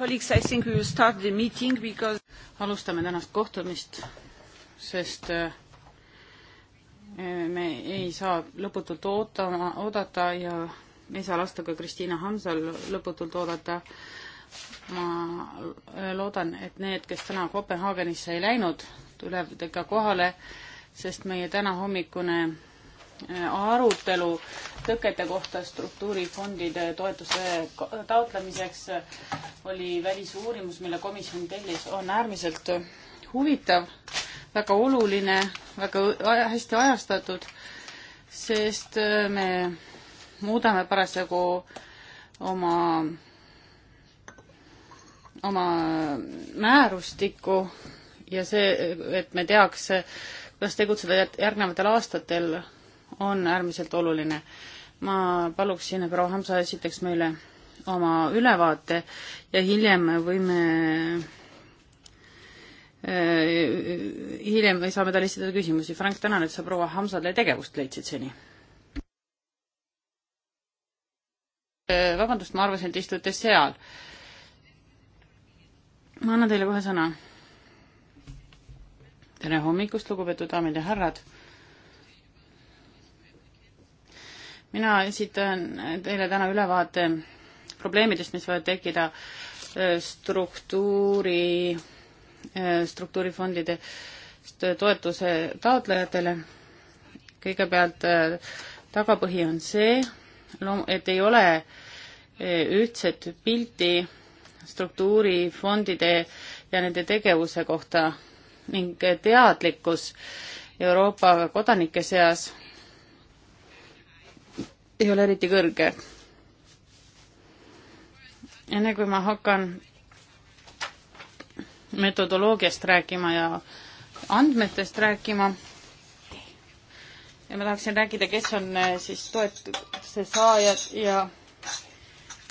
Because... alustame tänast kohtumist, sest äh, me ei saa lõputult ootama, oodata ja ei saa lasta ka Kristiina Hamsal lõputult oodata. ma äh, loodan, et need, kes täna Kopenhaagenisse ei läinud, tulevad ikka kohale, sest meie tänahommikune arutelu tõkete kohta struktuurifondide toetuse taotlemiseks oli välisuurimus, mille komisjon tellis, on äärmiselt huvitav, väga oluline, väga hästi ajastatud, sest äh, me muudame parasjagu oma, oma määrustikku ja see, et me teaks, kuidas tegutseda järgnevatel aastatel on äärmiselt oluline. ma paluksin, et proua Hamsa esitaks meile oma ülevaate ja hiljem võime äh, hiljem me saame talle esitada küsimusi. Frank, tänan, et sa proua Hamsale tegevust leidsid seni. Äh, vabandust, ma arvasin, et istute seal. ma annan teile kohe sõna. tere hommikust, lugupeetud daamid ja härrad mina esitan teile täna ülevaate probleemidest, mis võivad tekkida äh, struktuuri, äh, struktuurifondide äh, toetuse taotlejatele. kõigepealt tagapõhi on see, et ei ole ühtset pilti struktuurifondide ja nende tegevuse kohta ning teadlikkus Euroopa kodanike seas ei ole eriti kõrge. enne kui ma hakkan metodoloogiast rääkima ja andmetest rääkima, ja ma tahaksin rääkida, kes on äh, siis toetuse saajad ja,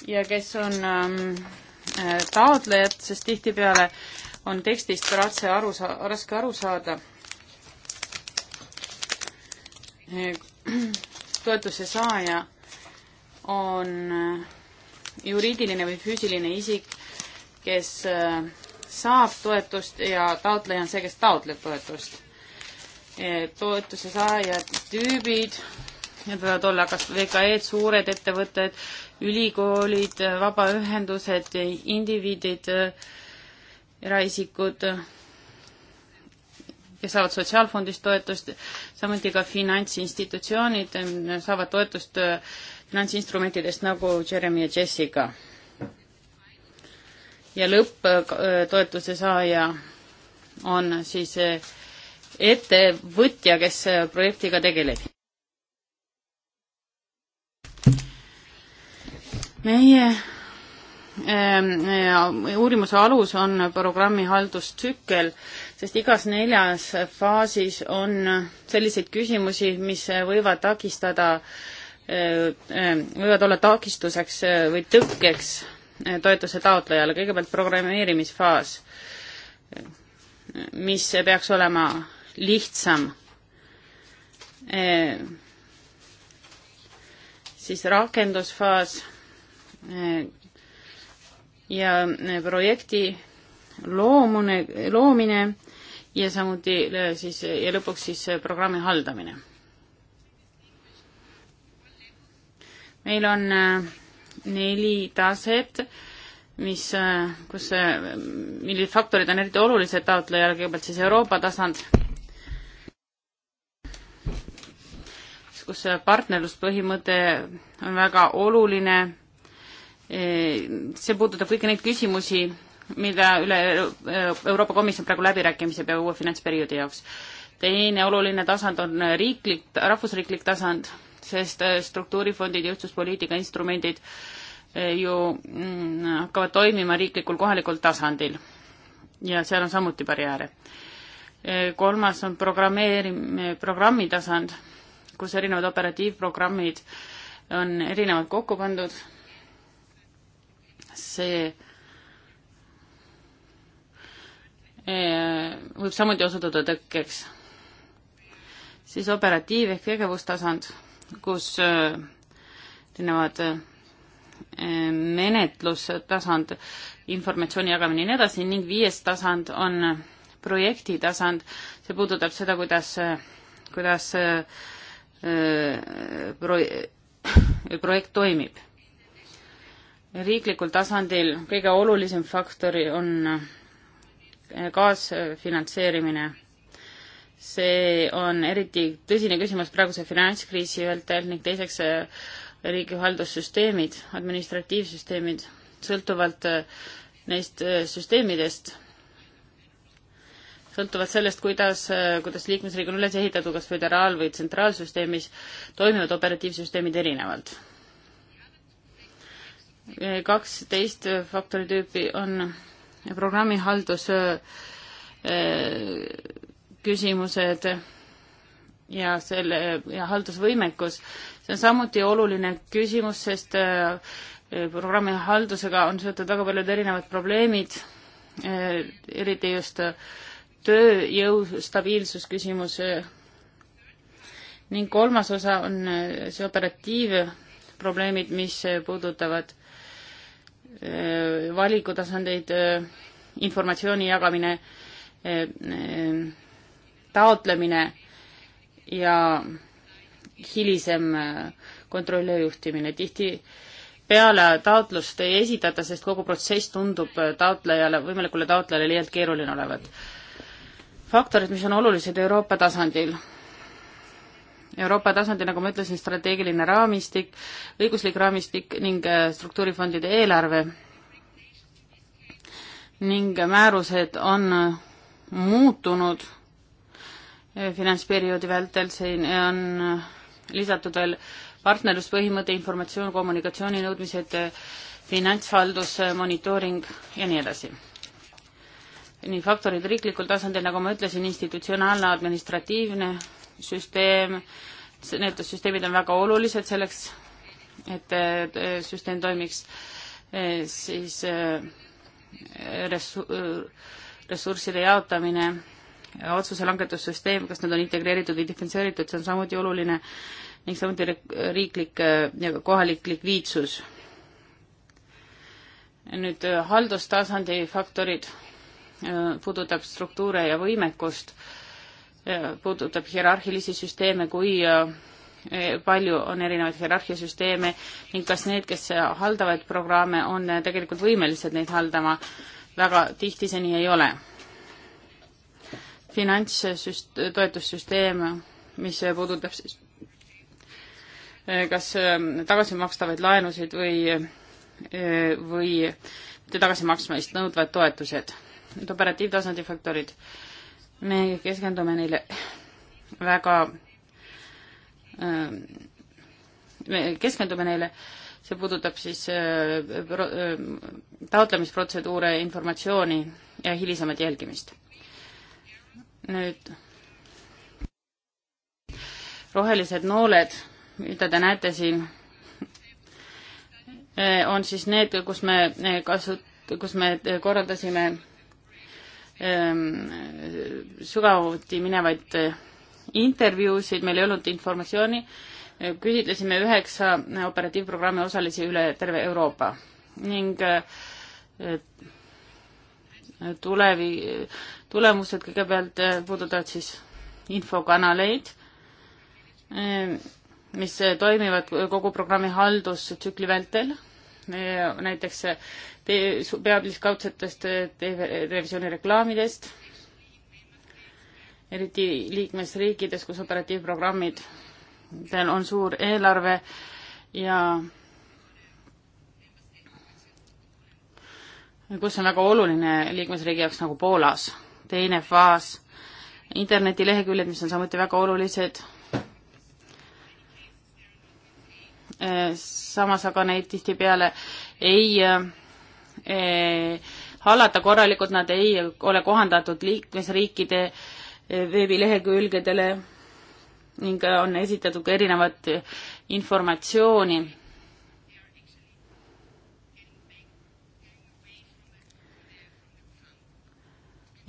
ja kes on ähm, äh, taotlejad, sest tihtipeale on tekstist ratse aru saa-, raske aru saada toetuse saaja on äh, juriidiline või füüsiline isik, kes äh, saab toetust ja taotleja on see, kes taotleb toetust. Eh, toetuse saajad, tüübid, need võivad olla kas VKE-d, suured ettevõtted, ülikoolid, vabaühendused, indiviidid, äh, eraisikud kes saavad Sotsiaalfondist toetust, samuti ka finantsinstitutsioonid eh, saavad toetust eh, finantsinstrumentidest nagu Jeremy ja Jessica. ja lõpptoetuse eh, saaja on siis ettevõtja, kes projektiga tegeleb. meie ähm, uurimuse alus on programmi haldustsükkel sest igas neljas faasis on selliseid küsimusi, mis võivad takistada, võivad olla takistuseks või tõkkeks toetuse taotlejale, kõigepealt programmeerimisfaas, mis peaks olema lihtsam. siis rakendusfaas ja projekti loomune, loomine ja samuti äh, siis ja lõpuks siis äh, programmi haldamine. meil on äh, neli taset, mis, kus, millised faktorid on eriti olulised taotlejale, kõigepealt siis Euroopa tasand, kus partnerluspõhimõte on väga oluline, see puudutab kõiki neid küsimusi, mida üle äh, Euroopa Komisjon praegu läbirääkimisi peab uue finantsperioodi jaoks. teine oluline tasand on riiklik, rahvusriiklik tasand, sest äh, struktuurifondid ja ühtsuspoliitika instrumendid äh, ju mm, hakkavad toimima riiklikul kohalikul tasandil. ja seal on samuti barjääre. kolmas on programmeerim-, programmi tasand, kus erinevad operatiivprogrammid on erinevalt kokku pandud, see võib samuti osutuda tõkkeks. siis operatiiv ehk tegevustasand, kus äh, erinevad äh, menetlustasand, informatsiooni jagamine ja nii edasi ning viies tasand on projekti tasand, see puudutab seda, kuidas, äh, kuidas pro-, projekt toimib. riiklikul tasandil kõige olulisem faktor on kaasfinantseerimine. see on eriti tõsine küsimus praeguse finantskriisi vältel ning teiseks äh, riigi haldussüsteemid, administratiivsüsteemid, sõltuvalt äh, neist äh, süsteemidest, sõltuvalt sellest, kuidas, kuidas liikmesriik on üles ehitatud, kas föderaal- või tsentraalsüsteemis, toimivad operatiivsüsteemid erinevalt. kaksteist faktori tüüpi on programmihaldus äh, küsimused ja selle ja haldusvõimekus, see on samuti oluline küsimus, sest äh, programmi haldusega on seotud väga paljud erinevad probleemid, äh, eriti just tööjõu stabiilsus küsimus ning kolmas osa on see operatiivprobleemid, mis puudutavad valikutasandid, informatsiooni jagamine, taotlemine ja hilisem kontrolli ja juhtimine. tihtipeale taotlust ei esitata, sest kogu protsess tundub taotlejale, võimalikule taotlejale liialt keeruline olevat. faktorid, mis on olulised Euroopa tasandil. Euroopa tasandil, nagu ma ütlesin, strateegiline raamistik, õiguslik raamistik ning struktuurifondide eelarve ning määrused on muutunud finantsperioodi vältel, siin on lisatud veel partnerluspõhimõte, informatsioon, kommunikatsiooninõudmised, finantshaldus, monitooring ja nii edasi. nii faktorid riiklikul tasandil, nagu ma ütlesin, institutsionaalne, administratiivne süsteem, need süsteemid on väga olulised selleks, et süsteem toimiks, eh, siis eh, ressu-, ressursside jaotamine, otsuse langetussüsteem, kas need on integreeritud või diferentseeritud, see on samuti oluline, ning samuti riiklik äh, ja kohalik likviidsus. nüüd äh, haldustasandi faktorid, äh, puudutab struktuure ja võimekust, puudutab hierarhilisi süsteeme kui palju on erinevaid hierarhiasüsteeme ning kas need, kes haldavad programme, on tegelikult võimelised neid haldama. väga tihti see nii ei ole. finantssüst-, toetussüsteem, mis puudutab siis kas ähm, tagasimakstavaid laenusid või, äh, või mitte tagasimaksmist nõudvad toetused, need operatiivtasandi faktorid. me keskendume neile väga Ehm, keskendume neile, see puudutab siis eh, ehm, taotlemisprotseduure, informatsiooni ja hilisemat jälgimist. nüüd rohelised nooled, mida te näete siin, eh, on siis need, kus me eh, kasut-, kus me korraldasime ehm, sügavuti minevaid intervjuusid, meil ei olnud informatsiooni, küsitlesime üheksa operatiivprogrammi osalisi üle terve Euroopa ning tulevi, tulemused kõigepealt puudutavad siis infokanaleid, mis toimivad kogu programmi haldustsükli vältel, näiteks pealiskaudsetest televisioonireklaamidest eriti liikmesriikides, kus operatiivprogrammidel on suur eelarve ja kus on väga oluline liikmesriigi jaoks nagu Poolas. teine faas, internetileheküljed, mis on samuti väga olulised, äh, samas aga neid tihtipeale ei äh, hallata korralikult, nad ei ole kohandatud liikmesriikide äh, veebilehekülgedele ning on esitatud ka erinevat informatsiooni.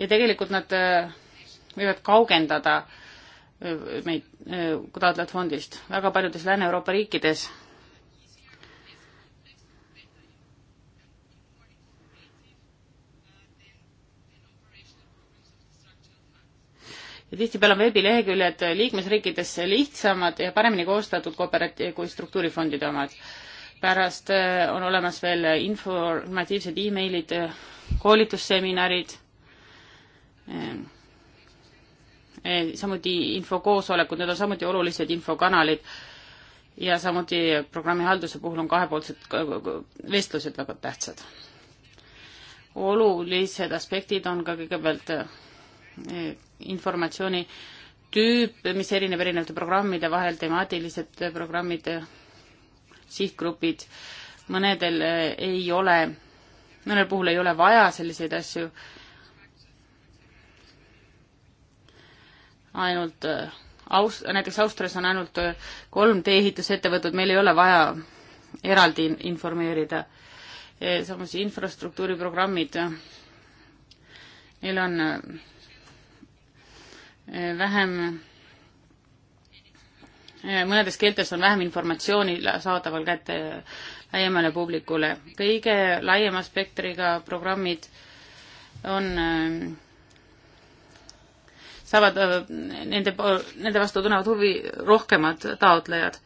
ja tegelikult nad äh, võivad kaugendada äh, meid äh, taotlejad fondist väga paljudes Lääne-Euroopa riikides ja tihtipeale on veebileheküljed liikmesriikides lihtsamad ja paremini koostatud kooperatiiv kui struktuurifondide omad. pärast äh, on olemas veel informatiivsed emailid, äh, koolitusseminarid, äh, eh, samuti infokoosolekud, need on samuti olulised infokanalid ja samuti programmi halduse puhul on kahepoolsed vestlused väga tähtsad. olulised aspektid on ka kõigepealt informatsiooni tüüp, mis erineb erinevate programmide vahel, temaatilised programmid, sihtgrupid, mõnedel eh, ei ole, mõnel puhul ei ole vaja selliseid asju, ainult eh, aus-, näiteks Austrias on ainult 3D eh, ehitusettevõtted, meil ei ole vaja eraldi informeerida. samuti infrastruktuuriprogrammid, neil on Eh, vähem, eh, mõnedes keeltes on vähem informatsiooni saadaval kätte eh, laiemale publikule. kõige laiema spektriga programmid on saavad nende, nende vastu tunnevad huvi rohkemad taotlejad.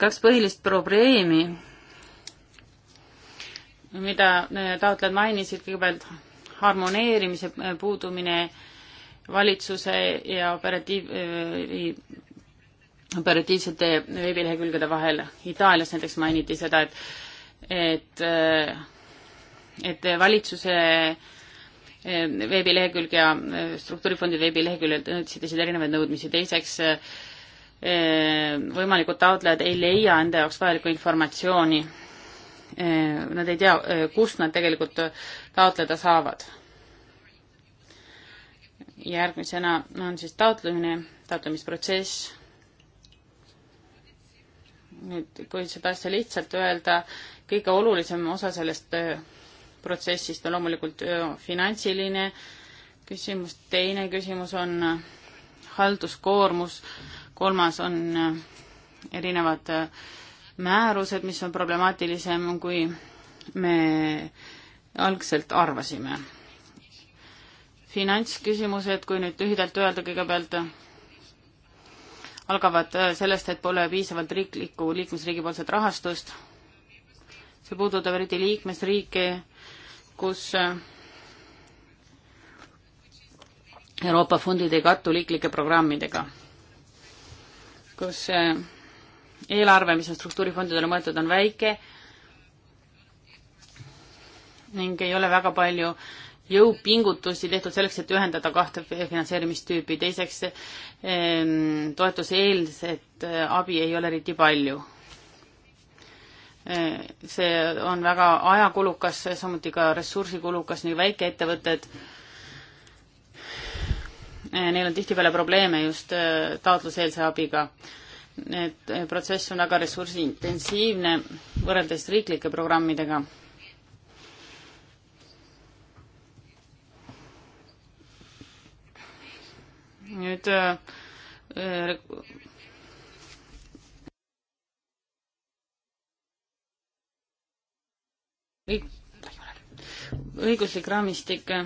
kaks põhilist probleemi, mida taotlejad mainisid, kõigepealt harmoneerimise äh, puudumine valitsuse ja operatiiv, äh, operatiivsete veebilehekülgede vahel. Itaalias näiteks mainiti seda, et, et, äh, et valitsuse veebilehekülg ja struktuurifondide veebileheküljed esitasid erinevaid nõudmisi. teiseks, võimalikud taotlejad ei leia enda jaoks vajalikku informatsiooni Eh, nad ei tea, eh, kust nad tegelikult eh, taotleda saavad. järgmisena on siis taotlemine, taotlemisprotsess. nüüd, kui seda asja lihtsalt öelda, kõige olulisem osa sellest protsessist on loomulikult finantsiline küsimus, teine küsimus on halduskoormus, kolmas on erinevad äh, määrused, mis on problemaatilisem, kui me algselt arvasime. finantsküsimused, kui nüüd lühidalt öelda kõigepealt, algavad äh, sellest, et pole piisavalt riiklikku, liikmesriigi poolset rahastust. see puudutab eriti liikmesriike, kus äh, Euroopa fondid ei kattu liiklike programmidega, kus äh, eelarve, mis on struktuurifondidele mõeldud, on väike ning ei ole väga palju jõupingutusi tehtud selleks, et ühendada kahte finantseerimistüüpi. teiseks, ehm, toetuseelset eh, abi ei ole eriti palju. Eh, see on väga ajakulukas, samuti ka ressursikulukas, nii väikeettevõtted, eh, neil on tihtipeale probleeme just taotluseelse abiga et eh, protsess on väga ressursiintensiivne võrreldes riiklike programmidega. nüüd äh, õiguslik raamistik. Eh.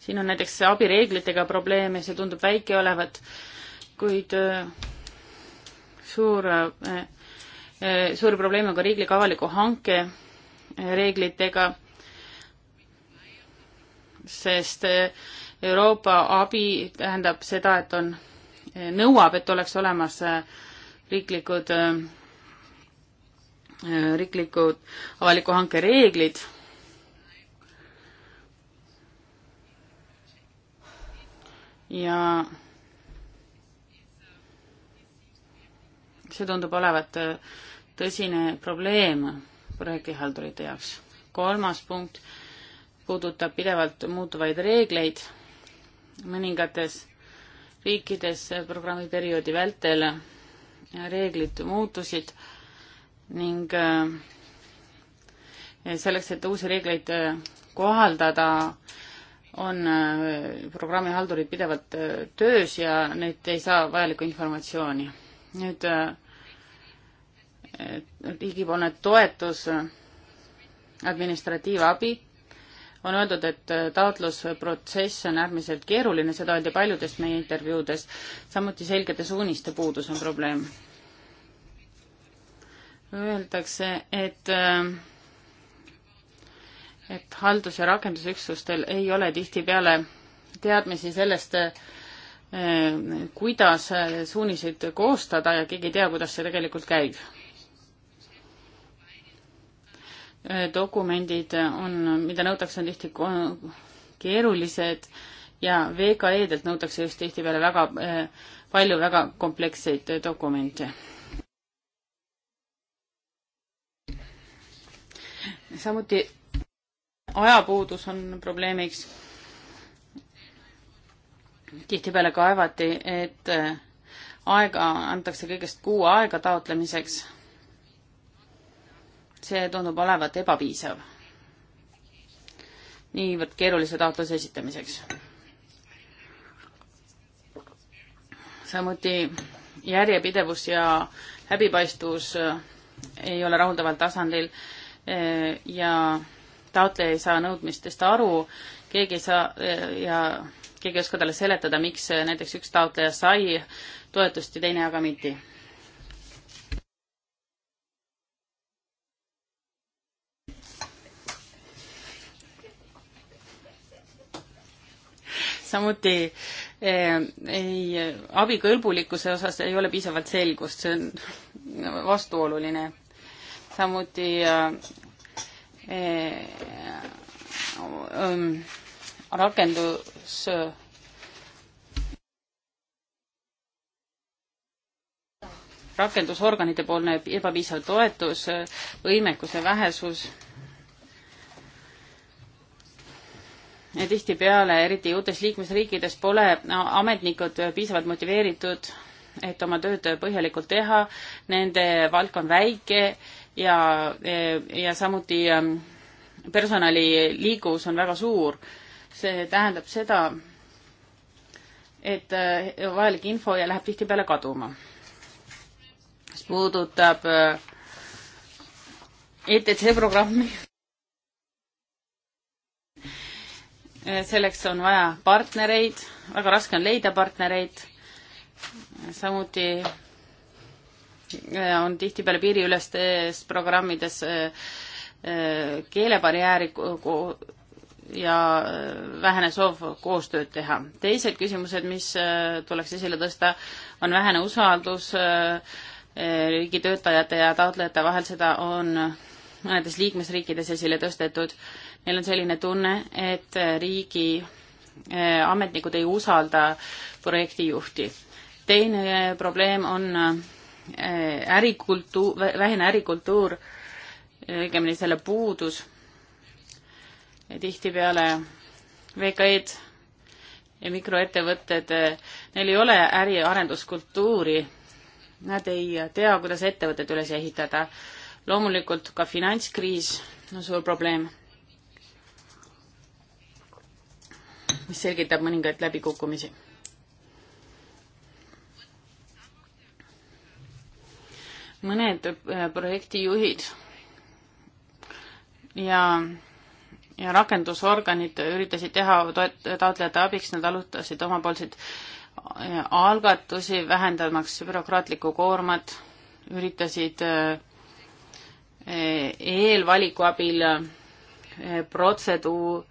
siin on näiteks abireeglitega probleeme, see tundub väike olevat äh, kuid äh, suur, äh, äh, suur probleem on ka riikliku avaliku hanke reeglitega, sest Euroopa abi tähendab seda, et on, nõuab, et oleks olemas riiklikud, riiklikud avaliku hanke reeglid. ja see tundub olevat äh, tõsine probleem projektihaldurite jaoks. kolmas punkt puudutab pidevalt muutuvaid reegleid mõningates riikides programmi perioodi vältel reeglid muutusid ning äh, selleks, et uusi reegleid äh, kohaldada, on programmihaldurid pidevalt töös ja need ei saa vajalikku informatsiooni. nüüd riigipoolne toetus, administratiivabi, on öeldud, et taotlusprotsess on äärmiselt keeruline, seda öeldi paljudes meie intervjuudes, samuti selgete suuniste puudus on probleem. Öeldakse, et et haldus- ja rakendusüksustel ei ole tihtipeale teadmisi sellest, eh, kuidas suuniseid koostada ja keegi ei tea, kuidas see tegelikult käib Äh, dokumendid on, mida nõutakse, on tihti keerulised ja VKE-delt nõutakse just tihtipeale väga äh, palju väga kompleksseid äh, dokumente. samuti ajapuudus on probleemiks. tihtipeale kaevati, et aega antakse kõigest kuu aega taotlemiseks see tundub olevat ebapiisav niivõrd keerulise taotluse esitamiseks. samuti järjepidevus ja läbipaistvus äh, ei ole rahuldaval tasandil äh, ja taotleja ei saa nõudmistest aru, keegi ei saa äh, ja keegi ei oska talle seletada, miks näiteks üks taotleja sai toetust ja teine aga mitte samuti eh, ei, abikõlbulikkuse osas ei ole piisavalt selgust, see on vastuoluline. samuti eh, eh, ähm, rakendus rakendusorganite poolne ebapiisav toetus, võimekuse vähesus tihtipeale, eriti uutes liikmesriikides, pole ametnikud piisavalt motiveeritud, et oma tööd põhjalikult teha, nende palk on väike ja, ja samuti ähm, personali liikuvus on väga suur. see tähendab seda, et äh, vajalik info läheb tihtipeale kaduma. mis puudutab äh, ETC programmi Äh, selleks on vaja partnereid, väga raske on leida partnereid, samuti äh, on tihtipeale piiriülestes programmides äh, keelebarjääri ja vähene soov koostööd teha. teised küsimused, mis tuleks esile tõsta, on vähene usaldus riigitöötajate ja taotlejate vahel, seda on mõnedes liikmesriikides esile tõstetud Neil on selline tunne, et äh, riigi äh, ametnikud ei usalda projektijuhti. teine äh, probleem on ärikultuur, vähene ärikultuur, õigemini selle puudus. tihtipeale VKE-d ja mikroettevõtted, neil ei ole äriarenduskultuuri. Nad ei tea, kuidas ettevõtet üles ehitada. loomulikult ka finantskriis on suur probleem mis selgitab mõningaid läbikukkumisi. mõned äh, projektijuhid ja, ja rakendusorganid üritasid teha toet-, taotlejate abiks, nad alutasid omapoolseid äh, algatusi, vähendamaks bürokraatlikku koormat, üritasid äh, eelvaliku abil protseduur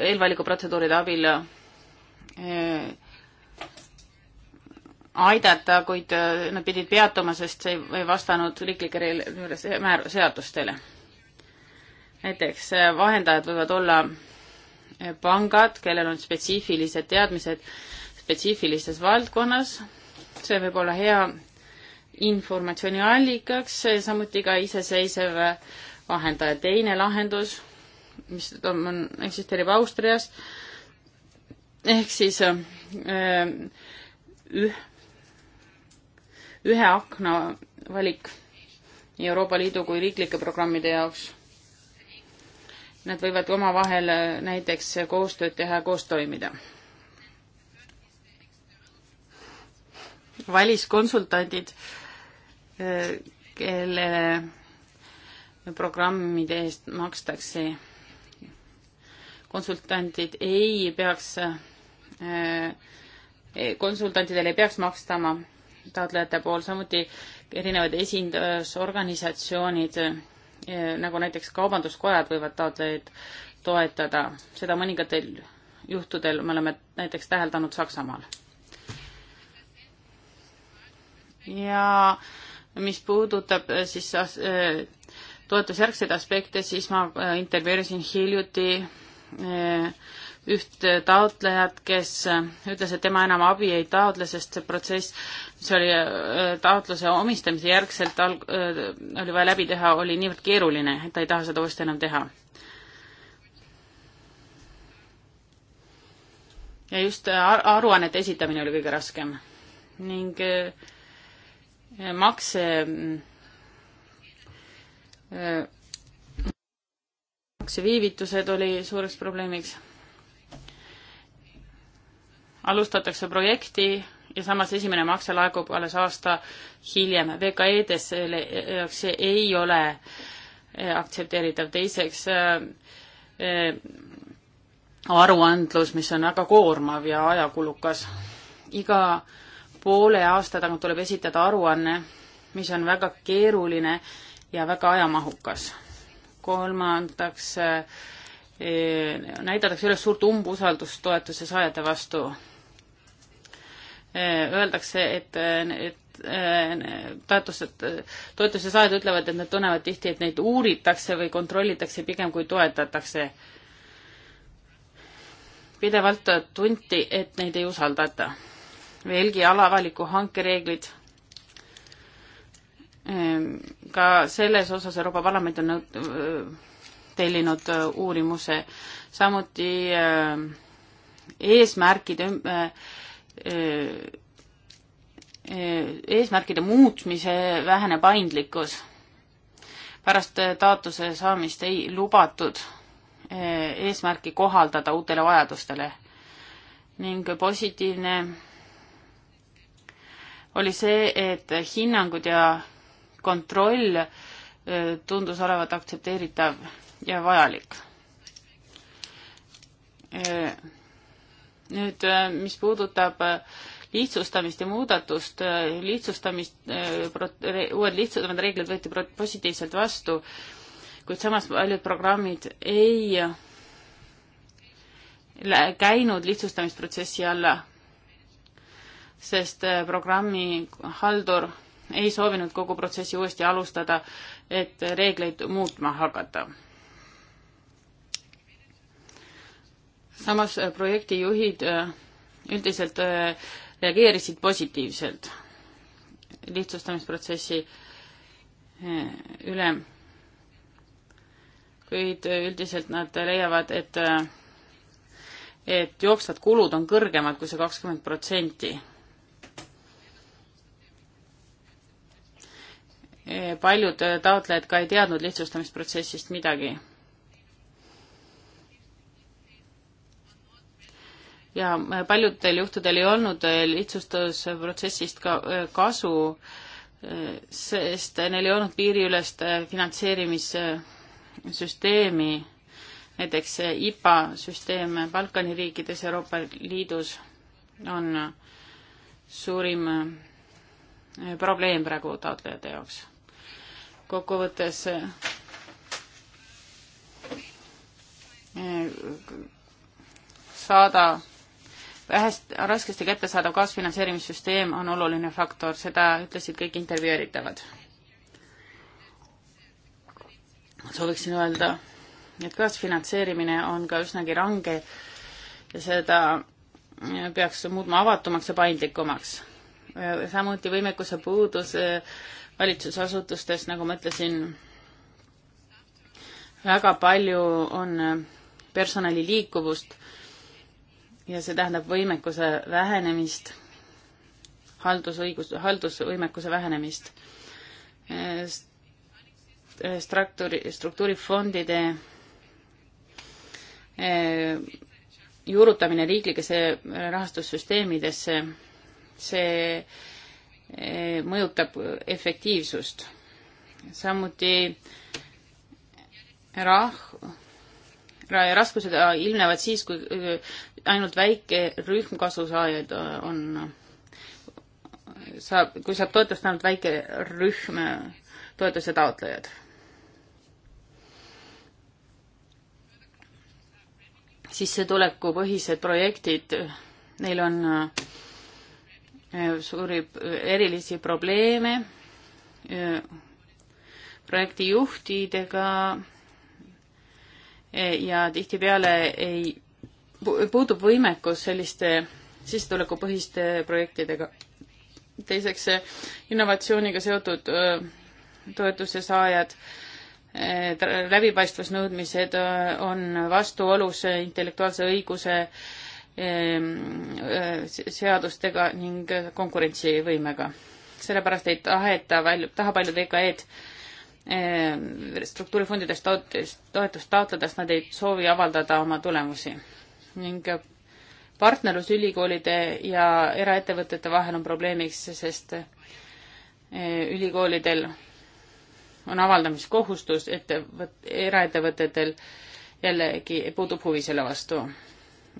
eelvalikuprotseduuride abil äh, aidata, kuid äh, nad pidid peatuma, sest see ei vastanud riiklikele määr-, seadustele. näiteks äh, vahendajad võivad olla pangad, kellel on spetsiifilised teadmised spetsiifilises valdkonnas, see võib olla hea informatsiooniallikaks, samuti ka iseseisev vahendaja. teine lahendus mis on, eksisteerib Austrias, ehk siis äh, üh, ühe akna valik nii Euroopa Liidu kui riiklike programmide jaoks. Nad võivad omavahel äh, näiteks koostööd teha ja koos toimida. väliskonsultandid, äh, kellele programmide eest makstakse konsultandid ei peaks, äh, konsultantidele ei peaks makstama taotlejate pool, samuti erinevad esindusorganisatsioonid äh, nagu näiteks kaubanduskojad võivad taotlejaid toetada, seda mõningatel juhtudel me oleme näiteks täheldanud Saksamaal. ja mis puudutab äh, siis toetusjärgseid aspekte, siis ma intervjueerisin hiljuti Eh, üht taotlejat, kes eh, ütles, et tema enam abi ei taotle, sest see protsess, mis oli eh, taotluse omistamise järgselt alg-, oli vaja läbi teha, oli niivõrd keeruline, et ta ei taha seda uuesti enam teha. ja just ar-, aruannete esitamine oli kõige raskem ning makse mm, makseviivitused oli suureks probleemiks. alustatakse projekti ja samas esimene makse laekub alles aasta hiljem. VKE-des selle jaoks see ei ole eh, aktsepteeritav. teiseks äh, äh, aruandlus, mis on väga koormav ja ajakulukas. iga poole aasta tagant tuleb esitada aruanne, mis on väga keeruline ja väga ajamahukas kolmandaks eh, näidatakse üles suurt umbusaldust toetuse saajate vastu. Eh, öeldakse, et, et eh, toetused, toetuse saajad ütlevad, et nad tunnevad tihti, et neid uuritakse või kontrollitakse pigem kui toetatakse. pidevalt tunti, et neid ei usaldata. veelgi alavaliku hanke reeglid Ehm, ka selles osas Euroopa Parlament on tellinud uurimuse, samuti eesmärgid eesmärkide muutmise vähene paindlikkus. pärast taotluse saamist ei lubatud eesmärki kohaldada uutele vajadustele ning positiivne oli see, et hinnangud ja kontroll eh, tundus olevat aktsepteeritav ja vajalik. Eh, nüüd, eh, mis puudutab lihtsustamist ja muudatust, lihtsustamist, uued lihtsamad reeglid võeti positiivselt vastu, kuid samas paljud programmid ei käinud lihtsustamisprotsessi alla, sest programmi haldur ei soovinud kogu protsessi uuesti alustada, et reegleid muutma hakata. samas äh, projektijuhid äh, üldiselt äh, reageerisid positiivselt lihtsustamisprotsessi üle, kuid üldiselt nad leiavad, et et jooksvad kulud on kõrgemad kui see kakskümmend protsenti Eh, paljud eh, taotlejad ka ei teadnud lihtsustamisprotsessist midagi. ja eh, paljudel juhtudel ei olnud lihtsustusprotsessist ka kasu, sest neil ei olnud piiriülest finantseerimissüsteemi, näiteks IPA süsteem Balkani riikides Euroopa Liidus on suurim probleem praegu taotlejate jaoks kokkuvõttes eh, saada vähest, raskesti kättesaadav kaasfinantseerimissüsteem on oluline faktor, seda ütlesid kõik intervjueeritavad. sooviksin öelda, et kaasfinantseerimine on ka üsnagi range ja seda eh, peaks muutma avatumaks ja paindlikumaks. Eh, samuti võimekuse puudus valitsusasutustes, nagu ma ütlesin, väga palju on personali liikuvust ja see tähendab võimekuse vähenemist, haldusõigus, haldusvõimekuse vähenemist. struktuuri, struktuurifondide eh, juurutamine riiklikesse rahastussüsteemidesse, see Eh, mõjutab efektiivsust. samuti rah-, raskused ilmnevad siis, kui eh, ainult väike rühm kasusaajaid on, saab, kui saab toetust ainult väike rühm toetuse taotlejad. sissetulekupõhised projektid, neil on äh, suuri äh, erilisi probleeme äh, projektijuhtidega äh, ja tihtipeale ei, puudub võimekus selliste sissetulekupõhiste projektidega. teiseks, innovatsiooniga seotud toetuse saajad, läbipaistvusnõudmised on vastuolus intellektuaalse õiguse Ehm, seadustega ning konkurentsivõimega. sellepärast ei taheta välja, taha paljud EKE-d ehm, struktuurifondidest toetust taotledes nad ei soovi avaldada oma tulemusi ning partnerlus ülikoolide ja eraettevõtete vahel on probleemiks, sest ehm, ülikoolidel on avaldamiskohustus, ettevõt-, eraettevõtetel jällegi puudub huvi selle vastu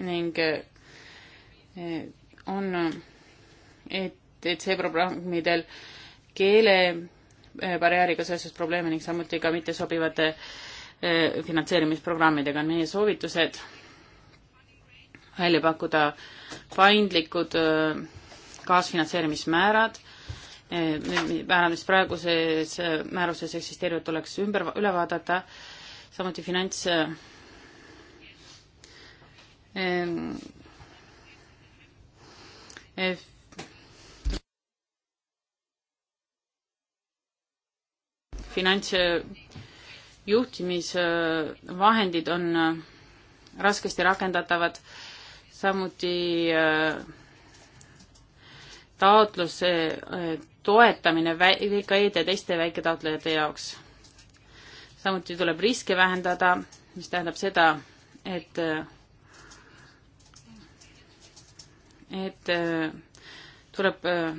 ning eh, on, et, et see programmidel keelebarjääriga eh, seoses probleeme ning samuti ka mittesobivate eh, finantseerimisprogrammidega on meie soovitused välja pakkuda paindlikud kaasfinantseerimismäärad, määrad, mis praeguses määruses eksisteerivad, tuleks ümber, üle vaadata, samuti finants finantsjuhtimisvahendid on äh, raskesti rakendatavad, samuti äh, taotluse äh, toetamine VKE-de ja teiste väiketaotlejate jaoks. samuti tuleb riske vähendada, mis tähendab seda, et et äh, tuleb äh,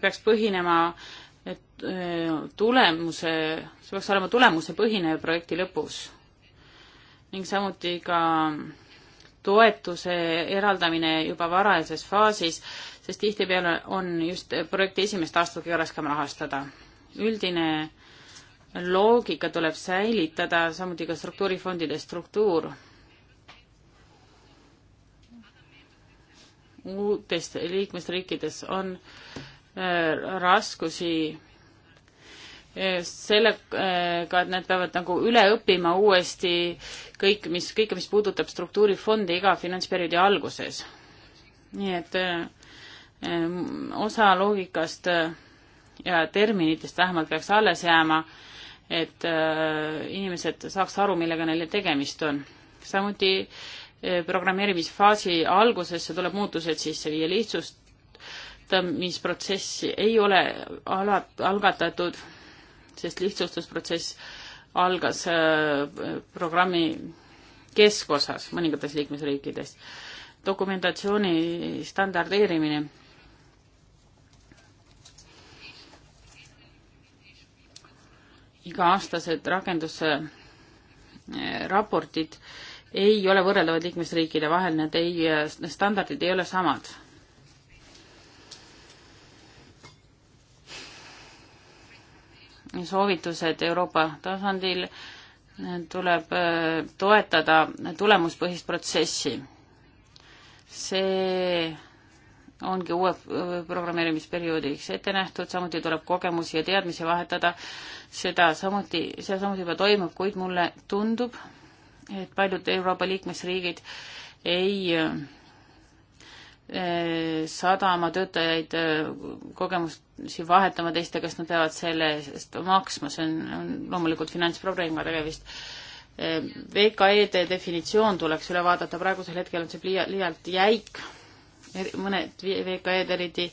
peaks põhinema et äh, tulemuse, see peaks olema tulemusepõhine projekti lõpus. ning samuti ka toetuse eraldamine juba varajases faasis, sest tihtipeale on just projekti esimest aastat keeras ka rahastada. üldine loogika tuleb säilitada, samuti ka struktuurifondide struktuur. uutes liikmesriikides on äh, raskusi äh, sellega, äh, et nad peavad nagu üle õppima uuesti kõik, mis, kõike, mis puudutab struktuurifondi iga finantsperioodi alguses. nii et öö, osa loogikast ja terminitest vähemalt peaks alles jääma et äh, inimesed saaks aru, millega neil tegemist on. samuti äh, programmeerimisfaasi algusesse tuleb muutused sisse viia, lihtsustamisprotsessi ei ole ala, algatatud, sest lihtsustusprotsess algas äh, programmi keskosas mõningates liikmesriikides. dokumentatsiooni standardeerimine iga-aastased rakendusraportid eh, ei ole võrreldavad liikmesriikide vahel, need ei, need standardid ei ole samad. soovitused Euroopa tasandil eh, tuleb eh, toetada tulemuspõhist protsessi. see ongi uue programmeerimisperioodiks ette nähtud, samuti tuleb kogemusi ja teadmisi vahetada, seda samuti, see samuti juba toimub, kuid mulle tundub, et paljud Euroopa liikmesriigid ei sadama töötajaid kogemusi vahetama teistega, sest nad peavad selle eest maksma, see on, on loomulikult finantsprobleem, aga tegemist VKE-de definitsioon tuleks üle vaadata, praegusel hetkel on see liialt jäik mõned VKE-d eriti,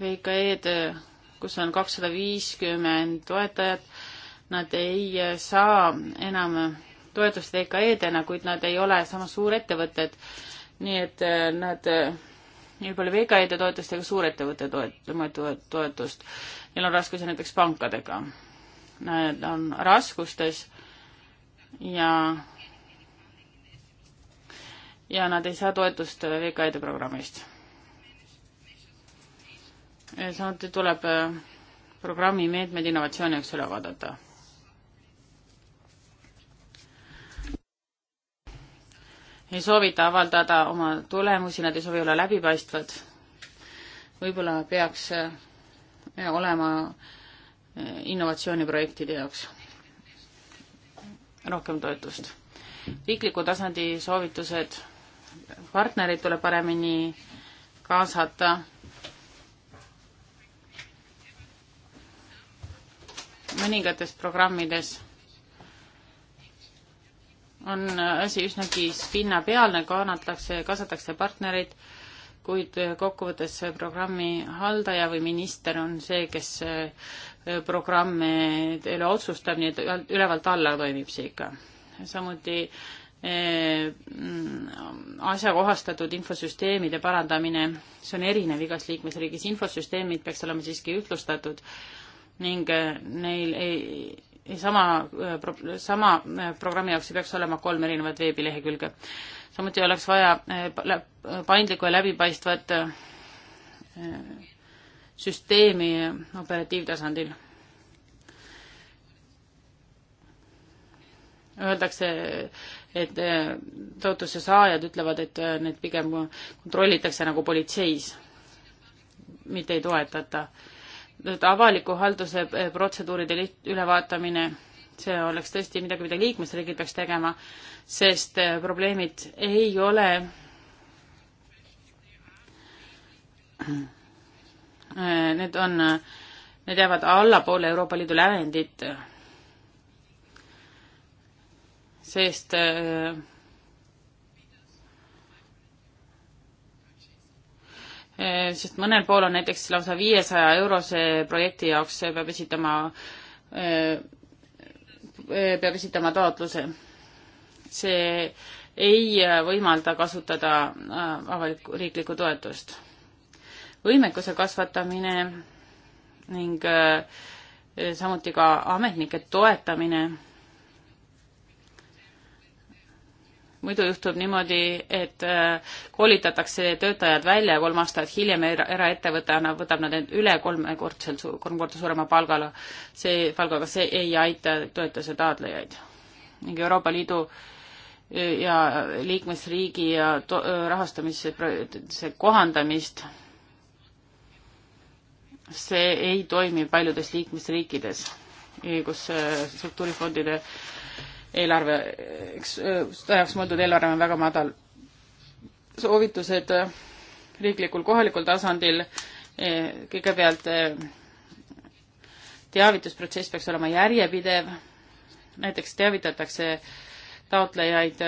VKE-d, kus on kakssada viiskümmend toetajat, nad ei saa enam toetust VKE-dena, kuid nad ei ole samas suurettevõtted. nii et eh, nad, eh, neil pole VKE-de toetust ega suurettevõtte toet-, toetust. Neil on raskusi näiteks pankadega. Nad on raskustes ja ja nad ei saa toetust VKE-de programmist. samuti tuleb äh, programmi meetmed innovatsiooni jaoks üle vaadata. ei soovita avaldada oma tulemusi, nad ei soovi olla läbipaistvad. võib-olla peaks äh, olema äh, innovatsiooniprojektide jaoks rohkem toetust. riikliku tasandi soovitused partnereid tuleb paremini kaasata. mõningates programmides on asi üsnagi pinnapealne, kannatakse, kaasatakse partnereid, kuid kokkuvõttes programmi haldaja või minister on see, kes eh, programme üle eh, otsustab, nii et ülevalt alla toimib see ikka. samuti Äh, mm, asjakohastatud infosüsteemide parandamine, see on erinev igas liikmesriigis, infosüsteemid peaks olema siiski ühtlustatud ning äh, neil ei, ei sama, äh, sama programmi jaoks ei peaks olema kolm erinevat veebilehekülge. samuti oleks vaja paindlikku ja läbipaistvat süsteemi operatiivtasandil öeldakse et äh, toetuse saajad ütlevad, et äh, neid pigem kontrollitakse nagu politseis, mitte ei toetata. nüüd avaliku halduse äh, protseduuride liht-, ülevaatamine, see oleks tõesti midagi, mida liikmesriigid peaks tegema, sest probleemid ei ole Need on, need jäävad allapoole Euroopa Liidu lävendit sest äh, äh, sest mõnel pool on näiteks lausa viiesaja eurose projekti jaoks peab esitama, äh, peab esitama taotluse. see ei võimalda kasutada avalikku riiklikku toetust. võimekuse kasvatamine ning samuti ka ametnike toetamine muidu juhtub niimoodi, et äh, koolitatakse töötajad välja ja kolm aastat hiljem eraettevõte annab, võtab nad üle kolmekordsel, kolm korda suurema palgala. see, palgaga, see ei aita toetuse taotlejaid. ning Euroopa Liidu äh, ja liikmesriigi ja äh, rahastamise kohandamist, see ei toimi paljudes liikmesriikides, kus struktuurifondide äh, eelarve, eks seda jaoks mõeldud eelarve on väga madal. soovitused riiklikul, kohalikul tasandil kõigepealt teavitusprotsess peaks olema järjepidev, näiteks teavitatakse taotlejaid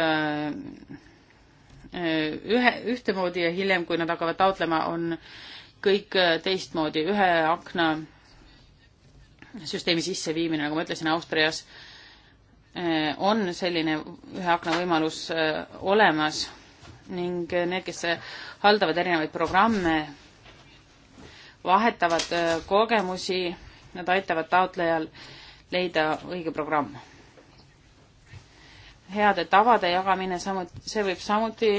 ühe, ühtemoodi ja hiljem, kui nad hakkavad taotlema, on kõik teistmoodi, ühe akna süsteemi sisseviimine, nagu ma ütlesin, Austrias äh, Äh, on selline ühe akna võimalus äh, olemas ning äh, need, kes haldavad erinevaid programme, vahetavad kogemusi, nad aitavad taotlejal leida õige programm. heade tavade jagamine samuti, see võib samuti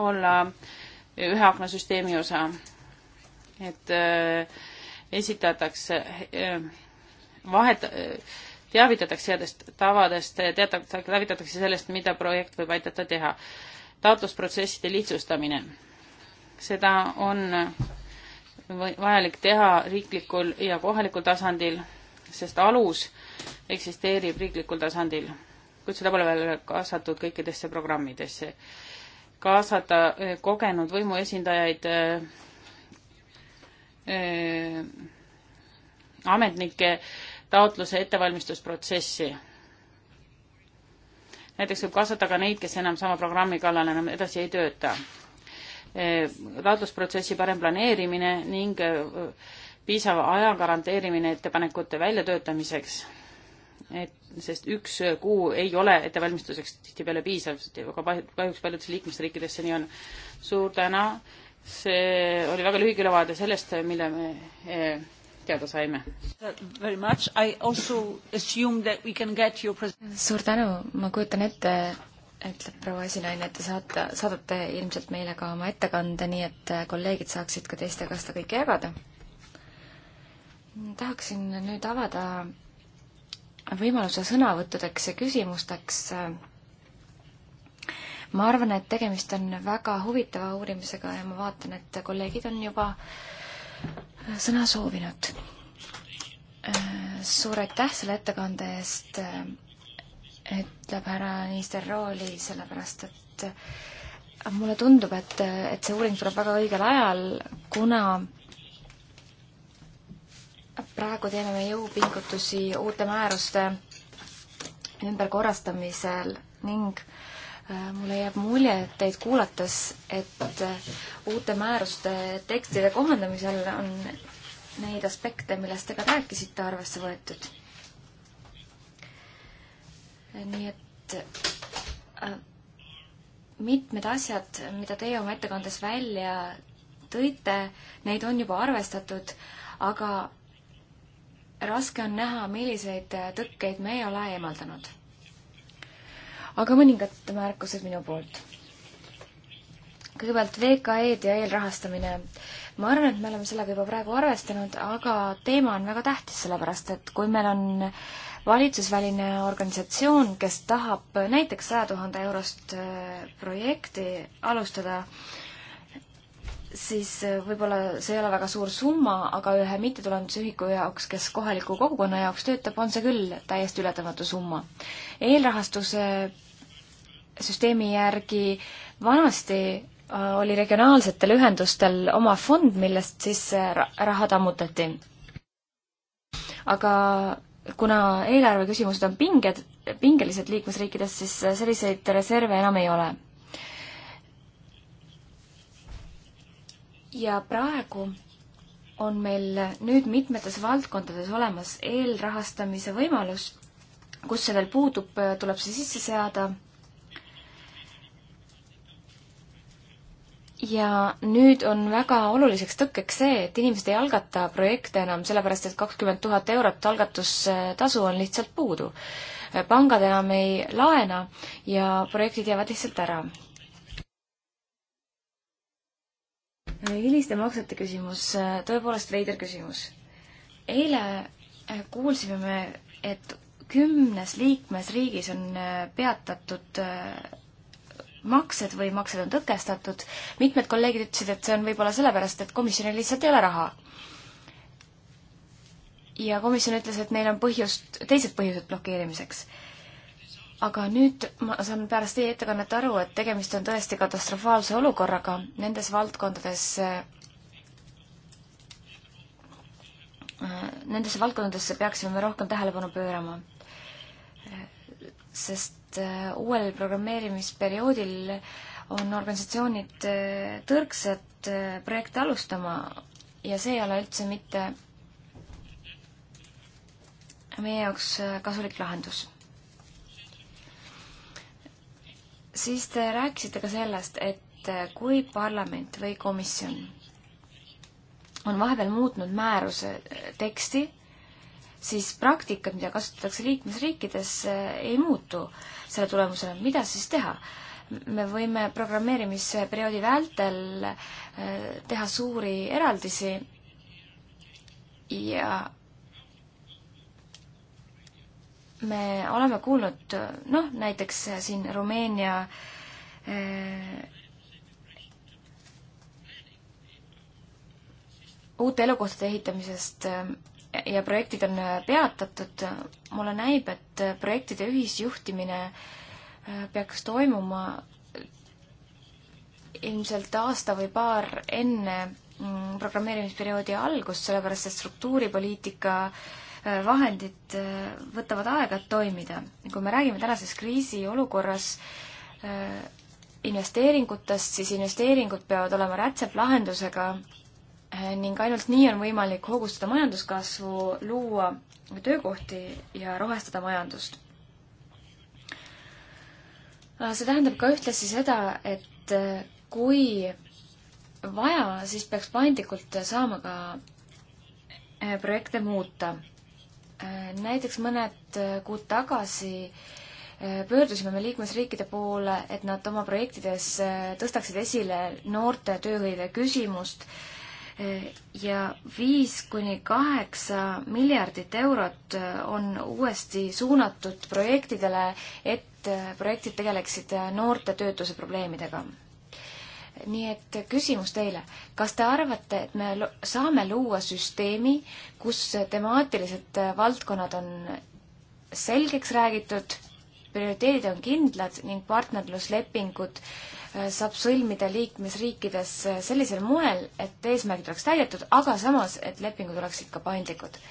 olla ühe akna süsteemi osa, et esitatakse vahet, teavitatakse headest tavadest, teatakse, teavitatakse sellest, mida projekt võib aidata teha. taotlusprotsesside lihtsustamine. seda on vajalik teha riiklikul ja kohalikul tasandil, sest alus eksisteerib riiklikul tasandil, kuid seda pole veel kaasatud kõikidesse programmidesse. kaasata eh, kogenud võimuesindajaid äh, äh, ametnikke äh, taotluse ettevalmistusprotsessi. näiteks võib kaasata ka neid, kes enam sama programmi kallal enam edasi ei tööta. E, taotlusprotsessi parem planeerimine ning e, piisava aja garanteerimine ettepanekute väljatöötamiseks, et sest üks kuu ei ole ettevalmistuseks tihtipeale piisav, aga kahjuks paljudes liikmesriikides see nii on. suur täna, see oli väga lühike ülevaade sellest, mille me e, teada saime. suur tänu, ma kujutan ette, ütleb proua esinaine, et te saate, saadate ilmselt meile ka oma ettekande, nii et äh, kolleegid saaksid ka teistega seda kõike jagada. tahaksin nüüd avada võimaluse sõnavõttudeks ja küsimusteks ma arvan, et tegemist on väga huvitava uurimisega ja ma vaatan, et kolleegid on juba sõna soovinud. Äh, suur aitäh selle ettekande eest, äh, ütleb härra Niister Rooli, sellepärast et äh, mulle tundub, et, et see uuring tuleb väga õigel ajal, kuna praegu teeme me jõupingutusi uute määruste ümberkorrastamisel ning äh, mulle jääb mulje teid kuulates, et uute määruste tekstide kohandamisel on neid aspekte, millest te ka rääkisite, arvesse võetud. nii et äh, mitmed asjad, mida teie oma ettekandes välja tõite, neid on juba arvestatud, aga raske on näha, milliseid tõkkeid me ei ole eemaldanud aga mõningad märkused minu poolt. kõigepealt VKE-d ja eelrahastamine. ma arvan, et me oleme sellega juba praegu arvestanud, aga teema on väga tähtis, sellepärast et kui meil on valitsusväline organisatsioon, kes tahab näiteks saja tuhande eurost äh, projekti alustada, siis äh, võib-olla see ei ole väga suur summa, aga ühe mittetulundusühiku jaoks, kes kohaliku kogukonna jaoks töötab, on see küll täiesti ületamatu summa. eelrahastuse äh, süsteemi järgi vanasti äh, oli regionaalsetel ühendustel oma fond, millest siis raha tammutati. aga kuna eelarve küsimused on pinged, pingelised liikmesriikides, siis selliseid reserve enam ei ole ja praegu on meil nüüd mitmetes valdkondades olemas eelrahastamise võimalus, kus see veel puudub, tuleb see sisse seada. ja nüüd on väga oluliseks tõkkeks see, et inimesed ei algata projekte enam sellepärast, et kakskümmend tuhat eurot algatustasu on lihtsalt puudu. pangad enam ei laena ja projektid jäävad lihtsalt ära hiliste maksete küsimus, tõepoolest veider küsimus. eile äh, kuulsime me, et kümnes liikmesriigis on äh, peatatud äh, maksed või maksed on tõkestatud. mitmed kolleegid ütlesid, et see on võib-olla sellepärast, et komisjonil lihtsalt ei ole raha. ja komisjon ütles, et neil on põhjust, teised põhjused blokeerimiseks aga nüüd ma saan pärast teie ettekannet aru, et tegemist on tõesti katastrofaalse olukorraga nendes valdkondades, äh, nendesse valdkondadesse peaksime me rohkem tähelepanu pöörama. sest äh, uuel programmeerimisperioodil on organisatsioonid äh, tõrksad projekte alustama ja see ei ole üldse mitte meie jaoks kasulik lahendus siis te rääkisite ka sellest, et äh, kui parlament või komisjon on vahepeal muutnud määruse äh, teksti, siis praktikad, mida kasutatakse liikmesriikides, äh, ei muutu selle tulemusena. mida siis teha? me võime programmeerimisperioodi vältel teha suuri eraldisi ja me oleme kuulnud, noh, näiteks siin Rumeenia eh, uute elukohtade ehitamisest eh, ja projektid on peatatud, mulle näib, et projektide ühisjuhtimine eh, peaks toimuma ilmselt aasta või paar enne mm, programmeerimisperioodi algust, sellepärast et struktuuripoliitika äh, Äh, vahendid äh, võtavad aega, et toimida. kui me räägime tänases kriisiolukorras äh, investeeringutest, siis investeeringud peavad olema rätseplahendusega ning ainult nii on võimalik hoogustada majanduskasvu, luua töökohti ja rohestada majandust. see tähendab ka ühtlasi seda, et kui vaja, siis peaks paindlikult saama ka projekte muuta näiteks mõned äh, kuud tagasi äh, pöördusime me liikmesriikide poole, et nad oma projektides äh, tõstaksid esile noorte tööhõive küsimust ja viis kuni kaheksa miljardit eurot on uuesti suunatud projektidele, et projektid tegeleksid noorte töötuse probleemidega nii et küsimus teile, kas te arvate, et me saame luua süsteemi, kus temaatilised äh, valdkonnad on selgeks räägitud, prioriteedid on kindlad ning partnerluslepingud äh, saab sõlmida liikmesriikides äh, sellisel moel, et eesmärgid oleks täidetud, aga samas, et lepingud oleksid ka paindlikud.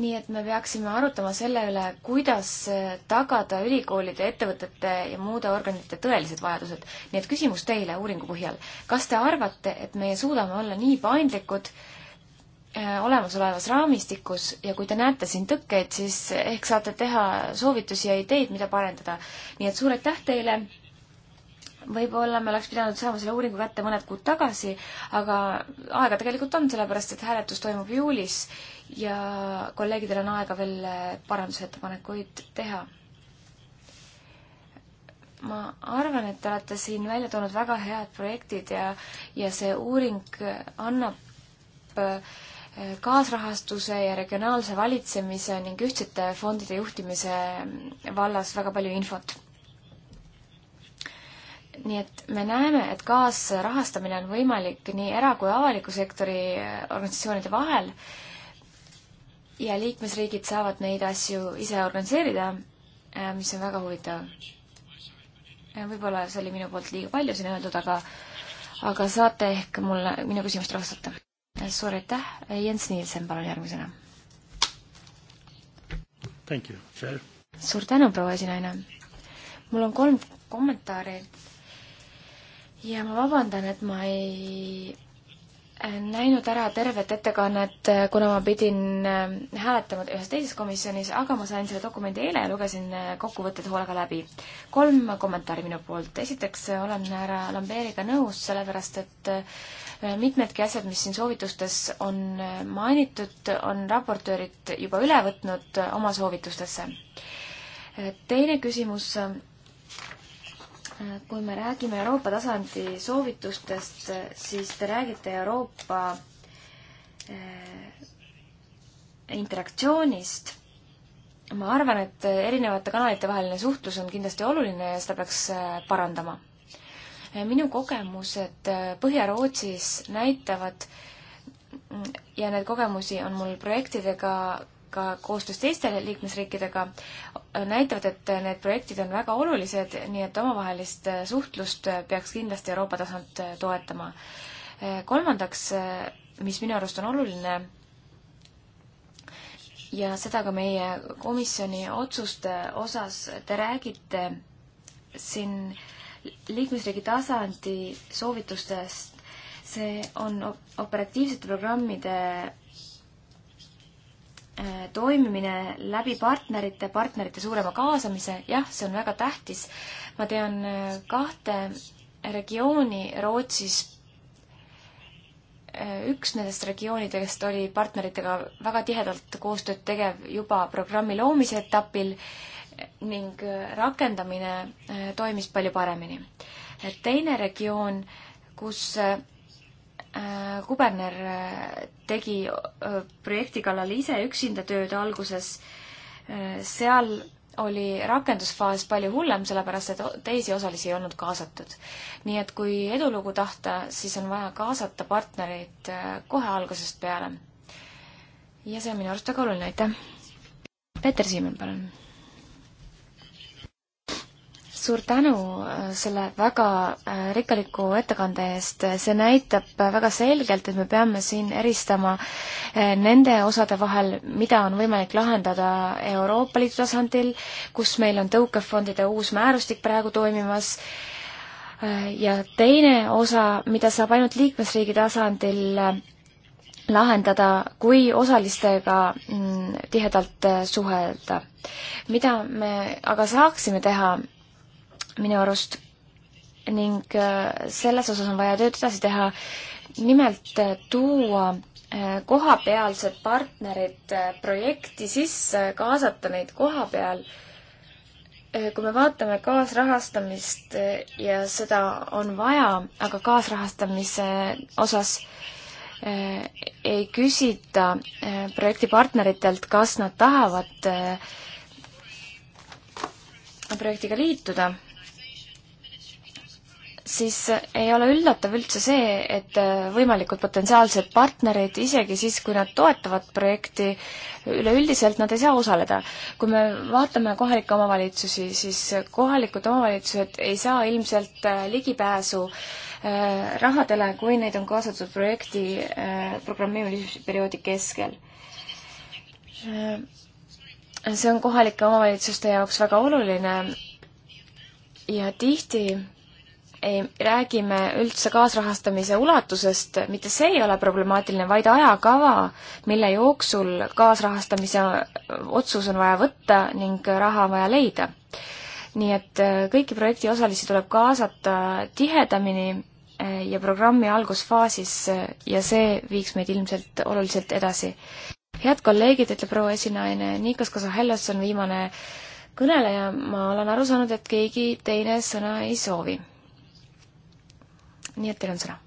nii et me peaksime arutama selle üle, kuidas tagada ülikoolide, ettevõtete ja muude organite tõelised vajadused. nii et küsimus teile uuringu põhjal. kas te arvate, et meie suudame olla nii paindlikud äh, olemasolevas raamistikus ja kui te näete siin tõkkeid, siis ehk saate teha soovitusi ja ideid, mida parendada. nii et suur aitäh teile võib-olla me oleks pidanud saama selle uuringu kätte mõned kuud tagasi, aga aega tegelikult on, sellepärast et hääletus toimub juulis ja kolleegidel on aega veel parandusettepanekuid teha. ma arvan, et te olete siin välja toonud väga head projektid ja, ja see uuring annab äh, kaasrahastuse ja regionaalse valitsemise ning ühtsete fondide juhtimise vallas väga palju infot nii et me näeme, et kaasrahastamine on võimalik nii era- kui avaliku sektori äh, organisatsioonide vahel ja liikmesriigid saavad neid asju ise organiseerida, äh, mis on väga huvitav. Äh, võib-olla see oli minu poolt liiga palju siin öeldud, aga, aga saate ehk mulle, minu küsimustele vastata. suur aitäh, Jens Nielsen, palun järgmisena. suur tänu, proua esinaine. mul on kolm kommentaari ja ma vabandan, et ma ei äh, näinud ära tervet ettekannet, äh, kuna ma pidin äh, hääletama ühes teises komisjonis, aga ma sain selle dokumendi eile ja lugesin kokkuvõtted hoolega läbi. kolm kommentaari minu poolt. esiteks olen härra Lambeeriga nõus, sellepärast et mitmedki asjad, mis siin soovitustes on mainitud, on raportöörid juba üle võtnud oma soovitustesse. teine küsimus kui me räägime Euroopa tasandi soovitustest, siis te räägite Euroopa eh, interaktsioonist. ma arvan, et erinevate kanalite vaheline suhtlus on kindlasti oluline ja seda peaks eh, parandama. Eh, minu kogemused Põhja-Rootsis näitavad mm, ja neid kogemusi on mul projektidega ka koostöös teiste liikmesriikidega, näitavad, et need projektid on väga olulised, nii et omavahelist äh, suhtlust äh, peaks kindlasti Euroopa tasand äh, toetama. kolmandaks, mis minu arust on oluline, ja seda ka meie komisjoni otsuste osas, te räägite siin liikmesriigi tasandi soovitustest, see on operatiivsete programmide Äh, toimimine läbi partnerite, partnerite suurema kaasamise, jah, see on väga tähtis. ma tean äh, kahte regiooni Rootsis. Äh, üks nendest regioonidest oli partneritega väga tihedalt koostööd tegev juba programmi loomise etapil ning rakendamine toimis palju paremini. teine regioon, kus Äh, kuberner äh, tegi äh, projekti kallal ise üksinda tööd alguses. seal oli rakendusfaas palju hullem, sellepärast et teisi osalisi ei olnud kaasatud. nii et kui edulugu tahta, siis on vaja kaasata partnereid kohe algusest peale. ja see on minu arust väga oluline, aitäh! Peeter Siimann, palun! suur tänu äh, selle väga äh, rikkaliku ettekande eest, see näitab äh, väga selgelt, et me peame siin eristama nende osade vahel, mida on võimalik lahendada Euroopa Liidu tasandil, kus meil on tõukefondide uus määrustik praegu toimimas, ja teine osa, mida saab ainult liikmesriigi tasandil lahendada, kui osalistega mm, tihedalt suhelda. mida me aga saaksime teha, minu arust ning äh, selles osas on vaja tööd edasi teha. nimelt äh, tuua äh, kohapealsed partnerid projekti sisse, kaasata neid koha peal. kui me vaatame kaasrahastamist ja seda on vaja, aga kaasrahastamise osas ei küsita projektipartneritelt, kas nad tahavad projektiga liituda siis äh, ei ole üllatav üldse see, et äh, võimalikud potentsiaalsed partnerid, isegi siis, kui nad toetavad projekti, üleüldiselt nad ei saa osaleda. kui me vaatame kohalikke omavalitsusi, siis kohalikud omavalitsused ei saa ilmselt äh, ligipääsu rahadele, kui neid on kaasatud projekti programmeerimisperioodi keskel see on kohalike omavalitsuste jaoks väga oluline ja tihti ei räägime üldse kaasrahastamise ulatusest, mitte see ei ole problemaatiline, vaid ajakava, mille jooksul kaasrahastamise otsus on vaja võtta ning raha on vaja leida. nii et äh, kõiki projekti osalisi tuleb kaasata tihedamini äh, ja programmi algusfaasis äh, ja see viiks meid ilmselt oluliselt edasi. head kolleegid, ütleb proua esinaine, Nikos Kasahellas on viimane kõneleja, ma olen aru saanud, et keegi teine sõna ei soovi nii et teil on sõna.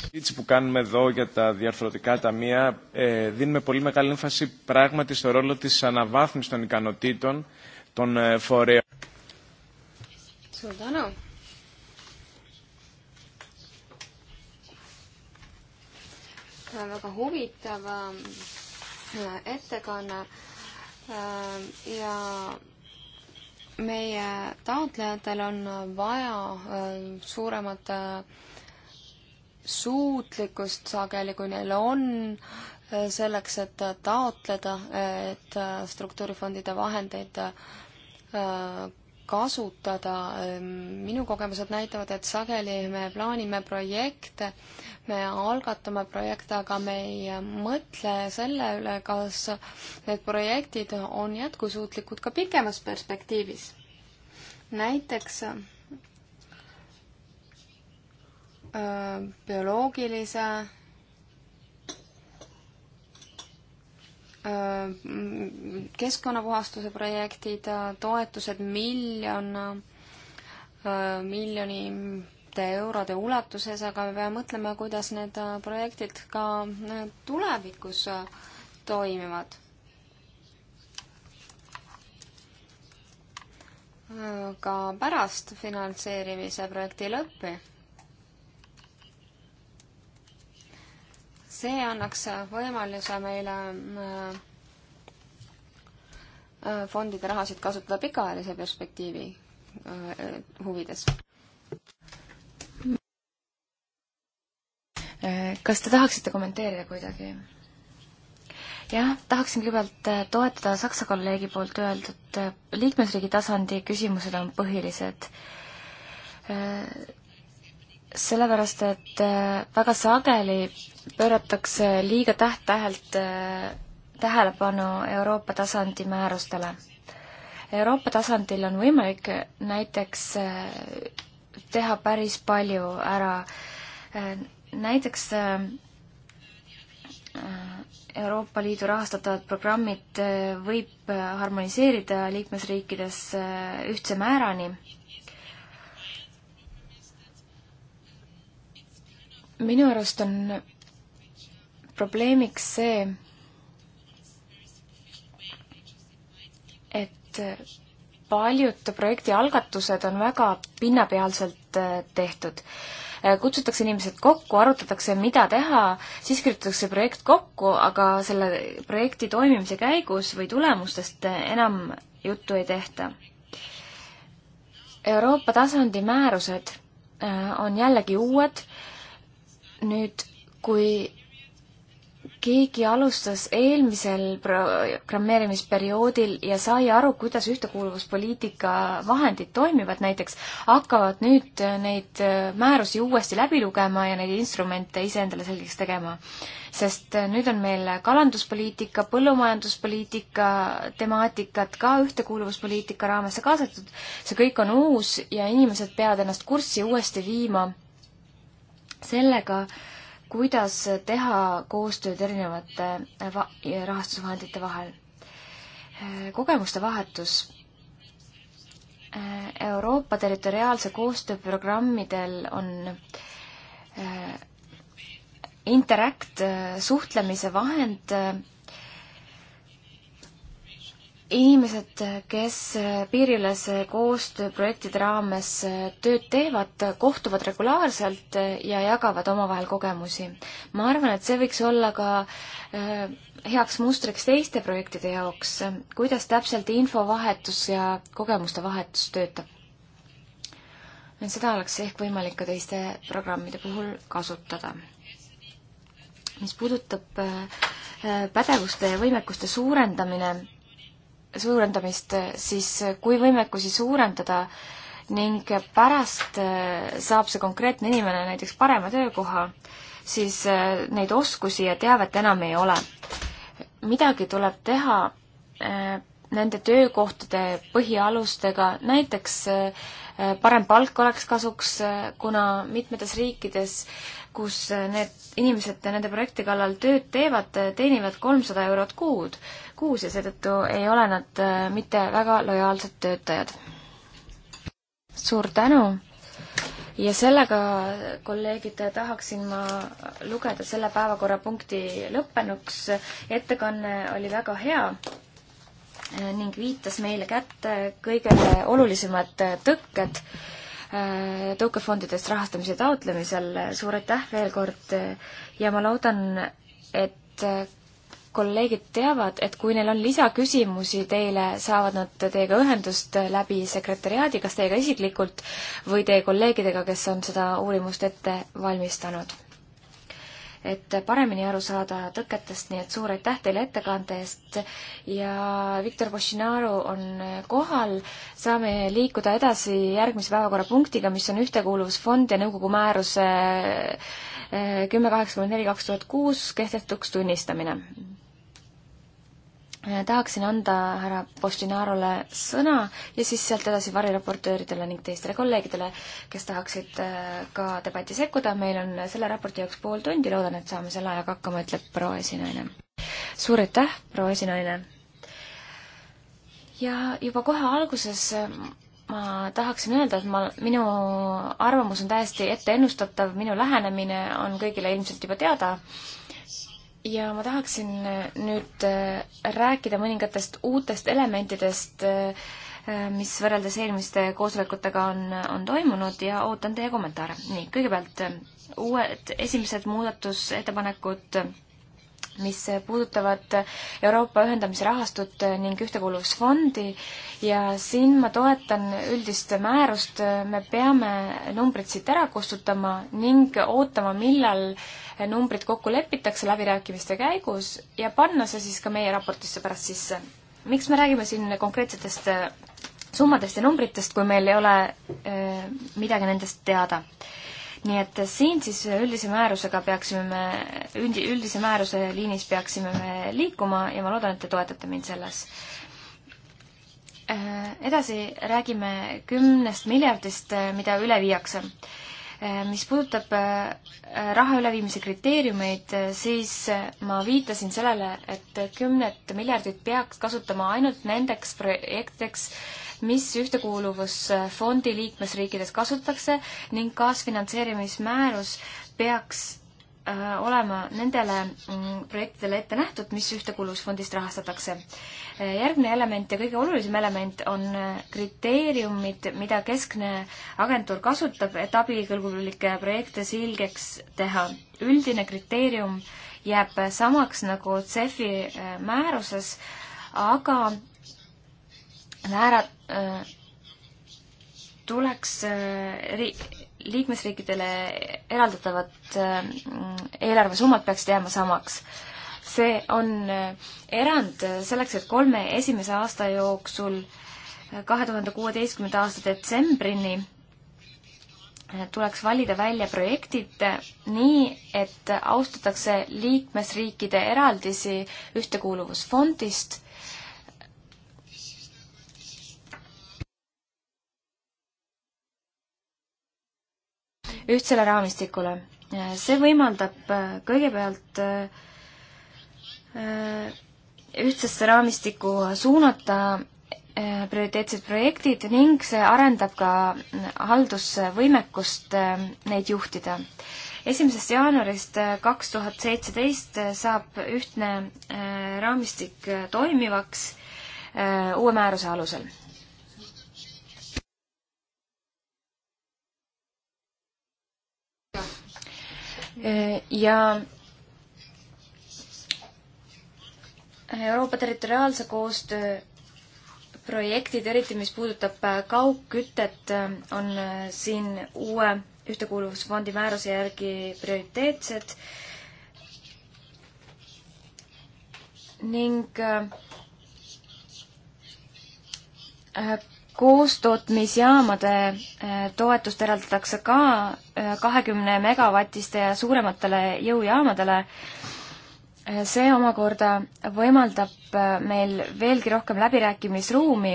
συζήτηση που κάνουμε εδώ για τα διαρθρωτικά ταμεία ε, δίνουμε πολύ μεγάλη έμφαση πράγματι στο ρόλο της αναβάθμισης των ικανοτήτων των ε, φορέων. Suur tänu. väga huvitav äh, ettekanne äh, ja meie taotlejatel on vaja äh, suuremat äh, suutlikkust sageli, kui neil on, äh, selleks, et taotleda, et struktuurifondide vahendeid kasutada. Ehm, minu kogemused näitavad, et sageli me plaanime projekte, me algatame projekte, aga me ei äh, mõtle selle üle, kas need projektid on jätkusuutlikud ka pikemas perspektiivis. näiteks äh, bioloogilise Äh, keskkonnapuhastuse projektid, äh, toetused miljon, äh, miljonite eurode ulatuses, aga me peame mõtlema, kuidas need projektid ka tulevikus toimivad. ka pärast finantseerimise projekti lõppi see annaks võimaluse meile äh, äh, fondide rahasid kasutada pikaajalise perspektiivi äh, huvides. kas te tahaksite kommenteerida kuidagi? jah, tahaksin kõigepealt toetada Saksa kolleegi poolt öeldud, liikmesriigi tasandi küsimused on põhilised sellepärast, et äh, väga sageli pööratakse liiga täht-tähelt äh, tähelepanu Euroopa tasandi määrustele. Euroopa tasandil on võimalik näiteks äh, teha päris palju ära. näiteks Euroopa Liidu rahastatavad programmid võib harmoniseerida liikmesriikides ühtse määrani minu arust on probleemiks see, et paljud projekti algatused on väga pinnapealselt äh, tehtud. Äh, kutsutakse inimesed kokku, arutatakse, mida teha, siis kirjutatakse projekt kokku, aga selle projekti toimimise käigus või tulemustest äh, enam juttu ei tehta. Euroopa tasandi määrused on jällegi uued nüüd, kui keegi alustas eelmisel programmeerimisperioodil ja sai aru, kuidas ühtekuuluvuspoliitika vahendid toimivad näiteks, hakkavad nüüd neid äh, määrusi uuesti läbi lugema ja neid instrumente iseendale selgeks tegema. sest äh, nüüd on meil kalanduspoliitika, põllumajanduspoliitika temaatikat ka ühtekuuluvuspoliitika raamesse kaasatud, see kõik on uus ja inimesed peavad ennast kurssi uuesti viima sellega, kuidas teha koostööd erinevate va rahastusvahendite vahel. kogemuste vahetus Euroopa territoriaalse koostöö programmidel on eh, Interact eh, suhtlemise vahend eh, inimesed, kes piiriülese koostööprojektide raames tööd teevad, kohtuvad regulaarselt ja jagavad omavahel kogemusi. ma arvan, et see võiks olla ka äh, heaks mustriks teiste projektide jaoks, kuidas täpselt infovahetus ja kogemuste vahetus töötab. seda oleks ehk võimalik ka teiste programmide puhul kasutada mis puudutab äh, pädevuste ja võimekuste suurendamine, suurendamist, siis kui võimekusi suurendada ning pärast äh, saab see konkreetne inimene näiteks parema töökoha, siis äh, neid oskusi ja teavet enam ei ole. midagi tuleb teha äh, nende töökohtade põhialustega, näiteks parem palk oleks kasuks, kuna mitmetes riikides kus eh, need inimesed nende projekti kallal tööd teevad, eh, teenivad kolmsada eurot kuud, kuus ja seetõttu ei ole nad eh, mitte väga lojaalsed töötajad. suur tänu! ja sellega, kolleegid, tahaksin ma lugeda selle päevakorrapunkti lõppenuks. ettekanne oli väga hea ning viitas meile kätte kõige olulisemad tõkked Äh, tõukefondidest rahastamise taotlemisel, suur aitäh veel kord äh, ja ma loodan, et äh, kolleegid teavad, et kui neil on lisaküsimusi teile, saavad nad teiega ühendust läbi sekretäriaadi, kas teiega isiklikult või teie kolleegidega, kes on seda uurimust ette valmistanud et paremini aru saada tõketest, nii et suur aitäh teile ettekande eest ja Viktor Bošinaru on kohal. saame liikuda edasi järgmise päevakorrapunktiga, mis on Ühtekuuluvusfond ja nõukogu määruse eh, kümme kaheksakümmend neli kaks tuhat kuus kehtetuks tunnistamine tahaksin anda härra Postinarole sõna ja siis sealt edasi variraportööridele ning teistele kolleegidele, kes tahaksid äh, ka debatti sekkuda. meil on selle raporti jaoks pool tundi, loodan, et saame selle ajaga hakkama, ütleb proua esinaine. suur aitäh, proua esinaine! ja juba kohe alguses äh, ma tahaksin öelda, et ma, minu arvamus on täiesti etteennustatav, minu lähenemine on kõigile ilmselt juba teada ja ma tahaksin äh, nüüd äh, rääkida mõningatest uutest elementidest, äh, mis võrreldes eelmiste koosolekutega on, on toimunud ja ootan teie kommentaare. nii, kõigepealt uued esimesed muudatusettepanekud mis puudutavad Euroopa ühendamise rahastut ning ühtekuuluvusfondi ja siin ma toetan üldist määrust, me peame numbrid siit ära kustutama ning ootama, millal numbrid kokku lepitakse läbirääkimiste käigus ja panna see siis ka meie raportisse pärast sisse. miks me räägime siin konkreetsetest summadest ja numbritest, kui meil ei ole eh, midagi nendest teada? nii et siin siis üldise määrusega peaksime me, ündi, üldise määruse liinis peaksime me liikuma ja ma loodan, et te toetate mind selles. Äh, edasi räägime kümnest miljardist, äh, mida üle viiakse. Äh, mis puudutab raha üleviimise kriteeriumeid, siis ma viitasin sellele, et kümnet miljardit peaks kasutama ainult nendeks projektideks, mis Ühtekuuluvusfondi liikmesriikides kasutatakse ning kaasfinantseerimismäärus peaks äh, olema nendele mm, projektidele ette nähtud, mis Ühtekuuluvusfondist rahastatakse. Äh, järgmine element ja kõige olulisem element on äh, kriteeriumid, mida keskne agentuur kasutab, et abikõlbulikke projekte selgeks teha. üldine kriteerium jääb samaks nagu CEF-i määruses, aga ära äh, tuleks äh, ri-, liikmesriikidele eraldatavad äh, eelarvesummad peaksid jääma samaks. see on erand selleks, et kolme esimese aasta jooksul kahe tuhande kuueteistkümnenda aasta detsembrini tuleks valida välja projektid nii, et austatakse liikmesriikide eraldisi ühtekuuluvusfondist ühtsele raamistikule. see võimaldab äh, kõigepealt äh, äh, ühtsesse raamistikku suunata prioriteetsed projektid ning see arendab ka haldusvõimekust neid juhtida. esimesest jaanuarist kaks tuhat seitseteist saab ühtne raamistik toimivaks uue määruse alusel ja Euroopa territoriaalse koostöö projektid, eriti mis puudutab äh, kaugkütet, äh, on äh, siin uue ühtekuuluvusfondi määruse järgi prioriteetsed ning koostootmisjaamade äh, toetust eraldatakse ka äh, kahekümne megavatiste ja suurematele jõujaamadele. Äh, see omakorda võimaldab meil veelgi rohkem läbirääkimisruumi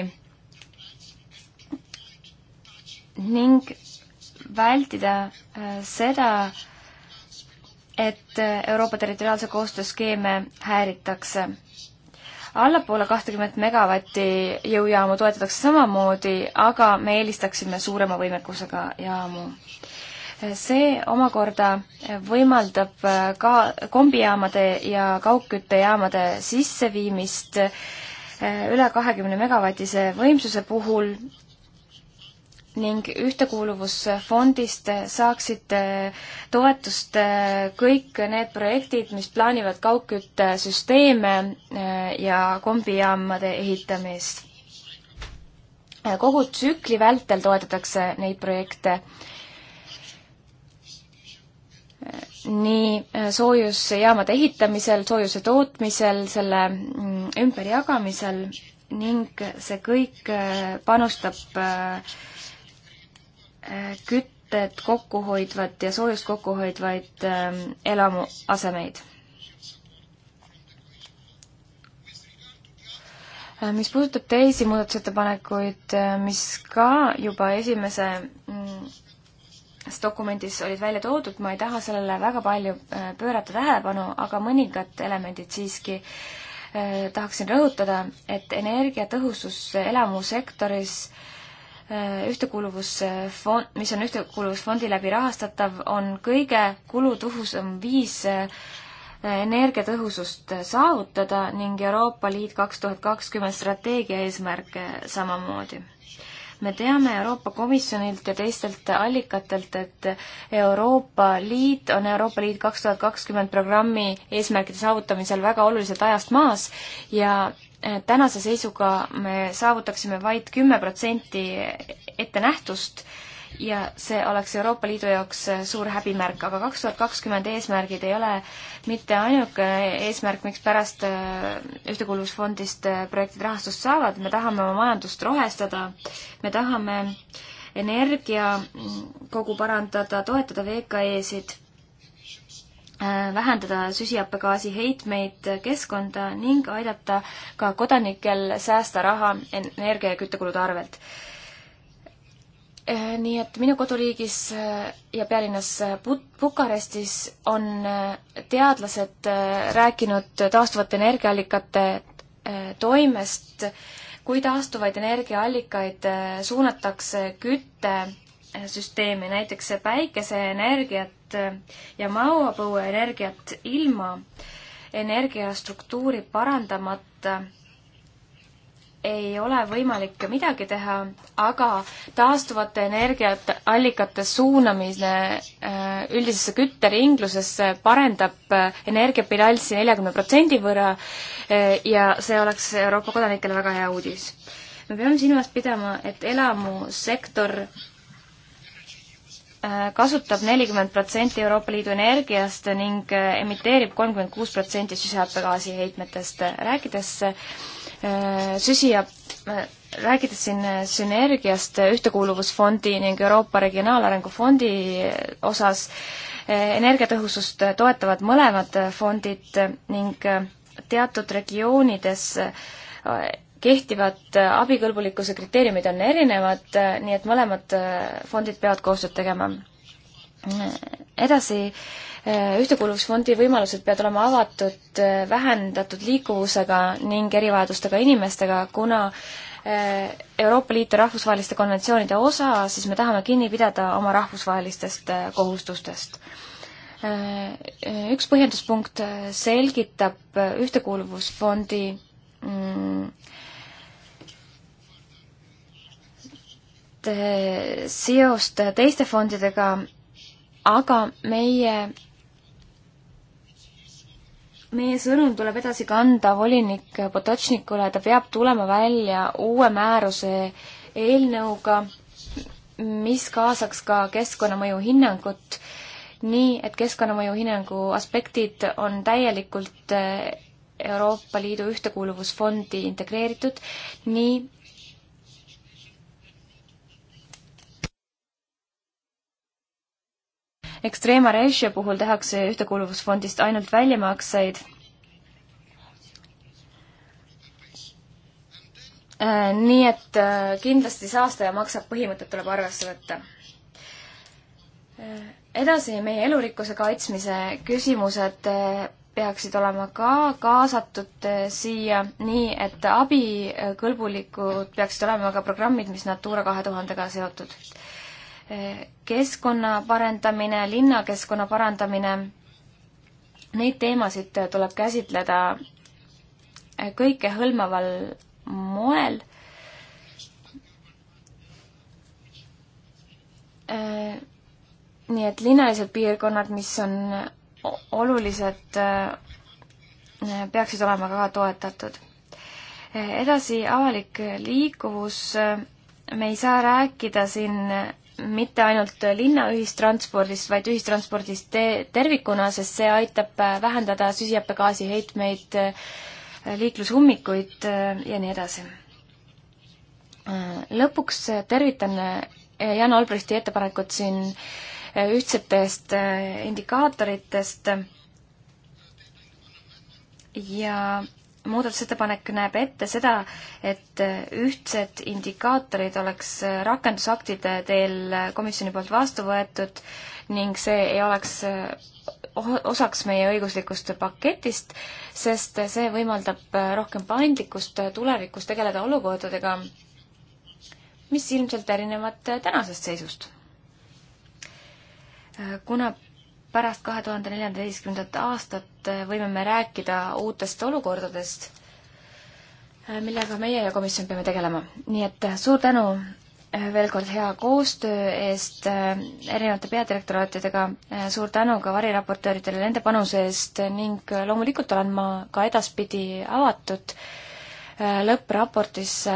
ning vältida seda, et Euroopa territoriaalse koostöö skeeme häiritakse allapoole kahtekümmet megavatti jõujaamu toetatakse samamoodi, aga me eelistaksime suurema võimekusega jaamu see omakorda võimaldab ka kombijaamade ja kaugküttejaamade sisseviimist üle kahekümne megavatise võimsuse puhul ning Ühtekuuluvusfondist saaksid toetust äh, kõik need projektid, mis plaanivad kaugküttesüsteeme äh, ja kombijaamade ehitamist. Äh, kogu tsükli vältel toetatakse neid projekte nii soojusjaamade ehitamisel, soojuse tootmisel, selle mm, ümberjagamisel ning see kõik panustab kütet kokku hoidvat ja soojust kokku hoidvaid ähm, elamuasemeid. Äh, mis puudutab teisi muudatusettepanekuid, äh, mis ka juba esimese mm, dokumendis olid välja toodud, ma ei taha sellele väga palju äh, pöörata tähelepanu, aga mõningad elemendid siiski tahaksin rõhutada, et energiatõhusus elamusektoris äh, Äh, ühtekuuluvusfond, mis on ühtekuuluvusfondi läbi rahastatav, on kõige kulutuhusam viis äh, energiatõhusust saavutada ning Euroopa Liit kaks tuhat kakskümmend strateegia eesmärke samamoodi. me teame Euroopa Komisjonilt ja teistelt allikatelt, et Euroopa Liit on Euroopa Liit kaks tuhat kakskümmend programmi eesmärkide saavutamisel väga oluliselt ajast maas ja tänase seisuga me saavutaksime vaid kümme protsenti ettenähtust ja see oleks Euroopa Liidu jaoks suur häbimärk, aga kaks tuhat kakskümmend eesmärgid ei ole mitte ainuke eesmärk, mikspärast äh, Ühtekuuluvusfondist äh, projektid rahastust saavad, me tahame oma majandust rohestada, me tahame energia kogu parandada, toetada VKE-sid Äh, vähendada süsihappegaasi heitmeid keskkonda ning aidata ka kodanikel säästa raha energia- ja küttekulude arvelt. Äh, nii et minu koduriigis äh, ja pealinnas Bukarestis on teadlased rääkinud taastuvate energiaallikate toimest, kui taastuvaid energiaallikaid suunatakse kütte süsteemi, näiteks päikeseenergiat ja maapõueenergiat ilma energiastruktuuri parandamata ei ole võimalik ka midagi teha, aga taastuvate energiaallikate suunamine äh, üldisesse kütteringlusesse parendab äh, energiabilanssi neljakümne protsendi võrra äh, ja see oleks Euroopa kodanikele väga hea uudis. me peame silmas pidama, et elamusektor Äh, kasutab nelikümmend protsenti Euroopa Liidu energiast ning äh, emiteerib kolmkümmend kuus protsenti süsihappegaasi heitmetest. rääkides äh, süsija, rääkides siin sünergiast Ühtekuuluvusfondi ning Euroopa Regionaalarengu Fondi osas, energiatõhusust toetavad mõlemad fondid ning teatud regioonides kehtivad äh, abikõlbulikkuse kriteeriumid on erinevad, äh, nii et mõlemad äh, fondid peavad koostööd tegema. edasi, ühtekuuluvusfondi võimalused peavad olema avatud vähendatud liikuvusega ning erivajadustega inimestega, kuna Euroopa Liitu rahvusvaheliste konventsioonide osa, siis me tahame kinni pidada oma rahvusvahelistest kohustustest üks põhjenduspunkt selgitab ühtekuuluvusfondi mm, Eh, seost teiste fondidega, aga meie, meie sõnum tuleb edasi kanda volinik Potočnikule, ta peab tulema välja uue määruse eelnõuga, mis kaasaks ka keskkonnamõju hinnangut, nii et keskkonnamõju hinnangu aspektid on täielikult eh, Euroopa Liidu ühtekuuluvusfondi integreeritud, nii Extrema Ratio puhul tehakse Ühtekuuluvusfondist ainult väljamakseid äh, nii et äh, kindlasti saastaja maksab põhimõtet tuleb arvesse võtta. Äh, edasi meie elurikkuse kaitsmise küsimused peaksid olema ka kaasatud siia, nii et abikõlbulikud peaksid olema ka programmid, mis Natura kahe tuhandega seotud keskkonna parendamine, linnakeskkonna parandamine, neid teemasid tuleb käsitleda kõikehõlmaval moel. nii et linnalised piirkonnad, mis on olulised, peaksid olema ka toetatud. edasi, avalik liikuvus, me ei saa rääkida siin mitte ainult linna ühistranspordist, vaid ühistranspordist te tervikuna, sest see aitab äh, vähendada süsihappegaasi heitmeid, äh, liiklushummikuid äh, ja nii edasi. lõpuks tervitan Jan Albrechti ettepanekut siin ühtsetest indikaatoritest ja muudatusettepanek näeb ette seda, et ühtsed indikaatorid oleks rakendusaktide teel komisjoni poolt vastu võetud ning see ei oleks oh-, osaks meie õiguslikust paketist, sest see võimaldab rohkem paindlikkust tulevikus tegeleda olukordadega, mis ilmselt erinevad tänasest seisust. kuna pärast kahe tuhande neljateistkümnendat aastat äh, võime me rääkida uutest olukordadest, äh, millega meie ja komisjon peame tegelema. nii et äh, suur tänu veel kord hea koostöö eest erinevate peadirektoraatidega, suur tänu ka variraportööridele nende panuse eest ning loomulikult olen ma ka edaspidi avatud lõppraportisse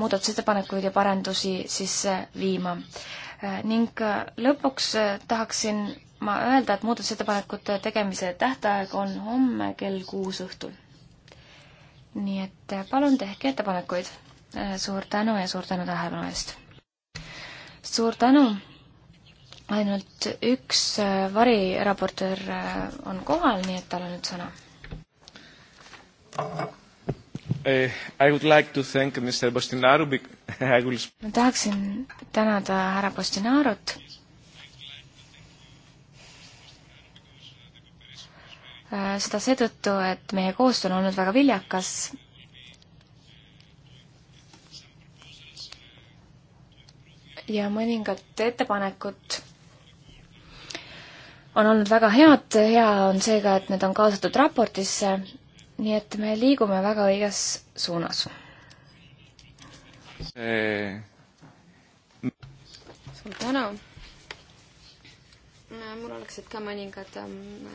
muudatusettepanekuid ja parendusi sisse viima ning äh, lõpuks äh, tahaksin ma öelda, et muudatusettepanekute tegemise tähtaeg on homme kell kuus õhtul. nii et äh, palun tehke ettepanekuid. suur tänu ja suur tänu tähelepanu eest! suur tänu! ainult üks variraportöör on kohal, nii et tal on nüüd sõna. Eh, I would like to thank Mr Bostinaru because ma tahaksin tänada härra Postinaarot. Äh, seda seetõttu, et meie koostöö on olnud väga viljakas. ja mõningad ettepanekud on olnud väga head, hea on see ka, et need on kaasatud raportisse, nii et me liigume väga õiges suunas suur tänu. Äh, mul oleksid ka mõningad ähm,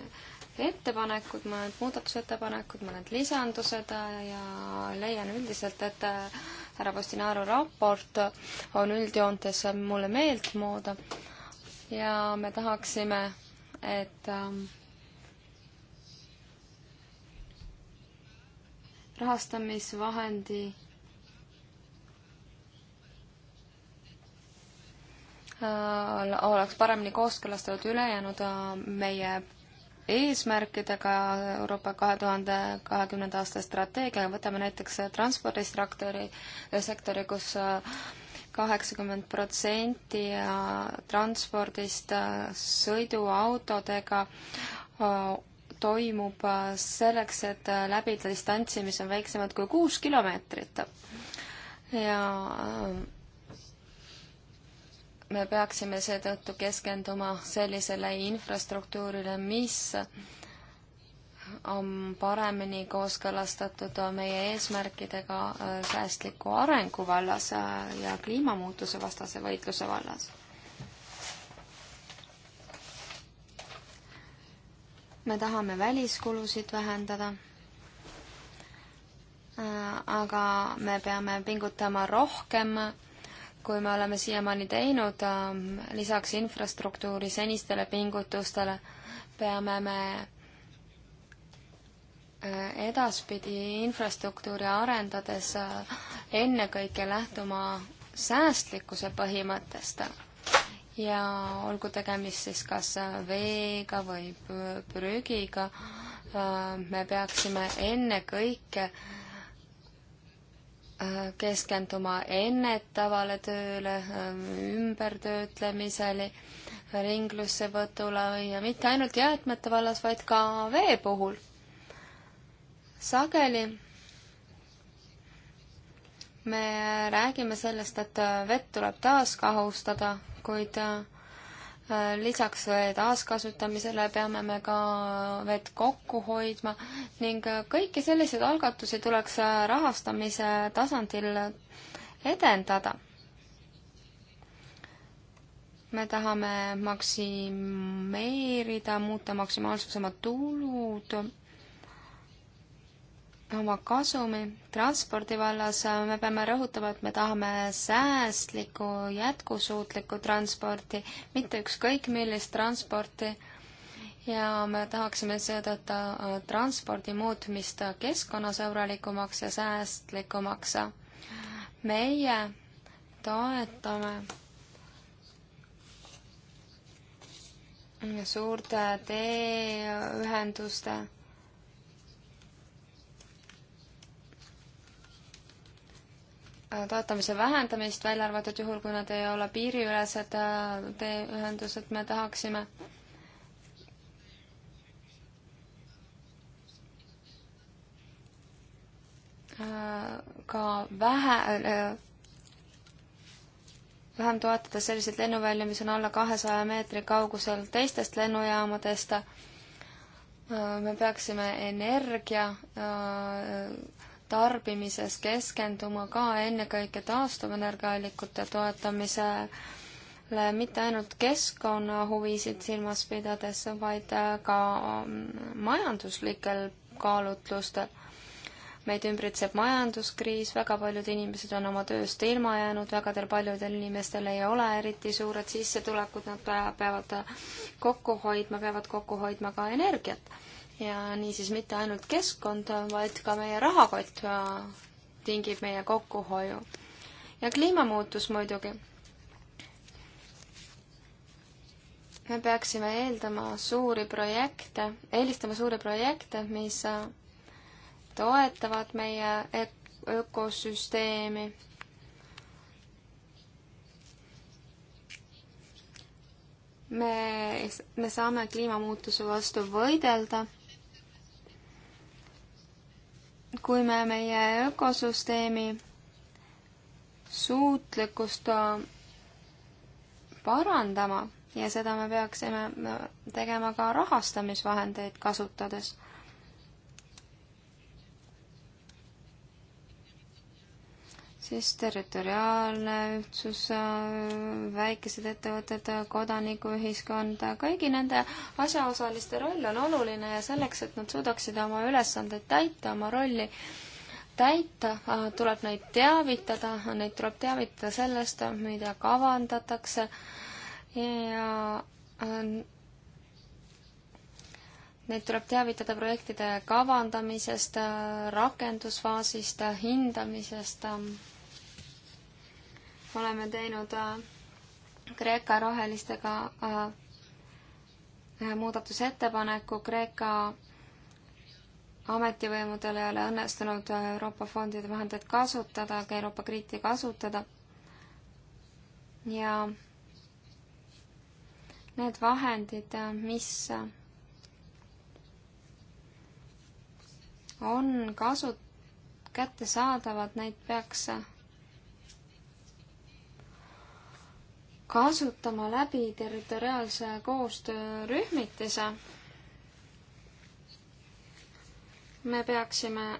ettepanekud, mõned muudatusettepanekud, mõned lisandused äh, ja leian üldiselt, et äh, härra Postinaru raport on üldjoontes mulle meeltmööda ja me tahaksime, et ähm, rahastamisvahendi Äh, oleks paremini kooskõlastatud ülejäänud äh, meie eesmärkidega Euroopa kahe tuhande kahekümnenda aasta strateegiaga, võtame näiteks transpordistraktori, äh, sektori, kus kaheksakümmend protsenti transpordist sõiduautodega toimub selleks, et läbida distantsi, mis on väiksemad kui kuus kilomeetrit. ja me peaksime seetõttu keskenduma sellisele infrastruktuurile, mis on paremini kooskõlastatud meie eesmärkidega äh, säästliku arengu vallas äh, ja kliimamuutuse vastase võitluse vallas. me tahame väliskulusid vähendada, äh, aga me peame pingutama rohkem kui me oleme siiamaani teinud, ähm, lisaks infrastruktuuri senistele pingutustele, peame me äh, edaspidi infrastruktuuri arendades äh, ennekõike lähtuma säästlikkuse põhimõttest ja olgu tegemist siis kas äh, veega või prügiga, me peaksime ennekõike keskenduma ennetavale tööle, ümbertöötlemisele, ringlussevõtule ja mitte ainult jäätmete vallas, vaid ka vee puhul. sageli me räägime sellest, et vett tuleb taaskahustada, kuid ta lisaks taaskasutamisele peame me ka vett kokku hoidma ning kõiki selliseid algatusi tuleks rahastamise tasandil edendada. me tahame maksimeerida, muuta maksimaalseks oma tulud oma kasumi transpordi vallas, me peame rõhutama, et me tahame säästlikku, jätkusuutlikku transporti, mitte ükskõik millist transporti. ja me tahaksime seetõttu äh, transpordi muutmist keskkonnasõbralikumaks ja säästlikumaks. meie toetame suurte teeühenduste Äh, toetamise vähendamist, välja arvatud juhul, kui nad ei ole piiriülesed äh, teeühendused, me tahaksime äh, ka vähe äh,, vähem toetada selliseid lennuvälju, mis on alla kahesaja meetri kaugusel teistest lennujaamadest äh,. me peaksime energia äh, tarbimises keskenduma ka ennekõike taastuvenergiaallikute toetamisele mitte ainult keskkonnahuvisid silmas pidades, vaid ka majanduslikel kaalutlustel. meid ümbritseb majanduskriis, väga paljud inimesed on oma tööst ilma jäänud, vägadel paljudel inimestel ei ole eriti suured sissetulekud, nad peavad kokku hoidma, peavad kokku hoidma ka energiat ja niisiis mitte ainult keskkond, vaid ka meie rahakott äh, tingib meie kokkuhoiu. ja kliimamuutus muidugi. me peaksime eeldama suuri projekte, eelistama suuri projekte, mis äh, toetavad meie ökosüsteemi. me, me saame kliimamuutuse vastu võidelda kui me meie ökosüsteemi suutlikkust äh, parandama ja seda me peaksime äh, tegema ka rahastamisvahendeid kasutades siis territoriaalne ühtsus, väikesed ettevõtted, kodanikuühiskond, kõigi nende asjaosaliste roll on oluline ja selleks, et nad suudaksid oma ülesandeid täita, oma rolli täita, tuleb neid teavitada, neid tuleb teavitada sellest, mida kavandatakse ja äh, Neid tuleb teavitada projektide kavandamisest, rakendusfaasist, hindamisest oleme teinud äh, Kreeka rohelistega äh, ühe muudatusettepaneku Kreeka ametivõimudel ei ole õnnestunud äh, Euroopa fondide vahendeid kasutada, ka Euroopa kriiti kasutada. ja need vahendid, mis on kasu-, kättesaadavad, neid peaks kasutama läbi territoriaalse koostöörühmitise. me peaksime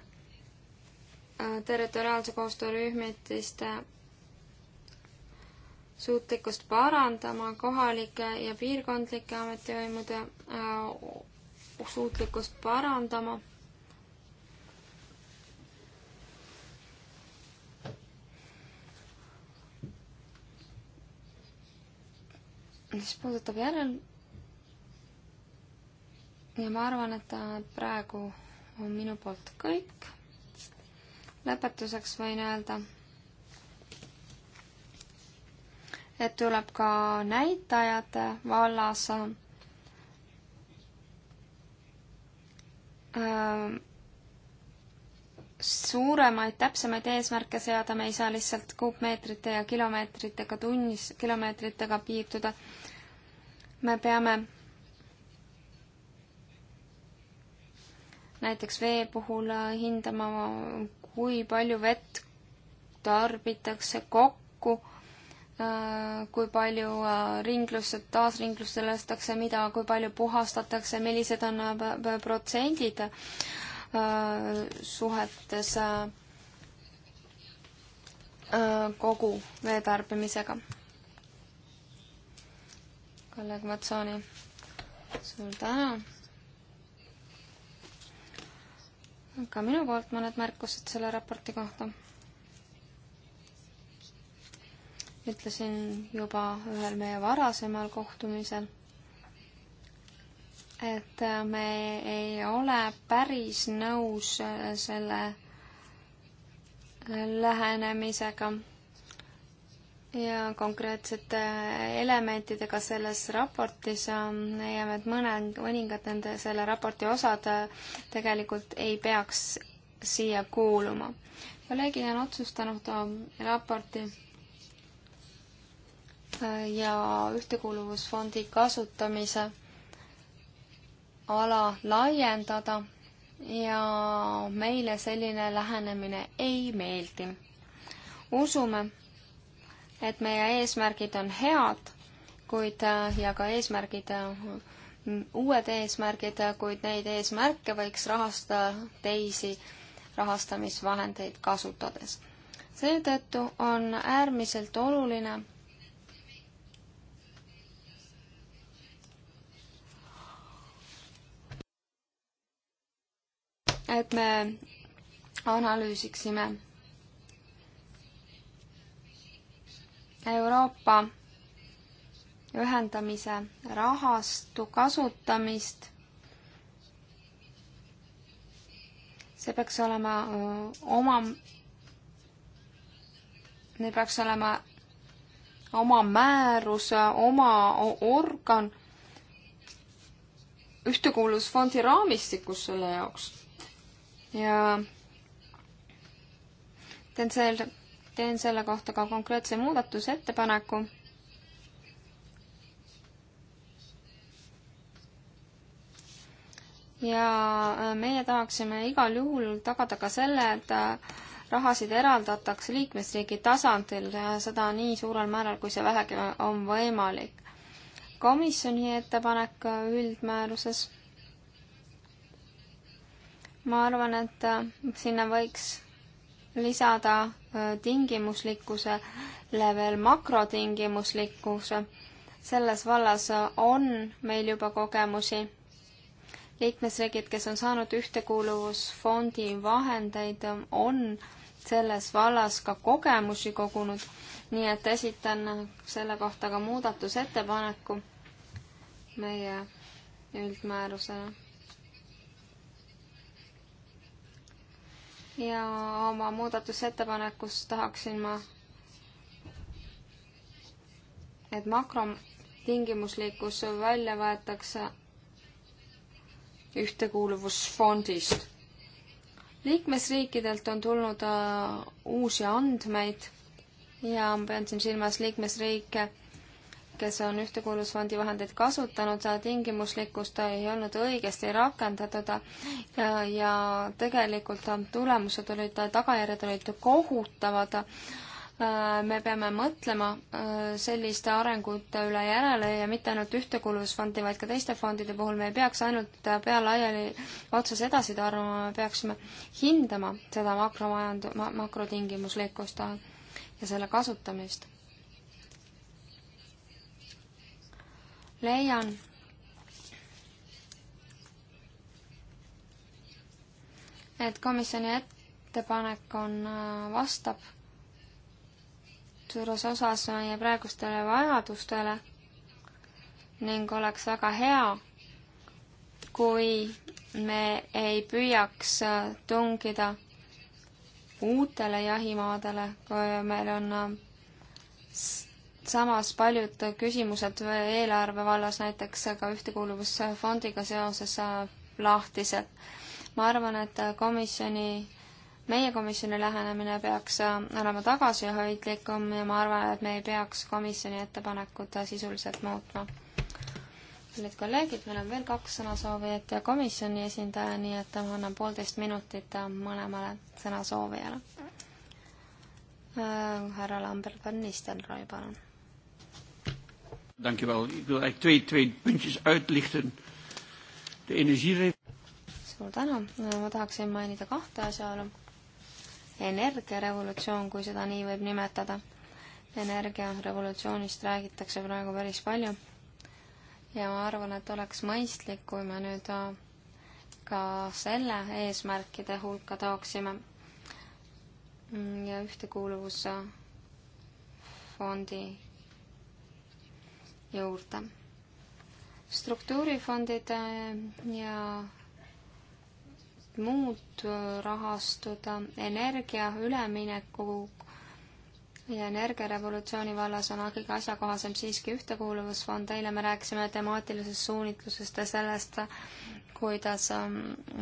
äh, territoriaalse koostöörühmitiste suutlikkust parandama, kohalike ja piirkondlike ametivõimude äh, suutlikkust parandama mis puudutab järel ja ma arvan, et praegu on minu poolt kõik. lõpetuseks võin öelda, et tuleb ka näitajate vallas äh, suuremaid, täpsemaid eesmärke seada, me ei saa lihtsalt kuupmeetrite ja kilomeetritega tunnis, kilomeetritega piirduda. me peame näiteks vee puhul hindama, kui palju vett tarbitakse kokku, kui palju äh, ringlusse, taasringlusse lastakse, mida, kui palju puhastatakse, millised on äh, protsendid Äh, suhetes äh, kogu vee tarbimisega. kolleeg Matsooni, suur tänu. ka minu poolt mõned märkused selle raporti kohta. ütlesin juba ühel meie varasemal kohtumisel et me ei ole päris nõus äh, selle lähenemisega ja konkreetsete äh, elementidega selles raportis ähm, leiame, et mõne, mõningad nende, selle raporti osad äh, tegelikult ei peaks siia kuuluma. kolleegid on otsustanud ähm, raporti ja Ühtekuuluvusfondi kasutamise ala laiendada ja meile selline lähenemine ei meeldi. usume, et meie eesmärgid on head, kuid äh, ja ka eesmärgid, äh, uued eesmärgid, äh, kuid neid eesmärke võiks rahastada teisi rahastamisvahendeid kasutades. seetõttu on äärmiselt oluline et me analüüsiksime Euroopa ühendamise rahastu kasutamist. see peaks olema oma, neil peaks olema oma määrus, oma organ ühtekuuluvusfondi raamistikus selle jaoks ja teen selle, teen selle kohta ka konkreetse muudatusettepaneku. ja äh, meie tahaksime igal juhul tagada ka selle, et äh, rahasid eraldatakse liikmesriigi tasandil ja seda nii suurel määral, kui see vähegi on võimalik. komisjoni ettepanek üldmääruses ma arvan, et äh, sinna võiks lisada äh, tingimuslikkusele veel makrotingimuslikkuse. selles vallas äh, on meil juba kogemusi. liikmesriigid, kes on saanud ühtekuuluvusfondi vahendeid, on selles vallas ka kogemusi kogunud, nii et esitan selle kohta ka muudatusettepaneku meie üldmäärusena ja oma muudatusettepanekus tahaksin ma, et makrotingimuslikkus välja võetakse ühtekuuluvusfondist. liikmesriikidelt on tulnud äh, uusi andmeid ja ma pean siin silmas liikmesriike kes on Ühtekuuluvusfondi vahendeid kasutanud, tingimuslikkust ei olnud õigesti rakendatud ja, ja tegelikult tulemused olid, tagajärjed olid kohutavad. me peame mõtlema äh, selliste arengute üle järele ja mitte ainult Ühtekuuluvusfondi, vaid ka teiste fondide puhul me ei peaks ainult pea laiali otsas edasi tarvama, me peaksime hindama seda makromajand-, makrotingimuslikkust ja selle kasutamist leian, et komisjoni ettepanek on, äh, vastab suures osas meie praegustele vajadustele ning oleks väga hea, kui me ei püüaks äh, tungida uutele jahimaadele, kui meil on äh, samas paljud küsimused eelarve vallas, näiteks ka ühtekuuluvusfondiga seoses äh, lahtised. ma arvan, et äh, komisjoni, meie komisjoni lähenemine peaks äh, olema tagasihoidlikum ja ma arvan, et me ei peaks komisjoni ettepanekut sisuliselt muutma. kallid kolleegid, meil on veel kaks sõnasoovijat ja komisjoni esindaja, nii et ma annan poolteist minutit mõlemale sõnasoovijale. härra Lambert van Nistelrooy, palun Dank u wel. Ik wil eigenlijk twee, twee puntjes uitlichten. De energiere... Suur tänu. Ma tahaksin mainida kahte asjaolu. Energiarevolutsioon, kui seda nii võib nimetada. Energiarevolutsioonist räägitakse praegu päris palju. Ja ma arvan, et oleks mõistlik, kui me nüüd äh, ka selle eesmärkide hulka tooksime. Mm, ja ühtekuuluvusfondi juurde. struktuurifondid ja muud rahastud, energia ülemineku ja energiarevolutsiooni vallas on kõige asjakohasem siiski ühtekuuluvusfond, eile me rääkisime temaatilisest suunitlusest ja sellest, kuidas ähm,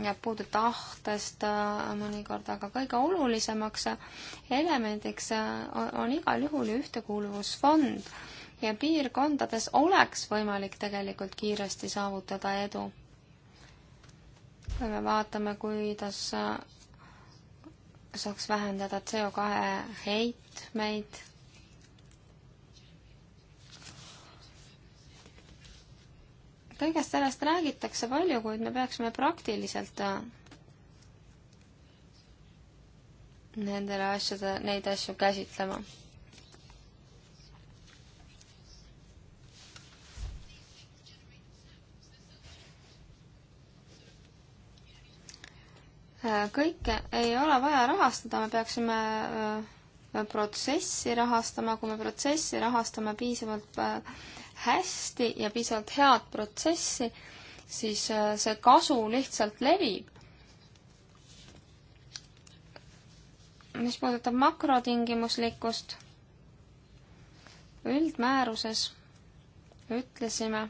jääb puudu tahtest äh, mõnikord, aga kõige olulisemaks elemendiks äh, on igal juhul ju ühtekuuluvusfond ja piirkondades oleks võimalik tegelikult kiiresti saavutada edu. kui me vaatame, kuidas äh, saaks vähendada CO2 heitmeid, kõigest sellest räägitakse palju, kuid me peaksime praktiliselt äh, nendele asjade, neid asju käsitlema kõike ei ole vaja rahastada, me peaksime äh, protsessi rahastama, kui me protsessi rahastame piisavalt äh, hästi ja piisavalt head protsessi, siis äh, see kasu lihtsalt levib. mis puudutab makrotingimuslikkust, üldmääruses ütlesime,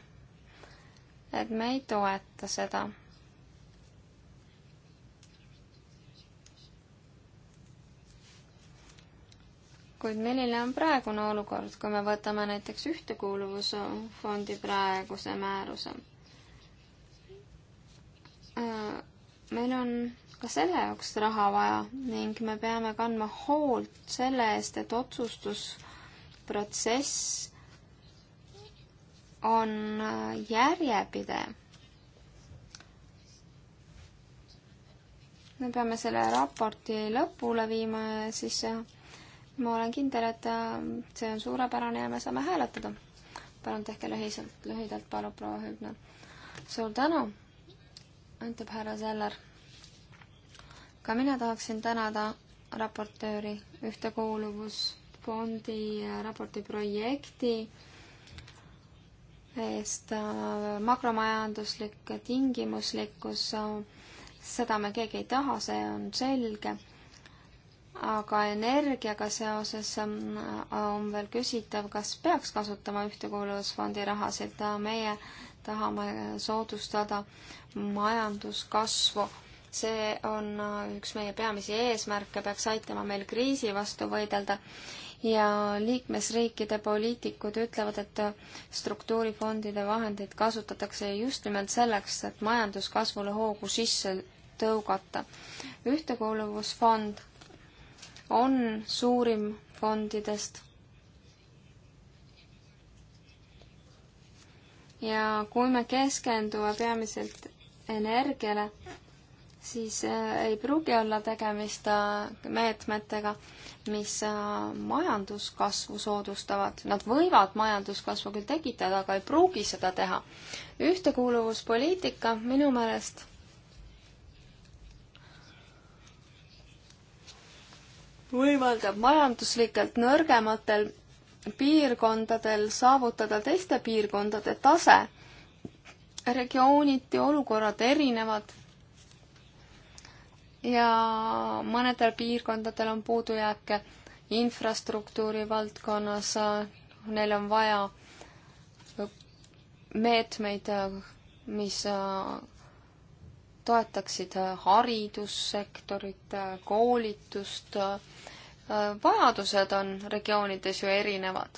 et me ei toeta seda kuid milline on praegune olukord, kui me võtame näiteks ühtekuuluvusfondi praeguse määruse? Äh, meil on ka selle jaoks raha vaja ning me peame kandma hoolt selle eest, et otsustusprotsess on äh, järjepidev. me peame selle raporti lõpule viima ja siis äh, ma olen kindel, et äh, see on suurepärane ja me saame hääletada. palun tehke lühiselt, lühidalt, palun, proua Hübner. suur tänu, ütleb härra Seller. ka mina tahaksin tänada raportööri Ühtekuuluvusfondi äh, raporti projekti eest äh, makromajanduslik tingimuslikkus, seda me keegi ei taha, see on selge aga energiaga seoses ähm, on veel küsitav, kas peaks kasutama Ühtekuuluvusfondi rahasid, meie tahame soodustada majanduskasvu. see on äh, üks meie peamisi eesmärke, peaks aitama meil kriisi vastu võidelda ja liikmesriikide poliitikud ütlevad, et äh, struktuurifondide vahendeid kasutatakse just nimelt selleks, et majanduskasvule hoogu sisse tõugata. ühtekuuluvusfond on suurim fondidest. ja kui me keskendume peamiselt energiale, siis äh, ei pruugi olla tegemist äh, meetmetega, mis äh, majanduskasvu soodustavad. Nad võivad majanduskasvu küll tekitada, aga ei pruugi seda teha. ühtekuuluvuspoliitika minu meelest võimaldab majanduslikult nõrgematel piirkondadel saavutada teiste piirkondade tase. regiooniti olukorrad erinevad ja mõnedel piirkondadel on puudujääke infrastruktuuri valdkonnas, neil on vaja meetmeid, mis toetaksid haridussektorit, koolitust vajadused on regioonides ju erinevad.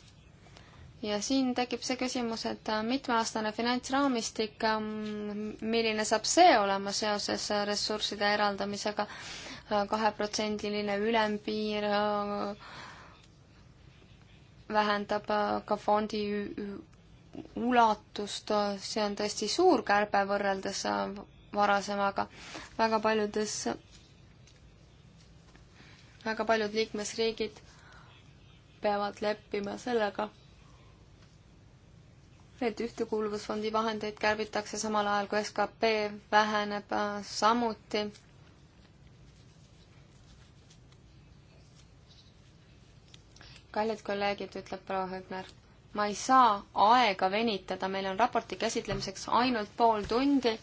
ja siin tekib see küsimus, et mitmeaastane finantsraamistik, ähm, milline saab see olema seoses ressursside eraldamisega, kaheprotsendiline ülempiir äh, vähendab äh, ka fondi ulatust, see on tõesti suur kärbe võrreldes äh, varasemaga. väga paljudes väga paljud liikmesriigid peavad leppima sellega, et Ühtekuuluvusfondi vahendeid kärbitakse samal ajal, kui skp väheneb äh, samuti. kallid kolleegid, ütleb proua Hübner, ma ei saa aega venitada, meil on raporti käsitlemiseks ainult pool tundi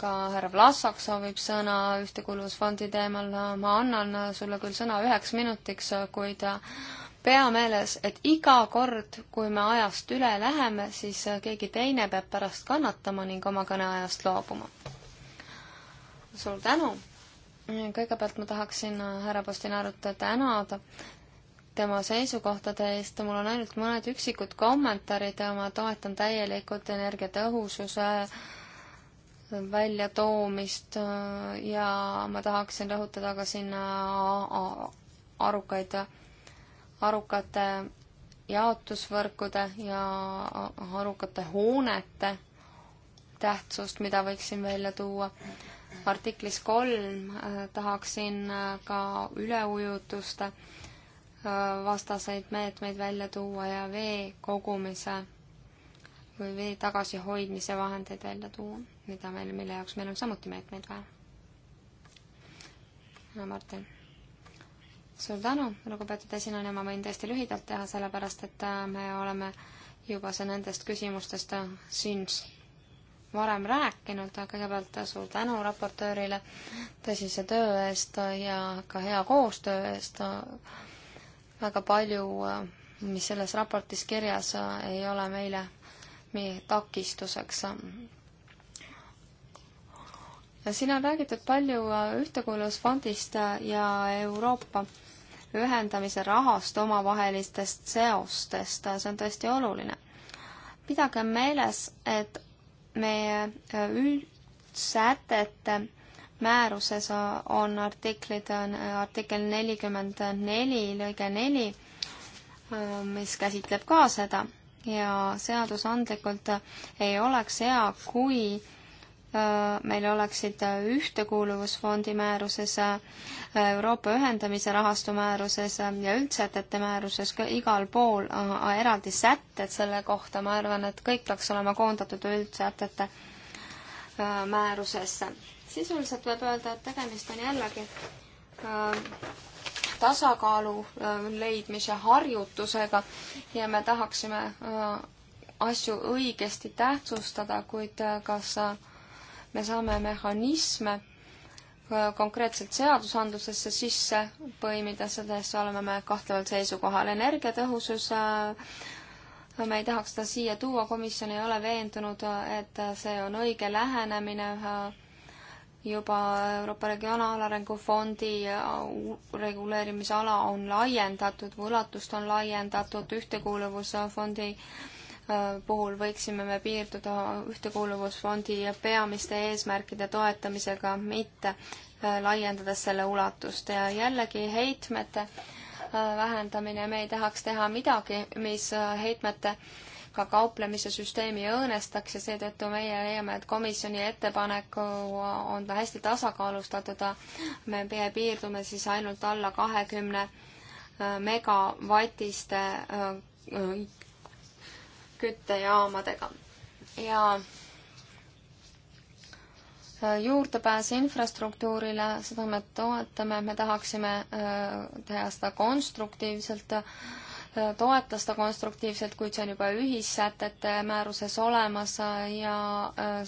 ka härra Vlasak soovib sõna ühtekuuluvusfondi teemal, ma annan sulle küll sõna üheks minutiks, kuid pea meeles, et iga kord, kui me ajast üle läheme, siis keegi teine peab pärast kannatama ning oma kõneajast loobuma. suur tänu! kõigepealt ma tahaksin härra Postinarut tänada tema seisukohtade eest, mul on ainult mõned üksikud kommentaarid ja ma toetan täielikult energiatõhususe äh, väljatoomist äh, ja ma tahaksin rõhutada ka sinna arukaid, arukate jaotusvõrkude ja arukate hoonete tähtsust, mida võiksin välja tuua. artiklis kolm äh, tahaksin äh, ka üleujutuste vastaseid meetmeid välja tuua ja vee kogumise või vee tagasihoidmise vahendeid välja tuua mida meil, mille jaoks meil on samuti meetmeid vaja. härra Martin. suur tänu, lugupeetud esinejana, ma võin tõesti lühidalt teha, sellepärast et äh, me oleme juba see nendest küsimustest äh, siin varem rääkinud, kõigepealt äh, suur tänu raportöörile tõsise töö eest ja ka hea koostöö eest. väga palju, mis selles raportis kirjas, ei ole meile meie takistuseks siin on räägitud palju äh, Ühtekuuluvusfondist äh, ja Euroopa ühendamise rahast omavahelistest seostest, äh, see on tõesti oluline. pidage meeles, et meie üldsätete määruses on artiklid, on artikkel nelikümmend neli, lõige neli, mis käsitleb ka seda ja seadusandlikult ei oleks hea, kui Äh, meil oleksid äh, ühtekuuluvusfondi määruses, äh, Euroopa ühendamise rahastu määruses ja üldsätete määruses igal pool eraldi sätted selle kohta, ma arvan, et kõik peaks olema koondatud üldsätete määrusesse. sisuliselt võib öelda, et tegemist on jällegi tasakaalu leidmise harjutusega ja me tahaksime asju õigesti tähtsustada, kuid kas sa me saame mehhanisme äh, konkreetselt seadusandlusesse sisse põimida, selles oleme me kahtleval seisukohal. energiatõhusus, äh, me ei tahaks seda siia tuua, komisjon ei ole veendunud, äh, et see on õige lähenemine juba Euroopa Regionaalarengu Fondi reguleerimisala on laiendatud või ulatust on laiendatud Ühtekuuluvusfondi Äh, puhul võiksime me piirduda Ühtekuuluvusfondi peamiste eesmärkide toetamisega, mitte äh, laiendades selle ulatust ja jällegi heitmete äh, vähendamine, me ei tahaks teha midagi, mis heitmete ka kauplemise süsteemi õõnestaks ja seetõttu meie leiame, et komisjoni ettepanek on ta hästi tasakaalustatud. me piirdume siis ainult alla kahekümne megavatiste küttejaamadega ja äh, juurdepääs infrastruktuurile, seda me toetame, me tahaksime äh, teha seda konstruktiivselt, äh, toeta seda konstruktiivselt, kuid see on juba ühissätete määruses olemas ja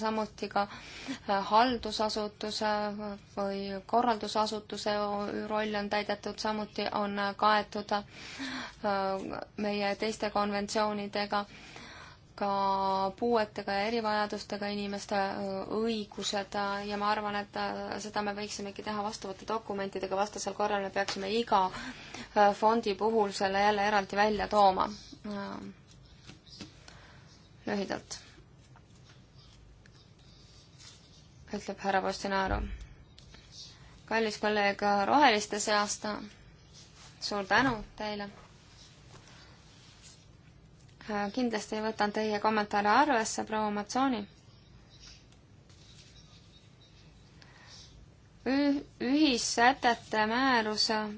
samuti ka haldusasutuse või korraldusasutuse roll on täidetud, samuti on kaetud meie teiste konventsioonidega ka puuetega ja erivajadustega inimeste õigused äh, ja ma arvan, et äh, seda me võiksimegi teha vastavate dokumentidega, vastasel korral me peaksime iga äh, fondi puhul selle jälle eraldi välja tooma. lühidalt. ütleb härra Postinaru. kallis kolleeg Roheliste seast, suur tänu teile Äh, kindlasti võtan teie kommentaare arvesse, proua Matsooni. ühissätete määrus äh,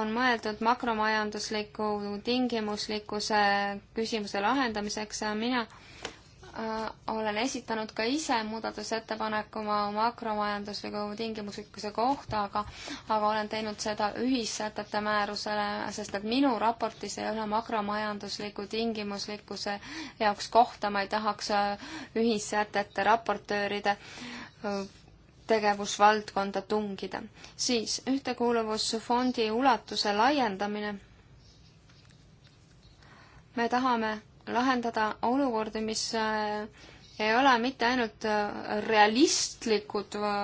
on mõeldud makromajandusliku tingimuslikkuse küsimuse lahendamiseks. Äh, mina Äh, olen esitanud ka ise muudatusettepaneku oma makromajandusliku tingimuslikkuse kohta, aga aga olen teinud seda ühissätete määrusele, sest et minu raportis ei ole makromajandusliku tingimuslikkuse jaoks kohta, ma ei tahaks äh, ühissätete raportööride äh, tegevusvaldkonda tungida. siis ühtekuuluvusfondi ulatuse laiendamine. me tahame lahendada olukordi, mis äh, ei ole mitte ainult äh, realistlikud äh,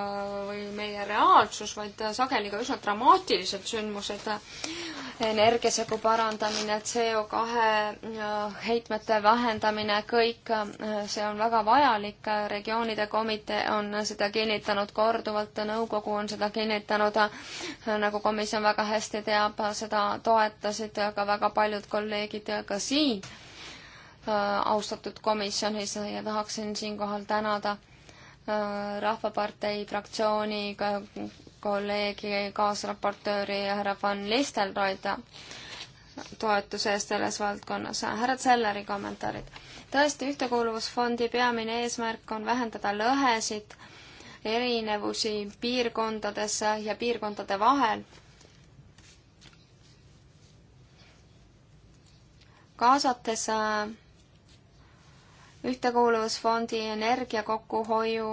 või meie reaalsus, vaid sageli ka üsna dramaatilised sündmused. energiasegu parandamine, CO2 heitmete vähendamine, kõik see on väga vajalik. regioonide komitee on seda kinnitanud korduvalt, nõukogu on seda kinnitanud. nagu komisjon väga hästi teab, seda toetasid ka väga paljud kolleegid ka siin Äh, austatud komisjonis ja tahaksin siinkohal tänada äh, Rahvapartei fraktsiooni kolleegi, kaasraportööri härra Van Listelroida toetuse eest selles valdkonnas. härra Selleri kommentaarid. tõesti, Ühtekuuluvusfondi peamine eesmärk on vähendada lõhesid, erinevusi piirkondades ja piirkondade vahel. kaasates äh, ühtekuuluvusfondi energia kokkuhoiu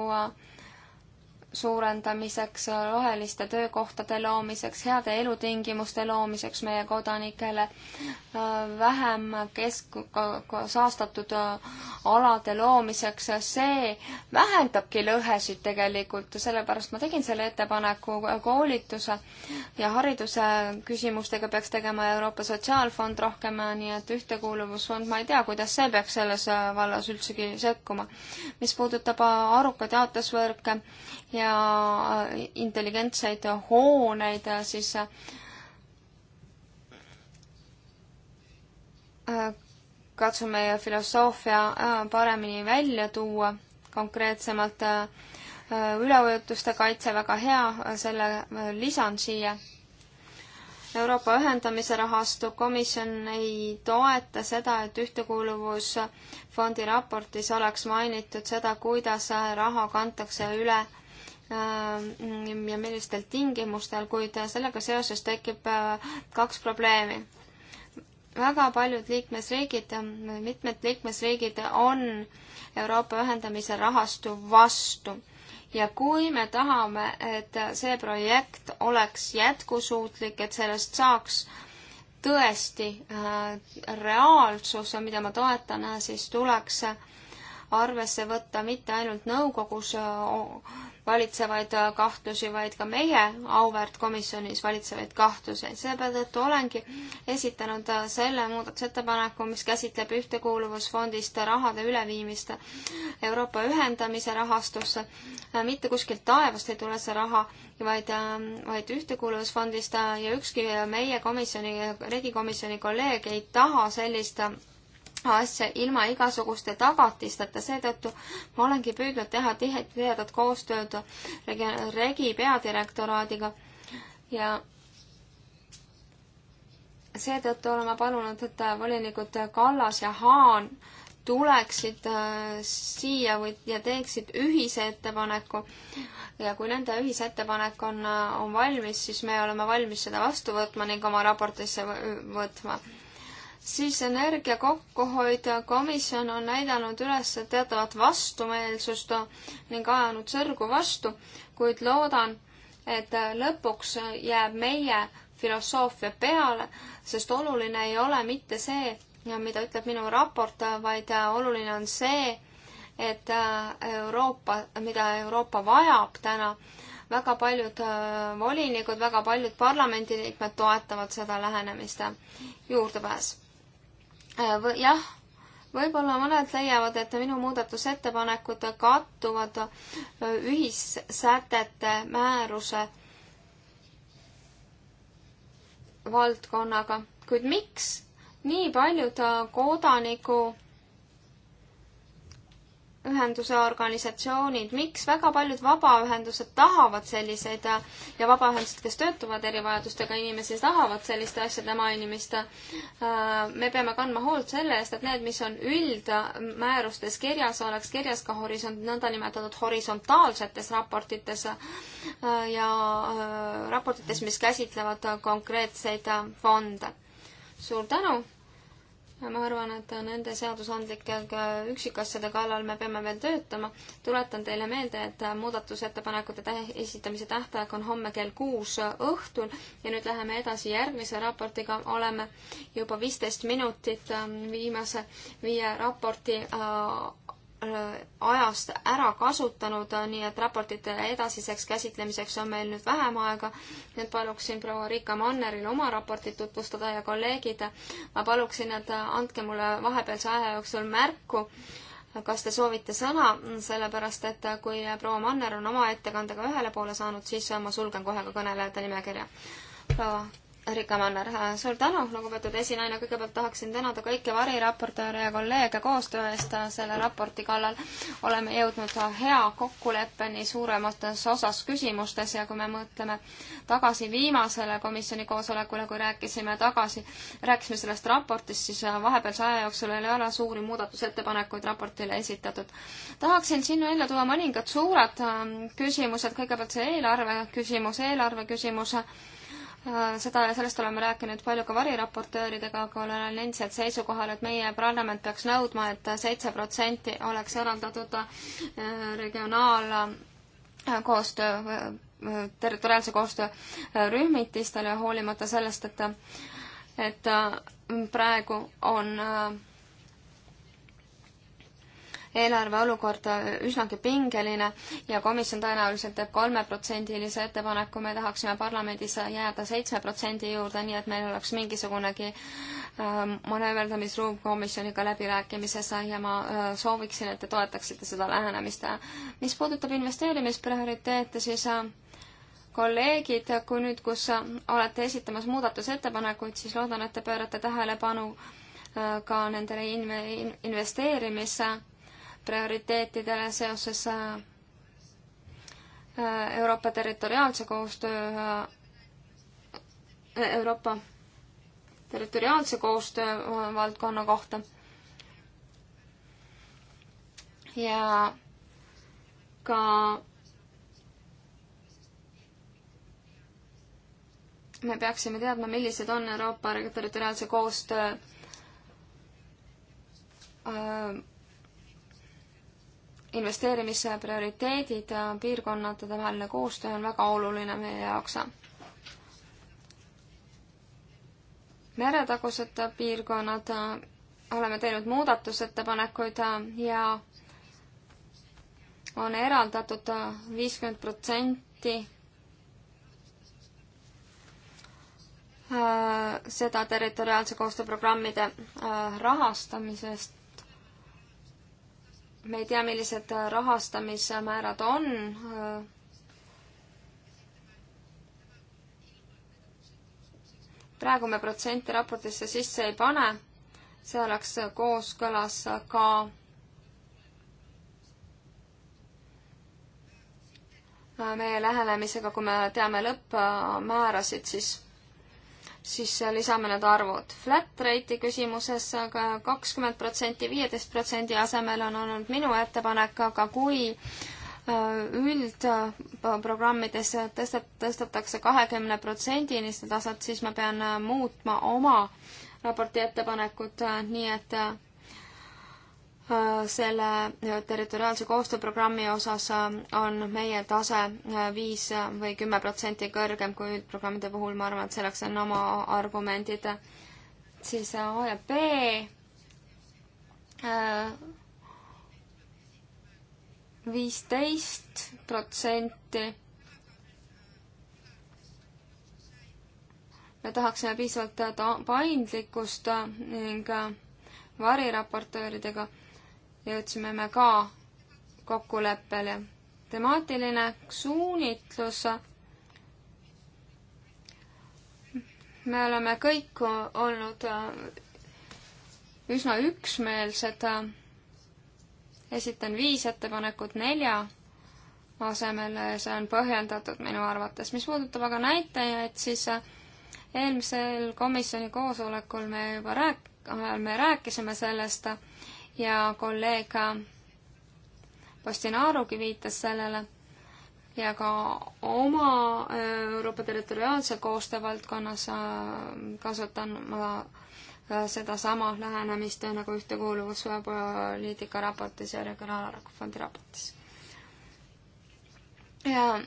suurendamiseks, roheliste töökohtade loomiseks, heade elutingimuste loomiseks meie kodanikele, vähem kesk-, saastatud äh, alade loomiseks, see vähendabki lõhesid tegelikult ja sellepärast ma tegin selle ettepaneku koolituse ja hariduse küsimustega peaks tegema Euroopa Sotsiaalfond rohkem, nii et Ühtekuuluvusfond, ma ei tea, kuidas see peaks selles vallas üldsegi sekkuma. mis puudutab äh, arukaid jaotusvõrke ja ja intelligentseid hooneid, siis äh, katsume filosoofia äh, paremini välja tuua, konkreetsemalt äh, üleujutuste kaitse väga hea, selle lisan siia Euroopa ühendamise rahastu komisjon ei toeta seda, et ühtekuuluvusfondi raportis oleks mainitud seda, kuidas raha kantakse üle Äh, ja millistel tingimustel, kuid sellega seoses tekib äh, kaks probleemi. väga paljud liikmesriigid, mitmed liikmesriigid on Euroopa ühendamise rahastu vastu ja kui me tahame, et see projekt oleks jätkusuutlik, et sellest saaks tõesti äh, reaalsus, mida ma toetan, siis tuleks arvesse võtta mitte ainult nõukogus valitsevaid äh, kahtlusi, vaid ka meie auväärt komisjonis valitsevaid kahtlusi. seetõttu olengi esitanud äh, selle muudatusettepaneku, mis käsitleb Ühtekuuluvusfondist rahade üleviimist Euroopa ühendamise rahastusse. Äh, mitte kuskilt taevast ei tule see raha, vaid, ähm, vaid Ühtekuuluvusfondist ja ükski meie komisjoni, regikomisjoni kolleeg ei taha sellist asja ilma igasuguste tagatisteta, seetõttu ma olengi püüdnud teha tihet, tihedat koostööd regi, regi peadirektoraadiga ja seetõttu olen ma palunud, et volinikud Kallas ja Haan tuleksid äh, siia või, ja teeksid ühise ettepaneku ja kui nende ühisettepanek on, äh, on valmis, siis me oleme valmis seda vastu võtma ning oma raportisse võtma siis energia kokkuhoid, komisjon on näidanud üles teatavat vastumeelsust ning ajanud sõrgu vastu, kuid loodan, et lõpuks jääb meie filosoofia peale, sest oluline ei ole mitte see, mida ütleb minu raport, vaid oluline on see, et Euroopa, mida Euroopa vajab täna, väga paljud äh, volinikud, väga paljud parlamendiliikmed toetavad seda lähenemist. juurdepääs Äh, jah, võib-olla mõned leiavad, et minu muudatusettepanekud kattuvad äh, ühissätete määruse valdkonnaga, kuid miks nii paljud kodaniku vabaühenduse organisatsioonid, miks väga paljud vabaühendused tahavad selliseid ja vabaühendused, kes töötavad erivajadustega inimesi, tahavad selliste asjade mainimist. Äh, me peame kandma hoolt selle eest, et need, mis on üldmäärustes kirjas, oleks kirjas ka horisont, nõndanimetatud horisontaalsetes raportites äh, ja äh, raportites, mis käsitlevad konkreetseid fonde. suur tänu ma arvan, et nende seadusandlike üksikasjade kallal me peame veel töötama. tuletan teile meelde, et muudatusettepanekute tähe, esitamise tähtaeg on homme kell kuus õhtul ja nüüd läheme edasi järgmise raportiga. oleme juba viisteist minutit ähm, viimase viie raporti äh, Äh, ajast ära kasutanud, nii et raportite edasiseks käsitlemiseks on meil nüüd vähem aega. nüüd paluksin proua Riika Manneril oma raportit tutvustada ja kolleegid, ma paluksin, et andke mulle vahepealse aja jooksul märku, kas te soovite sõna, sellepärast et kui proua Manner on oma ettekandega ühele poole saanud, siis ma sulgen kohe ka kõnelejate nimekirja. proua Rika Manner, äh, suur tänu, lugupeetud esinaine, kõigepealt tahaksin tänada kõiki variraportööre ja kolleege koostöö eest äh, selle raporti kallal. oleme jõudnud äh, hea kokkuleppeni suuremates osas küsimustes ja kui me mõtleme tagasi viimasele komisjoni koosolekule, kui rääkisime tagasi, rääkisime sellest raportist, siis vahepealse aja jooksul ei ole suuri muudatusettepanekuid raportile esitatud. tahaksin sinna välja tuua mõningad suured küsimused, kõigepealt see eelarve küsimus, eelarve küsimus, eelarve küsimus Äh, seda ja sellest oleme rääkinud palju ka variraportööridega, aga olen endiselt seisukohal, et meie parlament peaks nõudma et, et seitse protsenti oleks eraldatud äh, regionaalkoostöö, äh, territoriaalse koostöö rühmitistele, hoolimata sellest, et, et praegu on eelarve olukord üsnagi pingeline ja komisjon tõenäoliselt teeb kolmeprotsendilise ettepaneku, me tahaksime parlamendis jääda seitsme protsendi juurde, nii et meil oleks mingisugunegi ähm, manööverdamisruum komisjoniga läbirääkimises ja ma äh, sooviksin, et te toetaksite seda lähenemist. mis puudutab investeerimisprioriteete, siis äh, kolleegid, kui nüüd, kus äh, olete esitamas muudatusettepanekuid, siis loodan, et te pöörate tähelepanu ka nendele inv-, investeerimisse prioriteetidele seoses äh, äh, Euroopa territoriaalse koostöö, äh, Euroopa territoriaalse koostöö valdkonna kohta. ja ka me peaksime teadma, millised on Euroopa territoriaalse koostöö investeerimise prioriteedid ja piirkonnade vaheline koostöö on väga oluline meie jaoks. meretagused piirkonnad, oleme teinud muudatusettepanekuid ja on eraldatud viiskümmend protsenti seda territoriaalse koostööprogrammide rahastamisest me ei tea, millised äh, rahastamismäärad on. Äh, praegu me protsente raportisse sisse ei pane, see oleks äh, kooskõlas ka meie lähenemisega, kui me teame lõppmäärasid, siis siis lisame need arvud. Flat rate'i küsimuses aga kakskümmend protsenti viieteist protsendi asemel on olnud minu ettepanek, aga kui äh, üldprogrammides tõstet-, tõstetakse kahekümne protsendini seda taset, siis ma pean äh, muutma oma raporti ettepanekut, äh, nii et Äh, selle äh, territoriaalse koostööprogrammi osas äh, on meie tase viis või kümme protsenti kõrgem kui üldprogrammide puhul, ma arvan, et selleks on oma argumendid. siis A ja B. viisteist protsenti. me tahaksime piisavalt paindlikkust ning variraportööridega jõudsime me ka kokkuleppele. temaatiline suunitlus. me oleme kõik olnud üsna üksmeelsed. esitan viis ettepanekut nelja asemel, see on põhjendatud minu arvates. mis puudutab aga näitajaid, siis eelmisel komisjoni koosolekul me juba rääk-, me rääkisime sellest ja kolleeg Postinarugi viitas sellele ja ka oma äh, Euroopa territoriaalse koostöö valdkonnas äh, kasutan ma äh, sedasama lähenemist nagu ühtekuuluvuspoliitika raportis ja regionaalarengu fondi raportis. ja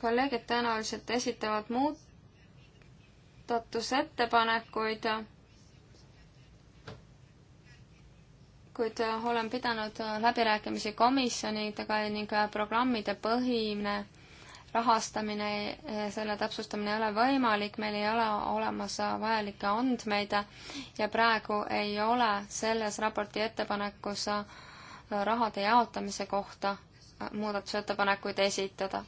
kolleegid tõenäoliselt esitavad muutatusettepanekuid kuid äh, olen pidanud äh, läbirääkimisi komisjonidega ning äh, programmide põhine rahastamine, selle täpsustamine ei ole võimalik, meil ei ole olemas vajalikke andmeid ja praegu ei ole selles raporti ettepanekus rahade jaotamise kohta muudatusettepanekuid esitada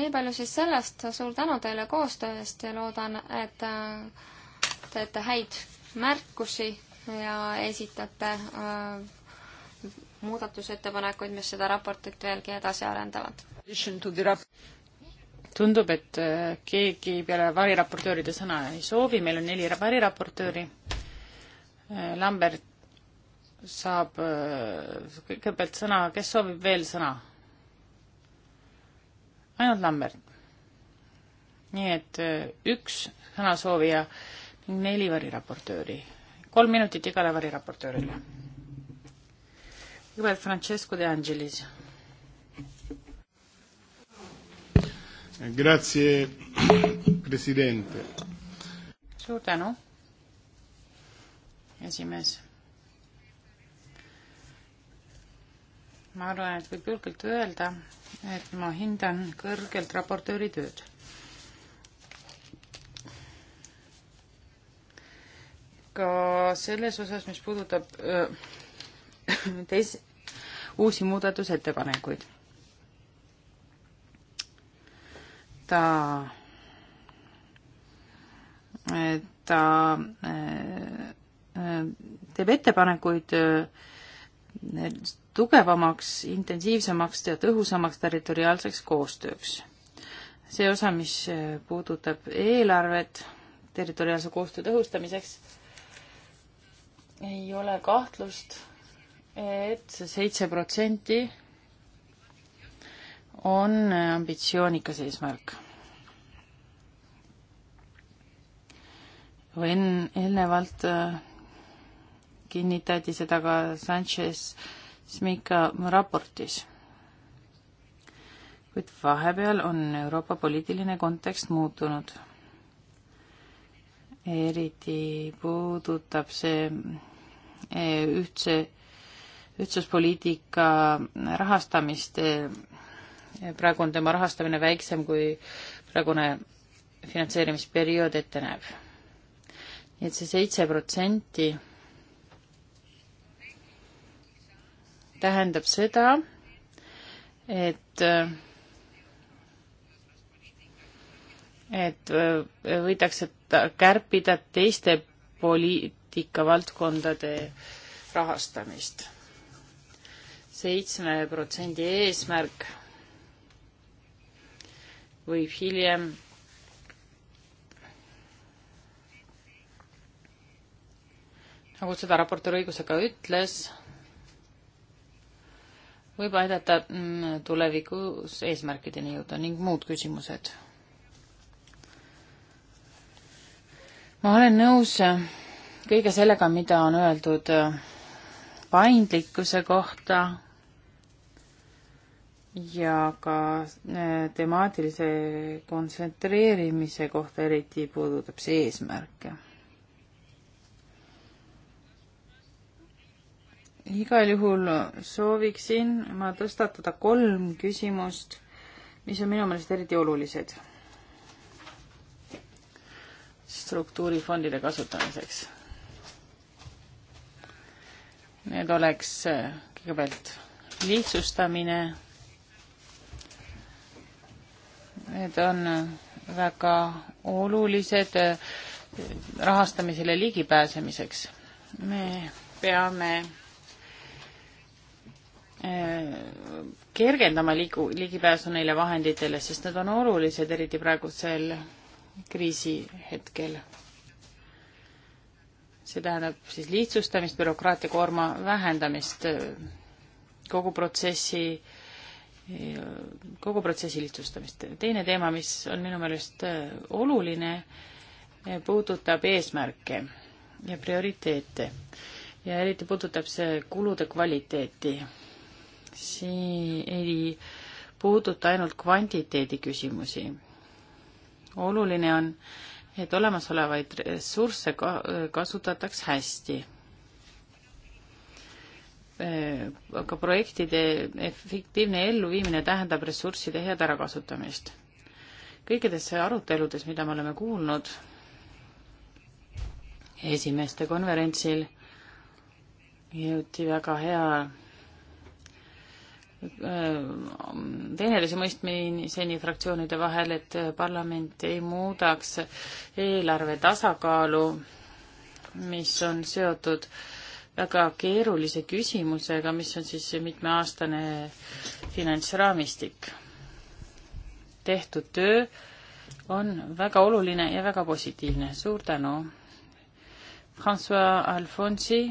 nii palju siis sellest, suur tänu teile koostöö eest ja loodan, et teete häid märkusi ja esitate äh, muudatusettepanekuid, mis seda raportit veelgi edasi arendavad. tundub, et äh, keegi peale variraportööride sõna ei soovi, meil on neli variraportööri. Äh, Lambert saab äh, kõigepealt sõna, kes soovib veel sõna? ainult Lambert. nii et üks sõnasoovija ning neli variraportööri kolm minutit igale variraportöörile. kõigepealt Francesco De Angelis. Grazie, president. suur tänu, esimees. ma arvan, et võib julgelt öelda, et ma hindan kõrgelt raportööri tööd ka selles osas, mis puudutab äh, teis-, uusi muudatusettepanekuid. ta, ta äh, teeb ettepanekuid äh, tugevamaks, intensiivsemaks ja tõhusamaks territoriaalseks koostööks. see osa, mis puudutab eelarvet territoriaalse koostöö tõhustamiseks, ei ole kahtlust, et see seitse protsenti on ambitsioonikas eesmärk. või enn-, eelnevalt äh, kinnitati seda ka Sanchez Smica raportis. kuid vahepeal on Euroopa poliitiline kontekst muutunud. eriti puudutab see ühtse, ühtsuspoliitika rahastamist. praegu on tema rahastamine väiksem, kui praegune finantseerimisperiood ette näeb. nii et see seitse protsenti tähendab seda, et et võidakse kärpida teiste poli-, poliitikavaldkondade rahastamist. seitsme protsendi eesmärk võib hiljem nagu seda raportöör õigusega ütles, võib aidata mm, tulevikus eesmärkideni jõuda ning muud küsimused. ma olen nõus kõige sellega, mida on öeldud äh, paindlikkuse kohta ja ka äh, temaatilise kontsentreerimise kohta, eriti puudutab see eesmärke. igal juhul sooviksin ma tõstatada kolm küsimust, mis on minu meelest eriti olulised struktuurifondide kasutamiseks Need oleks äh, kõigepealt lihtsustamine. Need on äh, väga olulised äh, rahastamisele ligipääsemiseks. me peame kergendama ligu, ligipääsu neile vahenditele, sest nad on olulised, eriti praegusel kriisihetkel see tähendab siis lihtsustamist, bürokraatia koorma vähendamist, kogu protsessi, kogu protsessi lihtsustamist. teine teema, mis on minu meelest oluline, puudutab eesmärke ja prioriteete ja eriti puudutab see kulude kvaliteeti. siin ei puuduta ainult kvantiteedi küsimusi. oluline on, et olemasolevaid ressursse ka-, kasutataks hästi. aga projektide efektiivne elluviimine tähendab ressursside head ärakasutamist. kõikides aruteludes, mida me oleme kuulnud esimeeste konverentsil, jõuti väga hea Äh, tehnilise mõistmiseni fraktsioonide vahel, et parlament ei muudaks eelarve tasakaalu, mis on seotud väga keerulise küsimusega, mis on siis mitmeaastane finantsraamistik. tehtud töö on väga oluline ja väga positiivne, suur tänu. Francois Alfonsi,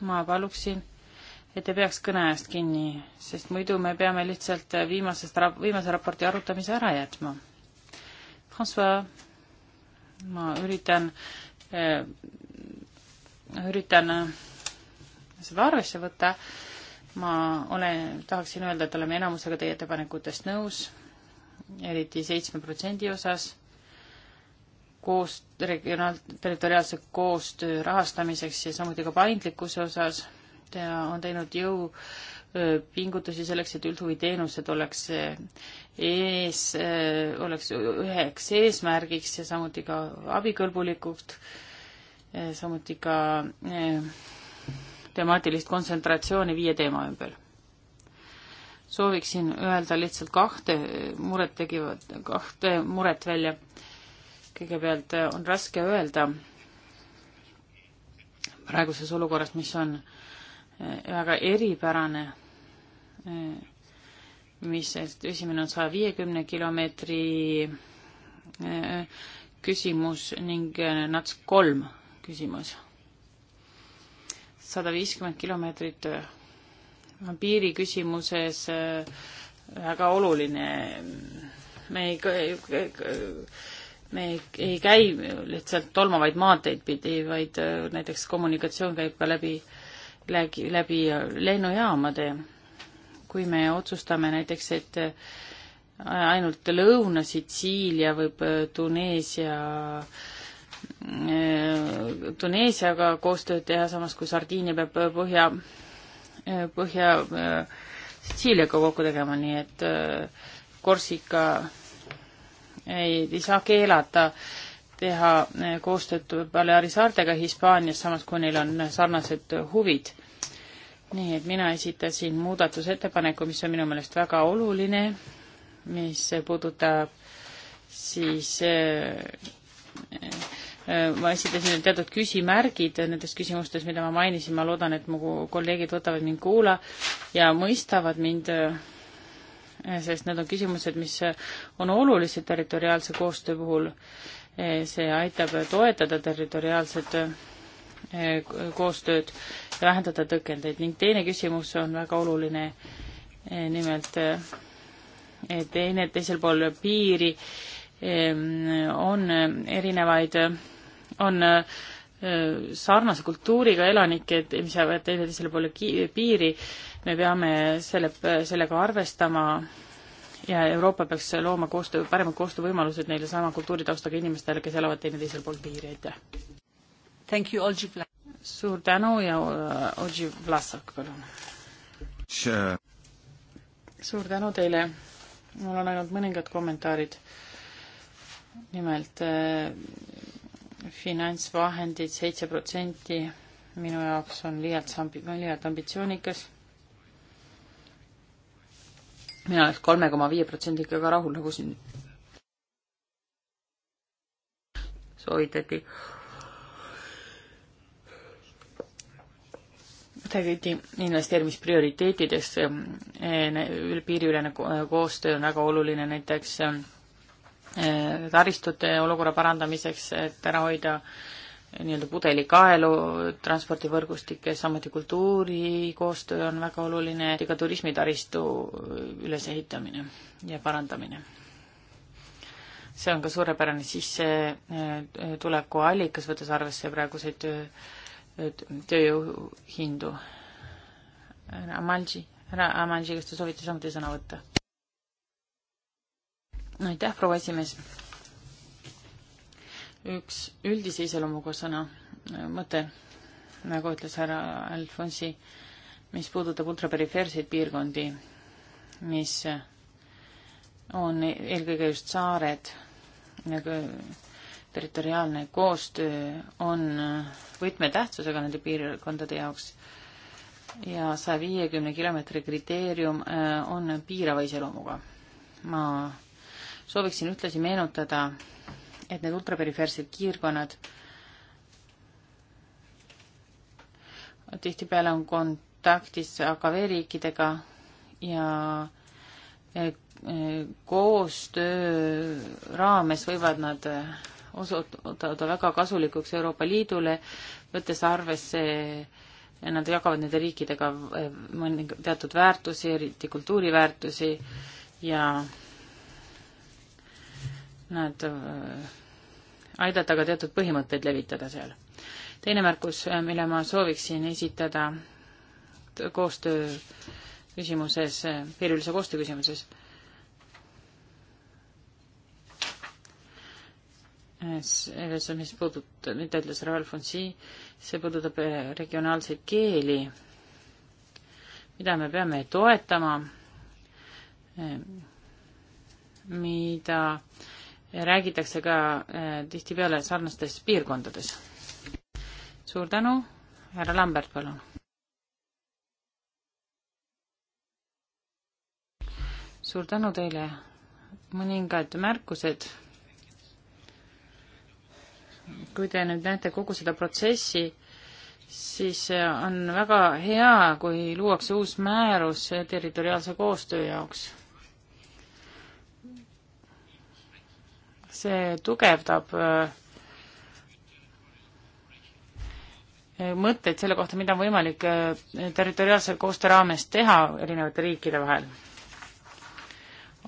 ma paluksin et ei peaks kõne ajast kinni, sest muidu me peame lihtsalt viimasest, viimase raporti arutamise ära jätma. Francois, ma üritan, eh, üritan eh, seda arvesse võtta. ma olen, tahaksin öelda, et oleme enamusega teie ettepanekutest nõus, eriti seitsme protsendi osas koos, regionaal-, territoriaalse koostöö rahastamiseks ja samuti ka paindlikkuse osas parlament äh, on teinud jõu äh, pingutusi selleks, et üldhuviteenused oleks äh, ees, oleks üheks eesmärgiks ja samuti ka abikõlbulikult, samuti ka temaatilist kontsentratsiooni viie teema ümber. sooviksin öelda lihtsalt kahte muret tegivat, kahte muret välja. kõigepealt on raske öelda praeguses olukorras, mis on äh, väga eripärane, eh, mis, esimene on saja viiekümne kilomeetri eh, küsimus ning eh, NATS kolm küsimus. sada viiskümmend kilomeetrit on piiri küsimuses väga oluline. me ei, me ei, ei käi lihtsalt tolmavaid maanteid pidi, vaid näiteks kommunikatsioon käib ka läbi äh, läbi, läbi lennujaamade. kui me otsustame näiteks, et äh, ainult Lõuna-Sitsiilia võib äh, Tuneesia äh, Tuneesiaga koostööd teha, samas kui Sardiinia peab põhja, põhja Sitsiiliaga kokku tegema, nii et Korsika ei, ei saa keelata teha koostööd Baleari saartega Hispaanias, samas kui neil on sarnased huvid nii et mina esitasin muudatusettepaneku, mis on minu meelest väga oluline, mis puudutab siis äh, äh, ma esitasin teatud küsimärgid nendes küsimustes, mida ma mainisin, ma loodan, et mu kolleegid võtavad mind kuula ja mõistavad mind, äh, sest need on küsimused, mis on olulised territoriaalse koostöö puhul. see aitab toetada territoriaalset Eh, koostööd ja vähendada tõkendeid ning teine küsimus on väga oluline, eh, nimelt eh, teine, teisel pool piiri on erinevaid, on sarnase kultuuriga elanikke, mis jäävad teineteisele poole piiri, me peame selle, sellega arvestama ja Euroopa peaks looma koostöö, paremad koostöövõimalused neile sama kultuuritaustaga inimestele, kes elavad teineteisel pool piiri, aitäh! suur tänu ja äh, Odži Vlasak, palun sure.. suur tänu teile. mul on ainult mõningad kommentaarid. nimelt äh, finantsvahendid seitse protsenti minu jaoks on liialt sambi-, liialt ambitsioonikas. mina oleks kolme koma viie protsendiga ka rahul, nagu siin soovitati räägiti investeerimisprioriteetidest, piiriülene koostöö on väga oluline näiteks ähm, taristute olukorra parandamiseks, et ära hoida nii-öelda pudelikaelu transpordivõrgustikes, samuti kultuurikoostöö on väga oluline, ega turismitaristu ülesehitamine ja parandamine. see on ka suurepärane sissetuleku äh, allikas, võttes arvesse praeguseid äh, tööjõuhindu. härra Amalji, härra Amalji, kas te soovite samuti sõna võtta? aitäh, proua esimees. üks üldise iseloomuga sõna, äh, mõte, nagu ütles härra Alfonsi, mis puudutab ultraperifeerseid piirkondi, mis äh, on eelkõige just saared, nagu territoriaalne koostöö on võtmetähtsusega nende piirkondade jaoks ja saja viiekümne kilomeetri kriteerium äh, on piirava iseloomuga. ma sooviksin ühtlasi meenutada, et need ultraperifeersed kiirkonnad tihtipeale on kontaktis AKV riikidega ja äh, koostöö raames võivad nad äh, osutuda väga kasulikuks Euroopa Liidule, võttes arvesse nad jagavad nende riikidega eh, mõningaid teatud väärtusi, eriti kultuuriväärtusi ja nad eh, aidata ka teatud põhimõtteid levitada seal. teine märkus, eh, mille ma sooviksin esitada koostöö küsimuses, piiriülese koostöö küsimuses sellesse, mis puudutab, mida ütles Raul Fonsi, see puudutab eh, regionaalseid keeli, mida me peame toetama, eh, mida räägitakse ka eh, tihtipeale sarnastes piirkondades. suur tänu, härra Lambert, palun. suur tänu teile, mõningad märkused kui te nüüd näete kogu seda protsessi, siis on väga hea, kui luuakse uus määrus territoriaalse koostöö jaoks. see tugevdab äh, mõtteid selle kohta, mida on võimalik äh, territoriaalse koostöö raames teha erinevate riikide vahel.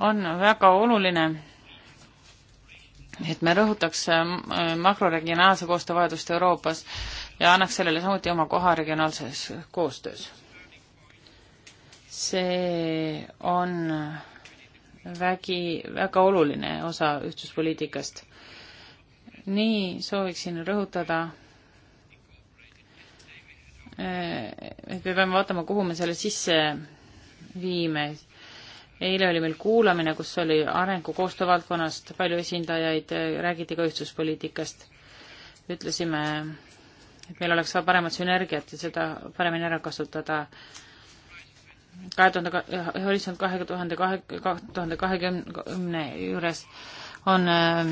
on väga oluline et me rõhutaks ähm, äh, makroregionaalse koostöö vajadust Euroopas ja annaks sellele samuti oma koha regionaalses koostöös. see on vägi, väga oluline osa ühtsuspoliitikast. nii sooviksin rõhutada, äh, et me peame vaatama, kuhu me selle sisse viime eile oli meil kuulamine, kus oli arengukoostöö valdkonnast palju esindajaid, räägiti ka ühtsuspoliitikast. ütlesime, et meil oleks vaja paremat sünergiat ja seda paremini ära kasutada. kahe tuhande, horisont kahe tuhande kahe, kahe tuhande kahekümne juures on äh,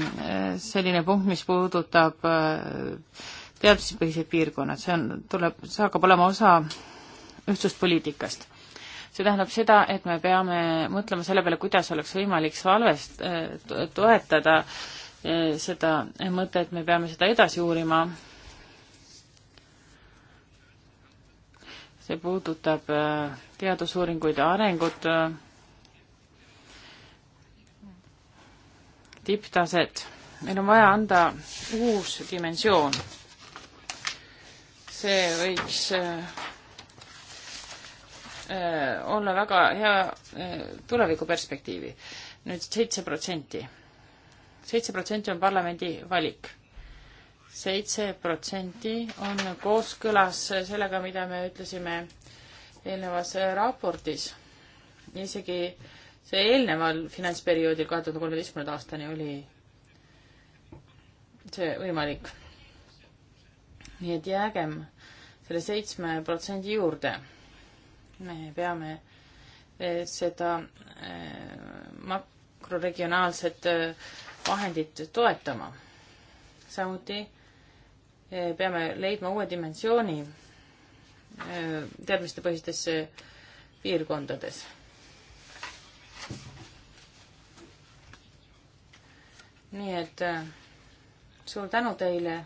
selline punkt, mis puudutab äh, teaduspõhised piirkonnad, see on, tuleb, see hakkab olema osa ühtsuspoliitikast see tähendab seda, et me peame mõtlema selle peale, kuidas oleks võimalik salvest-, äh, toetada äh, seda mõtet, me peame seda edasi uurima. see puudutab äh, teadusuuringuid ja arengut, tipptaset, meil on vaja anda uus dimensioon. see võiks Äh, olla väga hea äh, tulevikuperspektiivi. nüüd seitse protsenti. seitse protsenti on parlamendi valik. seitse protsenti on kooskõlas sellega, mida me ütlesime eelnevas raportis. isegi see eelneval finantsperioodil, kahe tuhande kolmeteistkümnenda aastani oli see võimalik. nii et jäägem selle seitsme protsendi juurde me peame eh, seda eh, makroregionaalset eh, vahendit toetama. samuti peame leidma uue dimensiooni teadmistepõhistes piirkondades. nii et suur tänu teile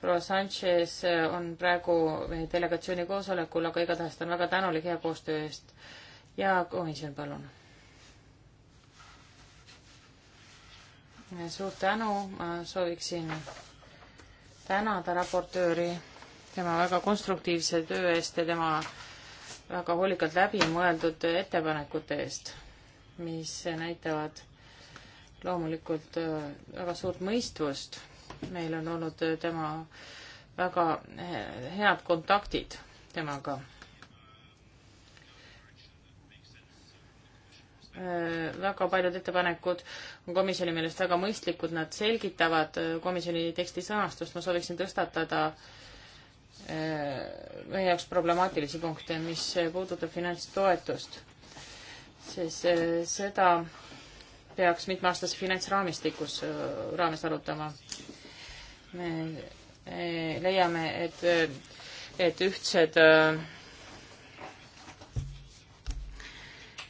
proua Sanchez eh, on praegu meie delegatsiooni koosolekul, aga igatahes ta on väga tänulik hea koostöö eest. ja komisjon, palun. suur tänu, ma sooviksin tänada raportööri tema väga konstruktiivse töö eest ja tema väga hoolikalt läbimõeldud ettepanekute eest, mis näitavad loomulikult eh, väga suurt mõistvust meil on olnud äh, tema väga äh, head kontaktid temaga. Äh, väga paljud ettepanekud on komisjoni meelest väga mõistlikud, nad selgitavad komisjoni teksti sõnastust, ma sooviksin tõstatada meie jaoks problemaatilisi punkte, mis puudutab finantstoetust, siis seda peaks mitmeaastase finantsraamistikus raames arutama me eh, leiame, et, eh, et ühtsed eh,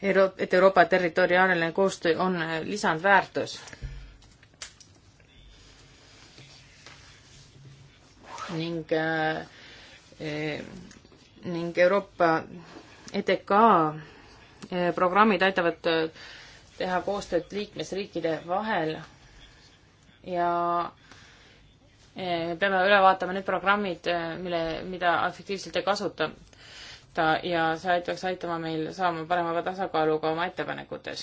Euro-, et Euroopa territoriaalne koostöö on lisandväärtus. ning äh, ning Euroopa EDK programmid aitavad teha koostööd liikmesriikide vahel ja Eh, peame üle vaatama need programmid, eh, mille, mida efektiivselt ei kasuta ta ja see aitaks aitama meil saama parema tasakaalu ka oma ettepanekutes.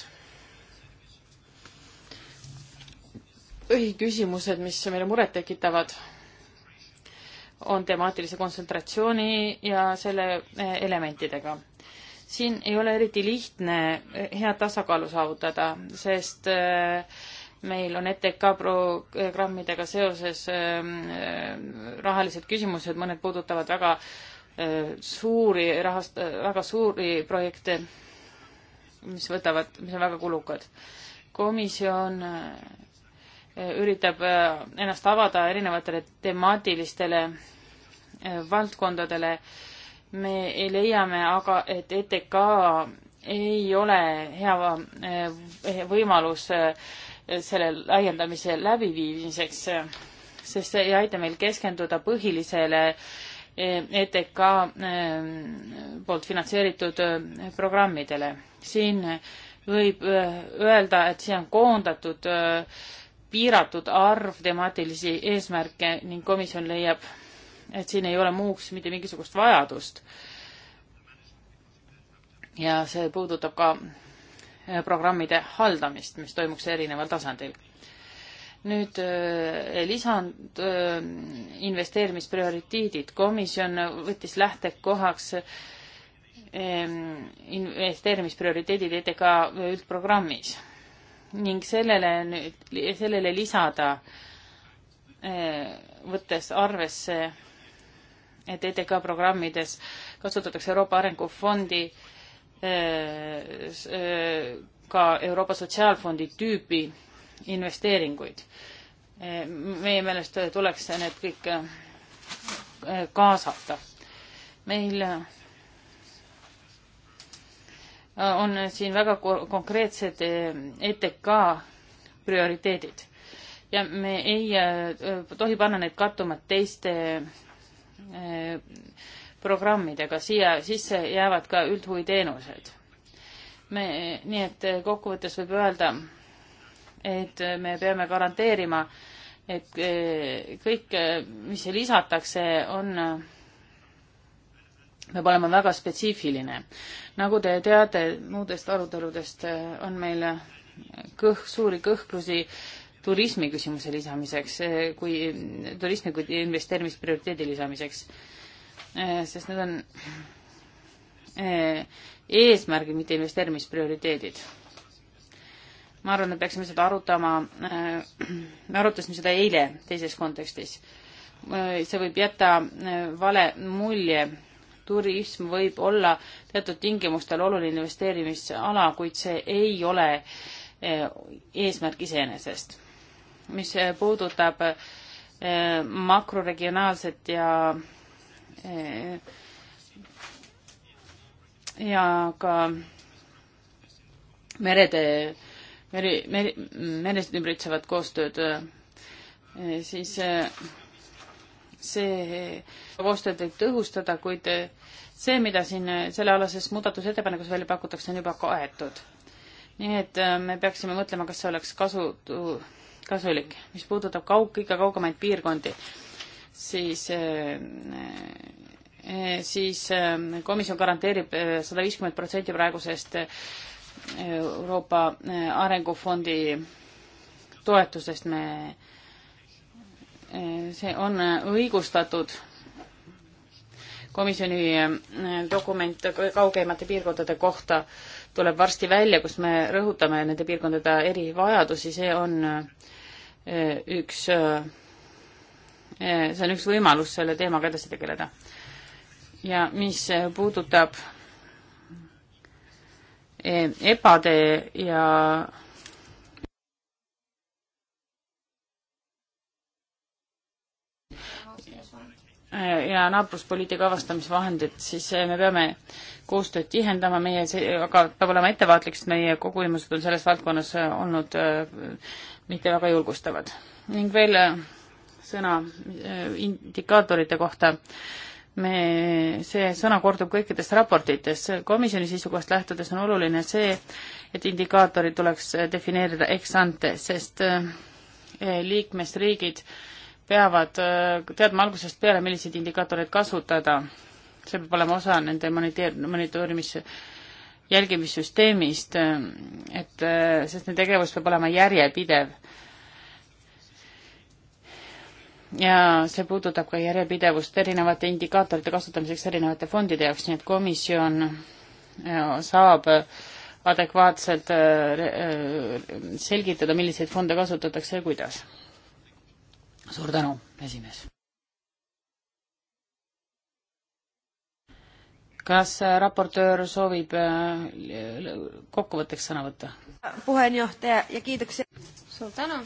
põhiküsimused, mis meile muret tekitavad, on temaatilise kontsentratsiooni ja selle eh, elementidega. siin ei ole eriti lihtne head tasakaalu saavutada, sest äh, meil on ETK programmidega seoses ähm, äh, rahalised küsimused, mõned puudutavad väga äh, suuri rahast-, väga suuri projekte, mis võtavad, mis on väga kulukad. komisjon äh, üritab ennast avada erinevatele temaatilistele valdkondadele. me leiame aga, et ETK ei ole hea võimalus selle laiendamise läbiviimiseks, sest see ei aita meil keskenduda põhilisele ETK eh, e eh, poolt finantseeritud eh, programmidele. siin võib öelda, et siia on koondatud piiratud arv temaatilisi eesmärke ning komisjon leiab, et siin ei ole muuks mitte mingisugust vajadust. ja see puudutab ka Eh, programmide haldamist, mis toimuks erineval tasandil. nüüd eh, lisand eh, investeerimisprioriteedid. komisjon võttis lähtekohaks investeerimisprioriteedid ETK üldprogrammis ning sellele nüüd, sellele lisada, võttes arvesse, et ETK programmides kasutatakse Euroopa Arengufondi Äh, äh, ka Euroopa Sotsiaalfondi tüüpi investeeringuid. Äh, meie meelest tuleks need kõik kaasata. meil on siin väga konkreetsed ETK prioriteedid ja me ei tohi panna neid kattuma teiste programmidega, siia sisse jäävad ka üldhuviteenused. me, nii et kokkuvõttes võib öelda, et me peame garanteerima, et eh, kõik, eh, mis siia lisatakse, on, peab olema väga spetsiifiline. nagu te teate, muudest aruteludest eh, on meil kõh-, suuri kõhklusi turismi küsimuse lisamiseks, kui turismi kui investeerimisprioriteedi lisamiseks. Äh, sest need on äh, eesmärgid, mitte investeerimisprioriteedid. ma arvan, et peaksime seda arutama, äh, me arutasime seda eile teises kontekstis. see võib jätta vale mulje. turism võib olla teatud tingimustel oluline investeerimisala, kuid see ei ole eesmärk iseenesest. mis puudutab makroregionaalset ja Äh, ja ka merede, meri, meri, meresid ümbritsevat koostööd, äh, siis äh, see koostööd võib tõhustada, kuid see, mida siin sellealases muudatusettepanekus välja pakutakse, on juba kaetud. nii et me peaksime mõtlema, kas see oleks kasu, kasulik. mis puudutab kaug-, kõige kaugemaid piirkondi, siis eh, eh, siis eh, komisjon garanteerib sada viiskümmend protsenti praegusest Euroopa Arengufondi toetusest me, see on õigustatud komisjoni dokument kaugeimate piirkondade kohta tuleb varsti välja, kus me rõhutame nende piirkondade erivajadusi, see on üks Eh, see on üks võimalus selle teemaga edasi tegeleda. ja mis eh, puudutab ebade eh, ja ja naabruspoliitika avastamisvahendid, siis me peame koostööd tihendama, meie, aga peab olema ettevaatlik, sest meie kogunemused on selles valdkonnas olnud mitte väga julgustavad. ning veel sõna äh, indikaatorite kohta. me, see sõna kordub kõikides raportites. komisjoni seisukohast lähtudes on oluline see, et indikaatorid tuleks äh, defineerida ex ante, sest äh, liikmesriigid peavad teadma algusest peale, milliseid indikaatoreid kasutada. see peab olema osa nende moniteer-, monitoorimis- jälgimissüsteemist, et sest nende tegevus peab olema järjepidev ja see puudutab ka järjepidevust erinevate indikaatorite kasutamiseks erinevate fondide jaoks, nii et komisjon äh, saab äh, adekvaatselt äh, selgitada, milliseid fonde kasutatakse ja kuidas. suur tänu, esimees. kas raportöör soovib kokkuvõtteks sõna võtta? puheenjohtaja ja kiitoksia. suur tänu,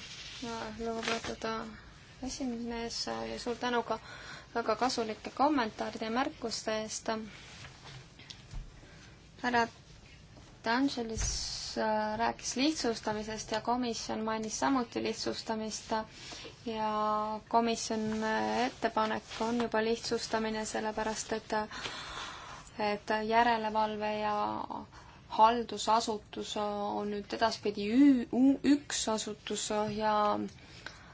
lugupeetud esimees ja suur tänu ka väga kasulike kommentaaride ja märkuste eest. härra D'Angelis äh, rääkis lihtsustamisest ja komisjon mainis samuti lihtsustamist ja komisjon äh, ettepanek on juba lihtsustamine, sellepärast et äh, et järelevalve ja haldusasutus on nüüd edaspidi üks asutus ja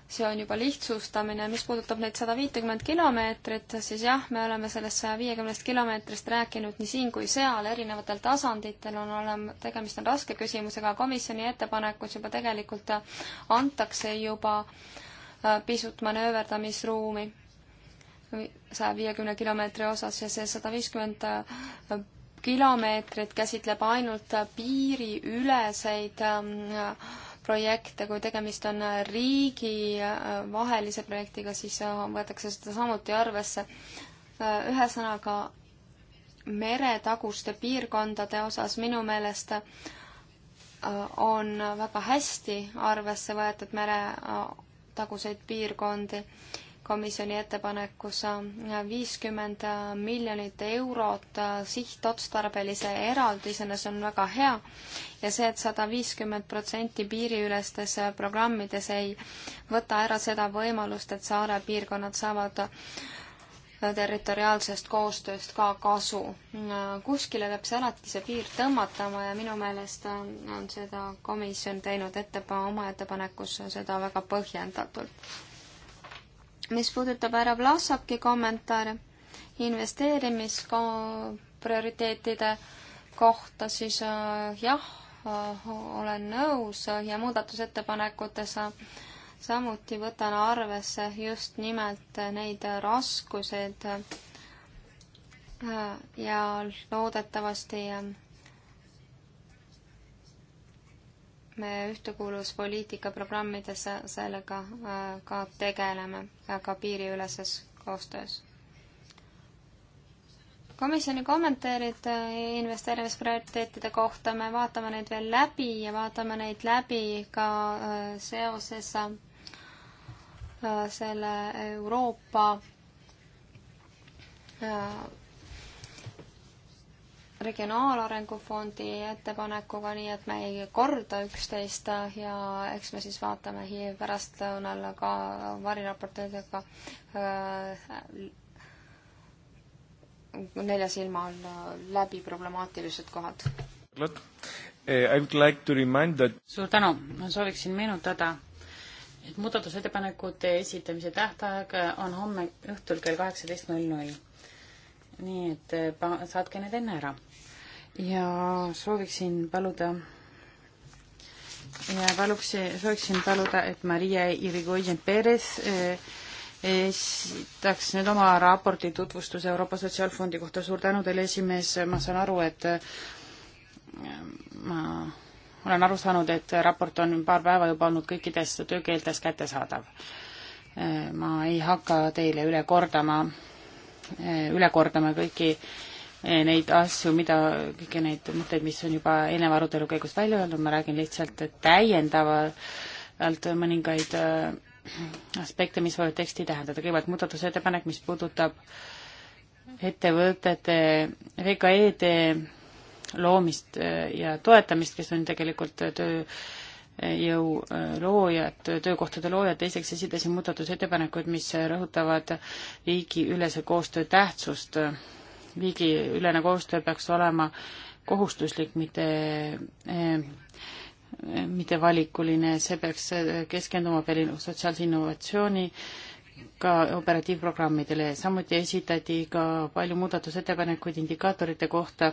see on juba lihtsustamine, mis puudutab neid sada viitekümmet kilomeetrit, siis jah, me oleme sellest saja viiekümnest kilomeetrist rääkinud nii siin kui seal, erinevatel tasanditel on olema, tegemist on raske küsimusega, komisjoni ettepanekus juba tegelikult antakse juba äh, pisut manööverdamisruumi saja viiekümne kilomeetri osas ja see sada viiskümmend äh, kilomeetrit käsitleb ainult piiriüleseid äh, projekte, kui tegemist on riigivahelise äh, projektiga, siis äh, võetakse seda samuti arvesse. Äh, ühesõnaga, meretaguste piirkondade osas minu meelest on väga hästi arvesse võetud meretaguseid piirkondi komisjoni ettepanekus viiskümmend miljonit eurot sihtotstarbelise eraldisena, see on väga hea ja see et, et sada viiskümmend protsenti piiriülestes programmides ei võta ära seda võimalust, et saare piirkonnad saavad territoriaalsest koostööst ka kasu. kuskile peab see alati see piir tõmmatama ja minu meelest on, on seda komisjon teinud ettepa-, oma ettepanekus seda väga põhjendatult mis puudutab härra Vlasaki kommentaare investeerimisprioriteetide kohta, siis äh, jah, äh, olen nõus äh, ja muudatusettepanekutes samuti võtan arvesse just nimelt neid raskuseid ja loodetavasti me ühtekuuluvuspoliitika programmides sellega äh, ka tegeleme, aga piiriüleses koostöös. komisjoni kommentaarid äh, investeerimisprioriteetide kohta, me vaatame neid veel läbi ja vaatame neid läbi ka äh, seoses selle Euroopa Regionaalarengu Fondi ettepanekuga, nii et me ei korda üksteist ja eks me siis vaatame pärastlõunal ka variraportööridega äh, nelja silma all läbi problemaatilised kohad. Eh, I would like to remind that suur tänu, ma sooviksin meenutada, et muudatusettepanekute esitamise tähtaeg on homme õhtul kell kaheksateist null null nii et eh, saatke need enne ära. ja sooviksin paluda ja paluks, sooviksin paluda, et Maria Irigoyen Perez eh, esitaks nüüd oma raporti tutvustuse Euroopa Sotsiaalfondi kohta. suur tänu teile, esimees, ma saan aru, et eh, ma olen aru saanud, et raport on paar päeva juba olnud kõikides töökeeltes kättesaadav. ma ei hakka teile üle kordama Eh, üle kordama kõiki eh, neid asju, mida, kõiki neid mõtteid, mis on juba eelneva arutelu käigus välja öeldud, ma räägin lihtsalt täiendavalt mõningaid eh, aspekte, mis võivad teksti tähendada. kõigepealt muudatusettepanek, mis puudutab ettevõtete, VKE-de loomist ja toetamist, kes on tegelikult töö jõu äh, loojad, töökohtade loojad, teiseks esitasin muudatusettepanekuid, mis rõhutavad riigiülese koostöö tähtsust. riigiülene koostöö peaks olema kohustuslik, mitte, äh, mitte valikuline, see peaks äh, keskenduma peale sotsiaalse innovatsiooni ka operatiivprogrammidele, samuti esitati ka palju muudatusettepanekuid indikaatorite kohta,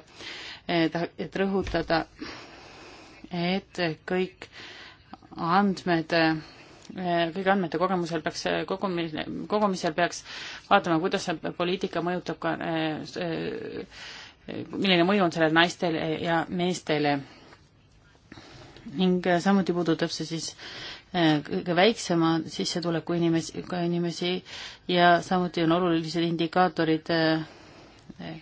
et rõhutada et kõik andmed kõigi andmete kogemusel peaks, kogumine, kogumisel peaks vaatama, kuidas see poliitika mõjutab ka, milline mõju on sellel naistele ja meestele. ning samuti puudutab see siis eh, kõige väiksema sissetuleku inimesi, ka inimesi ja samuti on olulised indikaatorid eh,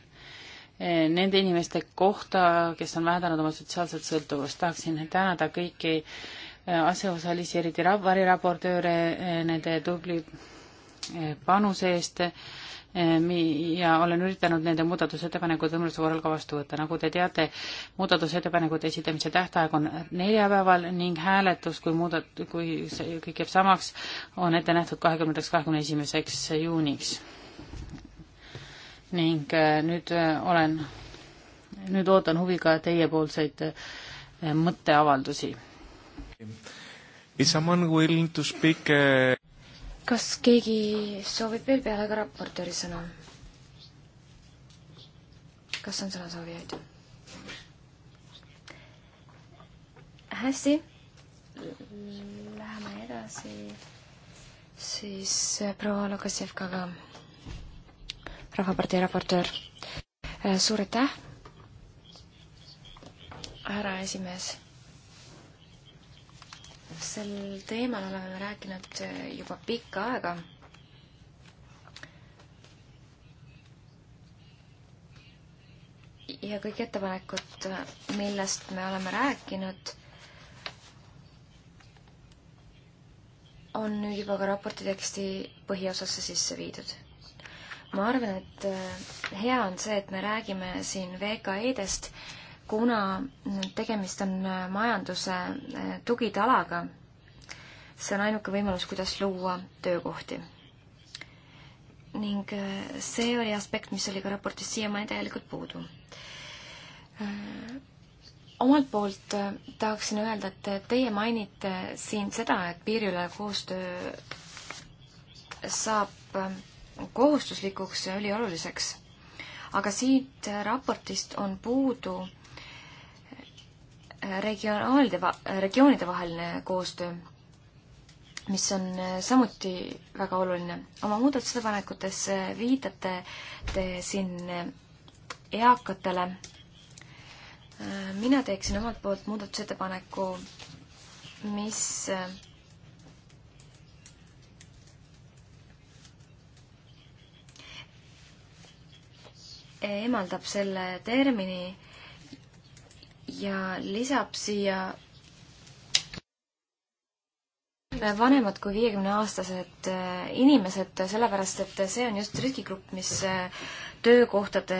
nende inimeste kohta, kes on vähendanud oma sotsiaalset sõltuvust. tahaksin tänada kõiki äh, asjaosalisi, eriti variraportööre äh, nende tubli äh, panuse eest ja olen üritanud nende muudatusettepanekud võimaluse korral ka vastu võtta. nagu te teate, muudatusettepanekute esitamise tähtaeg on neljapäeval ning hääletus, kui muudat-, kui see kõik jääb samaks, on ette nähtud kahekümnendaks, kahekümne esimeseks juuniks ning äh, nüüd äh, olen, nüüd ootan huviga teiepoolseid äh, mõtteavaldusi. kas keegi soovib veel peale ka raportööri sõna? kas on sõnasoovijaid? hästi, läheme edasi siis proua Lukasjevkaga ka Rahvapartei raportöör. Äh, suur aitäh, härra esimees. sel teemal oleme rääkinud äh, juba pikka aega. ja kõik ettepanekud, äh, millest me oleme rääkinud on nüüd juba ka raporti teksti põhiosasse sisse viidud ma arvan, et äh, hea on see, et me räägime siin VKE-dest, kuna tegemist on äh, majanduse äh, tugitalaga. see on ainuke võimalus, kuidas luua töökohti. ning see oli aspekt, mis oli ka raportis siiamaani täielikult puudu. omalt poolt tahaksin öelda, et teie mainite siin seda, et piiriülene koostöö saab kohustuslikuks ja ülioluliseks. aga siit raportist on puudu regionaalide, regioonide vaheline koostöö, mis on samuti väga oluline. oma muudatusettepanekutes viitate te siin eakatele. mina teeksin omalt poolt muudatusettepaneku, mis eemaldab selle termini ja lisab siia vanemad kui viiekümneaastased eh, inimesed, sellepärast et see on just riskigrupp, mis eh, töökohtade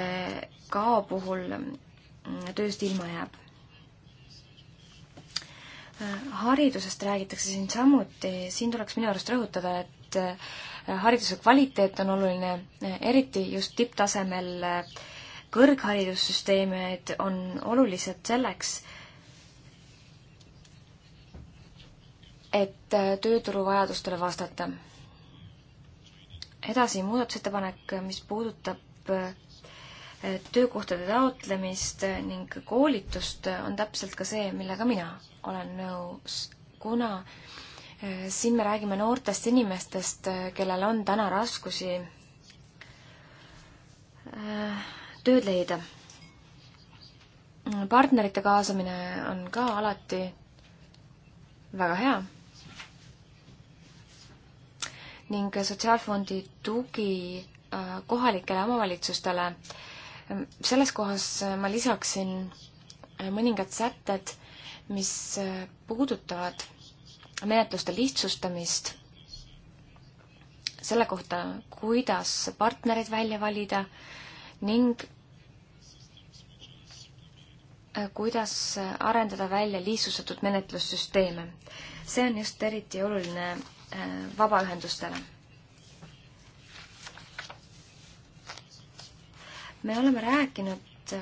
kao puhul mm, tööst ilma jääb. Eh, haridusest räägitakse siin samuti, siin tuleks minu arust rõhutada, et hariduse kvaliteet on oluline, eriti just tipptasemel kõrgharidussüsteemid on olulised selleks, et tööturu vajadustele vastata. edasi muudatusettepanek, mis puudutab eh, töökohtade taotlemist ning koolitust, on täpselt ka see, millega mina olen nõus, kuna äh, siin me räägime noortest inimestest, kellel on täna raskusi äh, tööd leida. partnerite kaasamine on ka alati väga hea. ning Sotsiaalfondi tugi äh, kohalikele omavalitsustele, selles kohas ma lisaksin mõningad sätted, mis äh, puudutavad menetluste lihtsustamist, selle kohta, kuidas partnereid välja valida ning äh, kuidas arendada välja lihtsustatud menetlussüsteeme. see on just eriti oluline äh, vabaühendustele. me oleme rääkinud äh,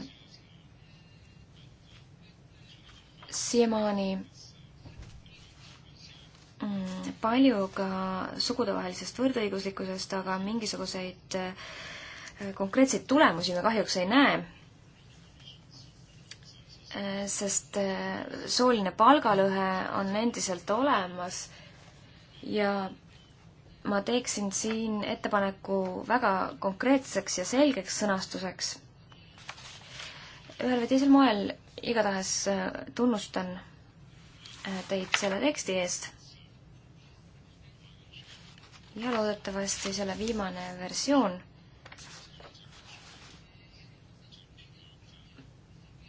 siiamaani Mm. palju ka sugudevahelisest võrdõiguslikkusest, aga mingisuguseid äh, konkreetseid tulemusi me kahjuks ei näe. Äh, sest äh, sooline palgalõhe on endiselt olemas ja ma teeksin siin ettepaneku väga konkreetseks ja selgeks sõnastuseks. ühel või teisel moel igatahes tunnustan teid selle teksti eest ja loodetavasti selle viimane versioon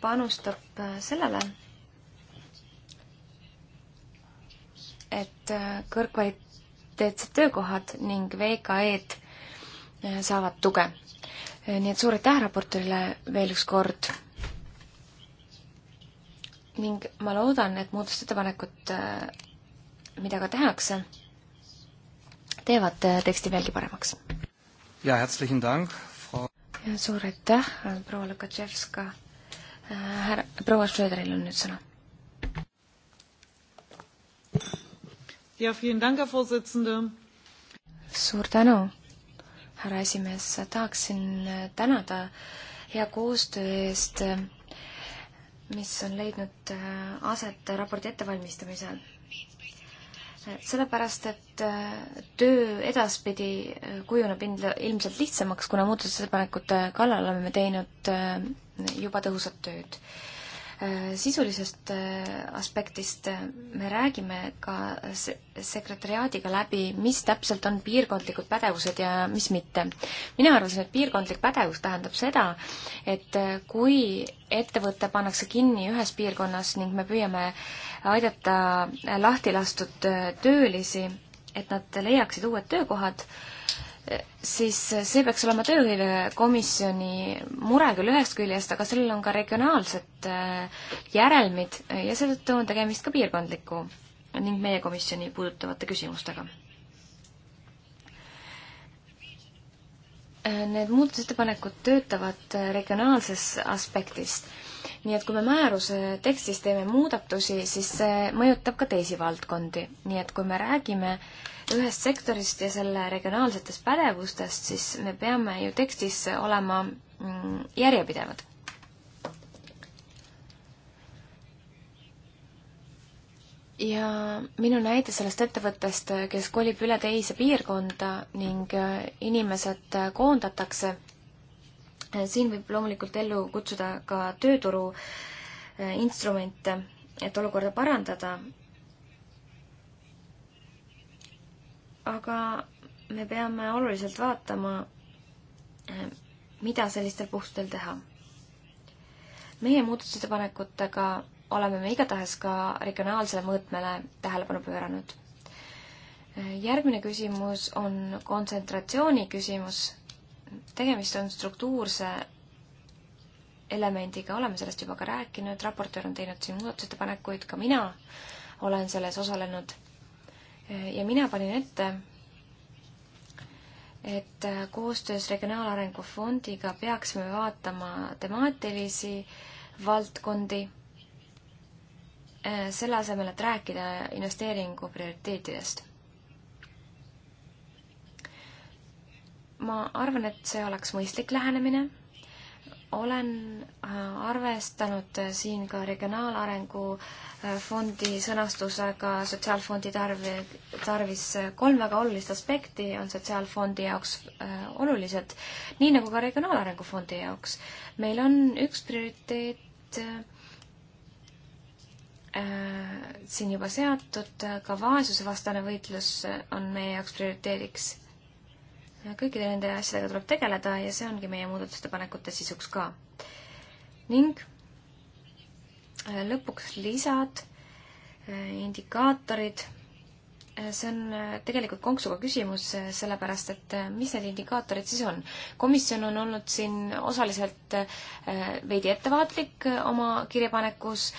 panustab äh, sellele, et äh, kõrgkvaliteetsed töökohad ning VKE-d äh, saavad tuge. nii et suur aitäh raportorile veel üks kord. ning ma loodan, et muudatusettepanekud, mida ka tehakse, teevad teksti veelgi paremaks. ja, herzlichen Dank, Frau. suur aitäh, proua Lukatševska. härra, proua Schröderil on nüüd sõna. ja, vielen Dank, Herr Vorsitzende. suur tänu, härra esimees, tahaksin tänada hea koostöö eest, mis on leidnud aset raporti ettevalmistamisel sellepärast, et äh, töö edaspidi äh, kujuneb ilmselt lihtsamaks, kuna muudatusettepanekute kallal oleme teinud äh, juba tõhusat tööd. sisulisest aspektist me räägime ka sekretäriaadiga läbi, mis täpselt on piirkondlikud pädevused ja mis mitte. mina arvasin, et piirkondlik pädevus tähendab seda, et kui ettevõte pannakse kinni ühes piirkonnas ning me püüame äh, aidata lahti lastud töölisi, et nad leiaksid uued töökohad, siis see peaks olema tööhõivekomisjoni mure küll ühest küljest, aga sellel on ka regionaalsed äh, järelmid ja seetõttu on tegemist ka piirkondliku ning meie komisjoni puudutavate küsimustega äh, Need muudatusettepanekud töötavad äh, regionaalses aspektis nii et kui me määruse tekstis teeme muudatusi, siis see mõjutab ka teisi valdkondi. nii et kui me räägime ühest sektorist ja selle regionaalsetest pädevustest, siis me peame ju tekstis olema mm, järjepidevad. ja minu näide sellest ettevõttest, kes kolib üle teise piirkonda ning inimesed koondatakse Äh, siin võib loomulikult ellu kutsuda ka tööturu äh, instrumente, et olukorda parandada. aga me peame oluliselt vaatama, äh, mida sellistel puhkustel teha. meie muudatusettepanekutega oleme me igatahes ka regionaalsele mõõtmele tähelepanu pööranud. järgmine küsimus on kontsentratsiooni küsimus tegemist on struktuurse elemendiga, oleme sellest juba ka rääkinud, raportöör on teinud siin muudatusettepanekuid, ka mina olen selles osalenud. ja mina panin ette, et koostöös Regionaalarengu Fondiga peaksime vaatama temaatilisi valdkondi, selle asemel, et rääkida investeeringu prioriteetidest ma arvan, et see oleks mõistlik lähenemine. olen äh, arvestanud äh, siin ka Regionaalarengu äh, fondi sõnastusega Sotsiaalfondi tarvi, tarvis kolm väga olulist aspekti on Sotsiaalfondi jaoks olulised, nii nagu ka Regionaalarengu fondi jaoks. meil on üks prioriteet siin juba seatud, ka vaesusevastane võitlus on meie jaoks prioriteediks kõikide nende asjadega tuleb tegeleda ja see ongi meie muudatusettepanekute sisuks ka. ning äh, lõpuks lisad, äh, indikaatorid, äh, see on tegelikult konksuga küsimus, sellepärast et mis need indikaatorid siis on? komisjon on olnud siin osaliselt veidi ettevaatlik oma kirjapanekus,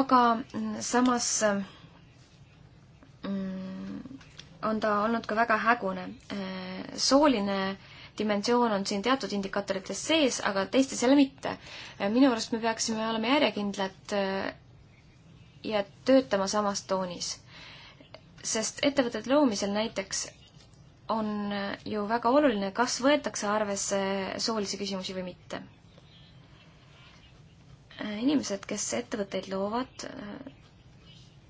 aga mm, samas mm, on ta olnud ka väga hägune. Äh, sooline dimensioon on siin teatud indikaatorites sees, aga teistes jälle mitte. Äh, minu arust me peaksime olema järjekindlad äh, ja töötama samas toonis. sest ettevõtete loomisel näiteks on ju väga oluline, kas võetakse arvesse soolisi küsimusi või mitte. inimesed, kes ettevõtteid loovad,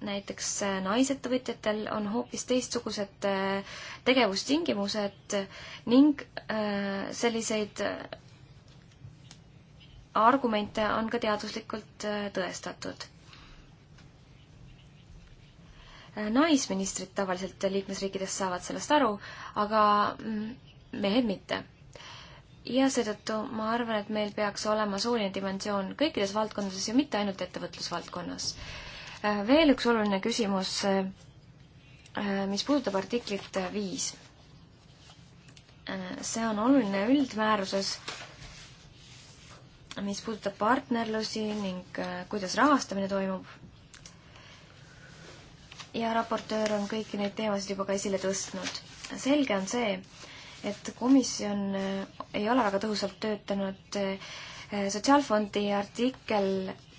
näiteks äh, naisettevõtjatel on hoopis teistsugused äh, tegevustingimused ning äh, selliseid argumente on ka teaduslikult tõestatud. naisministrid tavaliselt liikmesriikides saavad sellest aru, aga mm, mehed mitte ja seetõttu ma arvan, et meil peaks olema sooline dimensioon kõikides valdkondades ja mitte ainult ettevõtlusvaldkonnas. Äh, veel üks oluline küsimus, äh, mis puudutab artiklit viis. Äh, see on oluline üldmääruses, mis puudutab partnerlusi ning kuidas rahastamine toimub. ja raportöör on kõiki neid teemasid juba ka esile tõstnud. selge on see, et komisjon ei ole väga tõhusalt töötanud sotsiaalfondi artikkel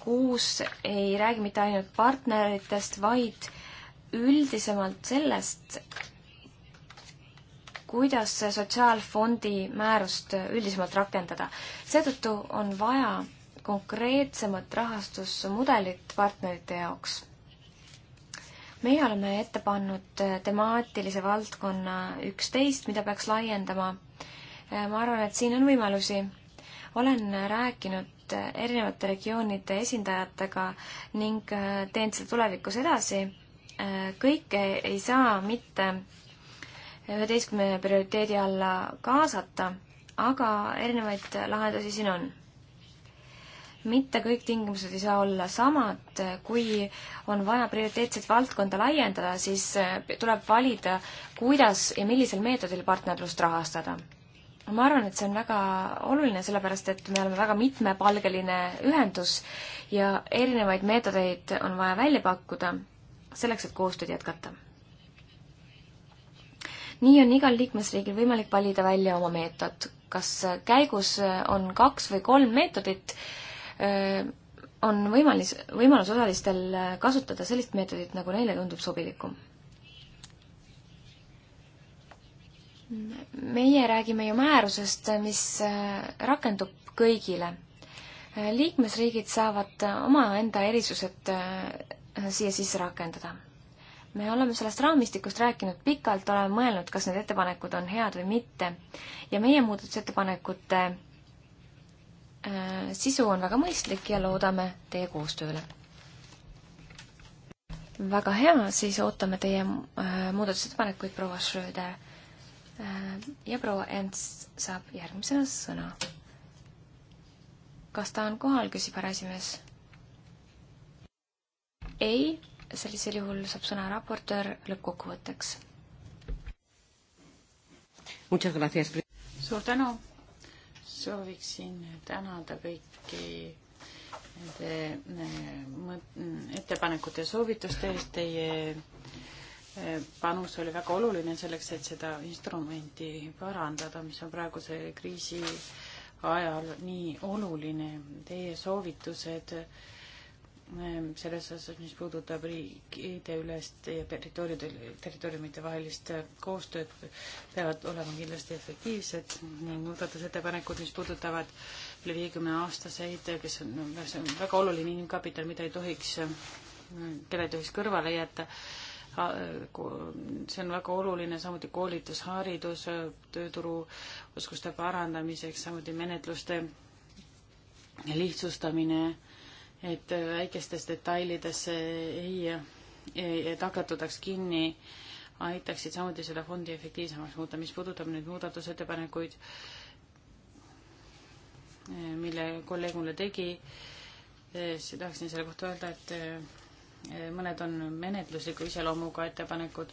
kuus ei räägi mitte ainult partneritest, vaid üldisemalt sellest, kuidas sotsiaalfondi määrust üldisemalt rakendada. seetõttu on vaja konkreetsemat rahastusmudelit partnerite jaoks. meie oleme ette pannud temaatilise valdkonna üksteist, mida peaks laiendama. ma arvan, et siin on võimalusi. olen rääkinud koostööd äh, erinevate regioonide esindajatega ning äh, teen seda tulevikus edasi. Äh, kõike ei saa mitte üheteistkümne prioriteedi alla kaasata, aga erinevaid lahendusi siin on mitte kõik tingimused ei saa olla samad, kui on vaja prioriteetset valdkonda laiendada, siis tuleb valida, kuidas ja millisel meetodil partnerlust rahastada ma arvan, et see on väga oluline, sellepärast et me oleme väga mitmepalgeline ühendus ja erinevaid meetodeid on vaja välja pakkuda selleks, et koostööd jätkata. nii on igal liikmesriigil võimalik valida välja oma meetod. kas käigus on kaks või kolm meetodit, äh, on võimalis, võimalus osalistel kasutada sellist meetodit, nagu neile tundub sobilikum meie räägime ju määrusest, mis äh, rakendub kõigile. Äh, liikmesriigid saavad omaenda erisused äh, siia sisse rakendada. me oleme sellest raamistikust rääkinud pikalt, oleme mõelnud, kas need ettepanekud on head või mitte ja meie muudatusettepanekute sisu on väga mõistlik ja loodame teie koostööle. väga hea, siis ootame teie muudatusettepanekuid, proua Schröder Äh, ja proua Ents saab järgmisena sõna. kas ta on kohal, küsib härra esimees. ei, sellisel juhul saab sõna raportöör lõppkokkuvõtteks. suur tänu, sooviksin tänada kõiki nende äh, ettepanekute ja soovituste eest teie panus oli väga oluline selleks, et seda instrumenti parandada, mis on praeguse kriisi ajal nii oluline. Teie soovitused ehm, selles osas, mis puudutab riikide ülest ja territooriumide, territooriumide vahelist koostööd, peavad olema kindlasti efektiivsed ning muudatusettepanekud, mis puudutavad üle viiekümne aastaseid, kes on, see on väga oluline inimkapital, mida ei tohiks, keda ei tohiks kõrvale jätta see on väga oluline, samuti koolitus, haridus tööturu oskuste parandamiseks, samuti menetluste lihtsustamine, et väikestes detailides ei, ei takatudaks kinni, aitaksid samuti seda fondi efektiivsemaks muuta. mis puudutab nüüd muudatusettepanekuid, mille kolleeg mulle tegi, siis tahaksin selle kohta öelda, et mõned on menetlusliku iseloomuga ettepanekud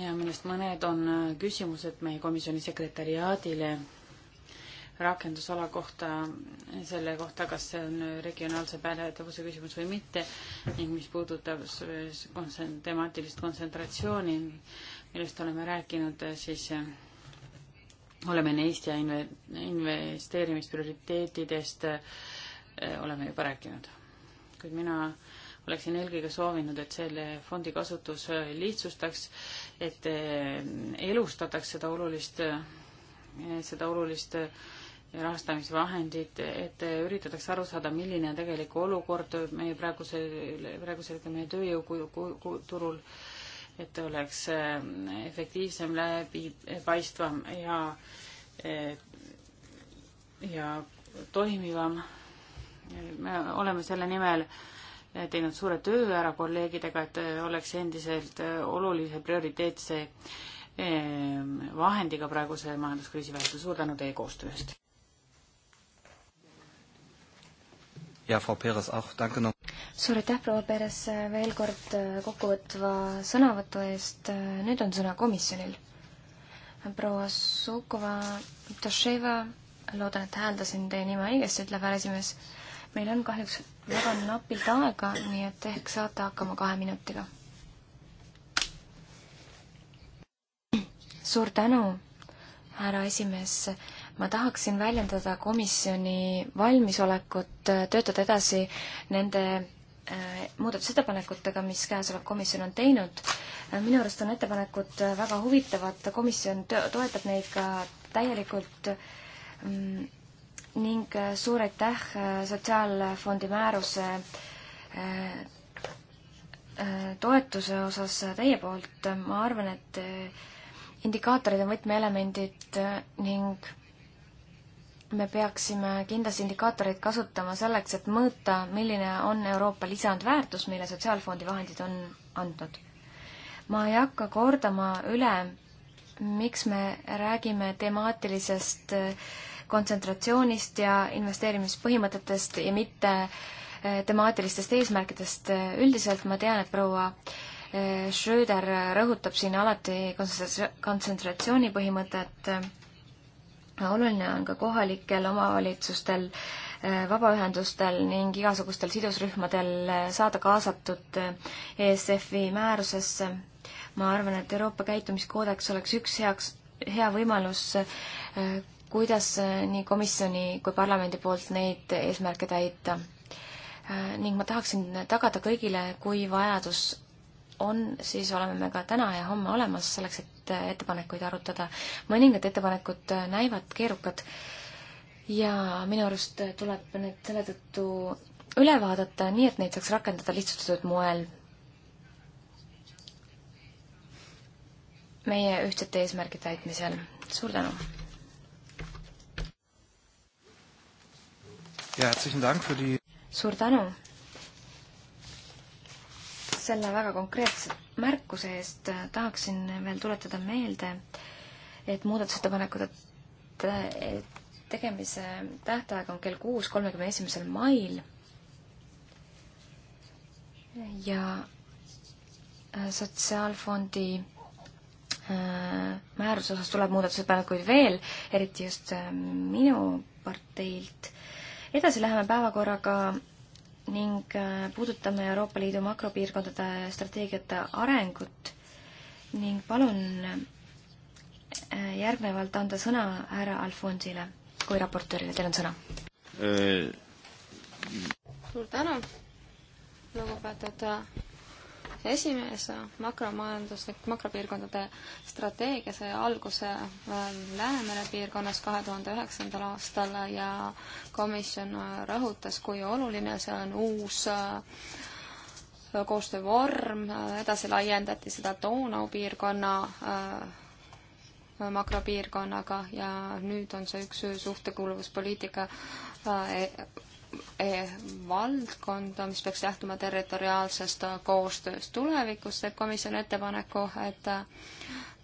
ja millest mõned on küsimused meie komisjoni sekretäriaadile rakendusala kohta, selle kohta, kas see on regionaalse pädevuse küsimus või mitte ning mis puudutab konsen-, temaatilist kontsentratsiooni, millest oleme rääkinud, siis eh, oleme neist ja inve-, investeerimisprioriteetidest äh, oleme juba rääkinud. kuid mina oleksin eelkõige soovinud, et selle fondi kasutus lihtsustaks, et elustataks seda olulist, seda olulist rahastamisvahendit, et üritatakse aru saada, milline on tegelik olukord meie praegusel, praegusel hetkel meie tööjõuturul, et oleks efektiivsem, läbipaistvam ja, ja toimivam me oleme selle nimel teinud suure töö ära kolleegidega, et oleks endiselt olulise prioriteetse ehm, vahendiga praeguse majanduskriisi vältel. suur tänu teie koostöö eest! ja Frau Peres auch, danke noch. suur aitäh, proua Peres, veel kord kokkuvõtva sõnavõtu eest, nüüd on sõna komisjonil. proua Sukova, Toševa, loodan, et hääldasin teie nime õigesti, ütleb härra esimees meil on kahjuks väga napilt aega, nii et ehk saate hakkama kahe minutiga. suur tänu, härra esimees. ma tahaksin väljendada komisjoni valmisolekut töötada edasi nende äh, muudatusettepanekutega, mis käesolev komisjon on teinud. minu arust on ettepanekud väga huvitavad, komisjon toetab neid ka täielikult mm, ning äh, suur aitäh äh, Sotsiaalfondi määruse äh, toetuse osas teie poolt, ma arvan, et indikaatorid on võtmeelemendid ning me peaksime kindlasti indikaatoreid kasutama selleks, et mõõta, milline on Euroopa lisandväärtus, mille Sotsiaalfondi vahendid on andnud. ma ei hakka kordama üle, miks me räägime temaatilisest äh, kontsentratsioonist ja investeerimispõhimõtetest ja mitte eh, temaatilistest eesmärkidest üldiselt. ma tean, et proua eh, Schröder rõhutab siin alati kontsentratsiooni põhimõtet. oluline on ka kohalikel omavalitsustel, eh, vabaühendustel ning igasugustel sidusrühmadel saada kaasatud ESF-i e määrusesse. ma arvan, et Euroopa käitumiskoodeks oleks üks heaks hea võimalus kuidas eh, nii komisjoni kui parlamendi poolt neid eesmärke täita. Eh, ning ma tahaksin tagada kõigile, kui vajadus on, siis oleme me ka täna ja homme olemas selleks, et eh, ettepanekuid arutada. mõningad ettepanekud näivad keerukad ja minu arust tuleb need selle tõttu üle vaadata, nii et neid saaks rakendada lihtsustatud moel. meie ühtsete eesmärgi täitmisel. suur tänu! Die... suur tänu selle väga konkreetse märkuse eest. tahaksin veel tuletada meelde, et muudatusettepanekute tegemise tähtaeg on kell kuus, kolmekümne esimesel mail. ja äh, sotsiaalfondi äh, määruse osas tuleb muudatusettepanekuid veel, eriti just äh, minu parteilt edasi läheme päevakorraga ning äh, puudutame Euroopa Liidu makropiirkondade strateegiate arengut ning palun äh, järgnevalt anda sõna härra Alfonsile kui raportöörile, teil on sõna. Äh. suur tänu, lugupeetud esimees makromajanduslik, makropiirkondade strateegia sai alguse äh, Läänemere piirkonnas kahe tuhande üheksandal aastal ja komisjon äh, rõhutas, kui oluline see on uus äh, koostöövorm, edasi laiendati seda Donau piirkonna makropiirkonnaga ja nüüd on see üks suhtekuuluvuspoliitika valdkonda, mis peaks lähtuma territoriaalsest koostööst tulevikus, teeb komisjon ettepaneku, et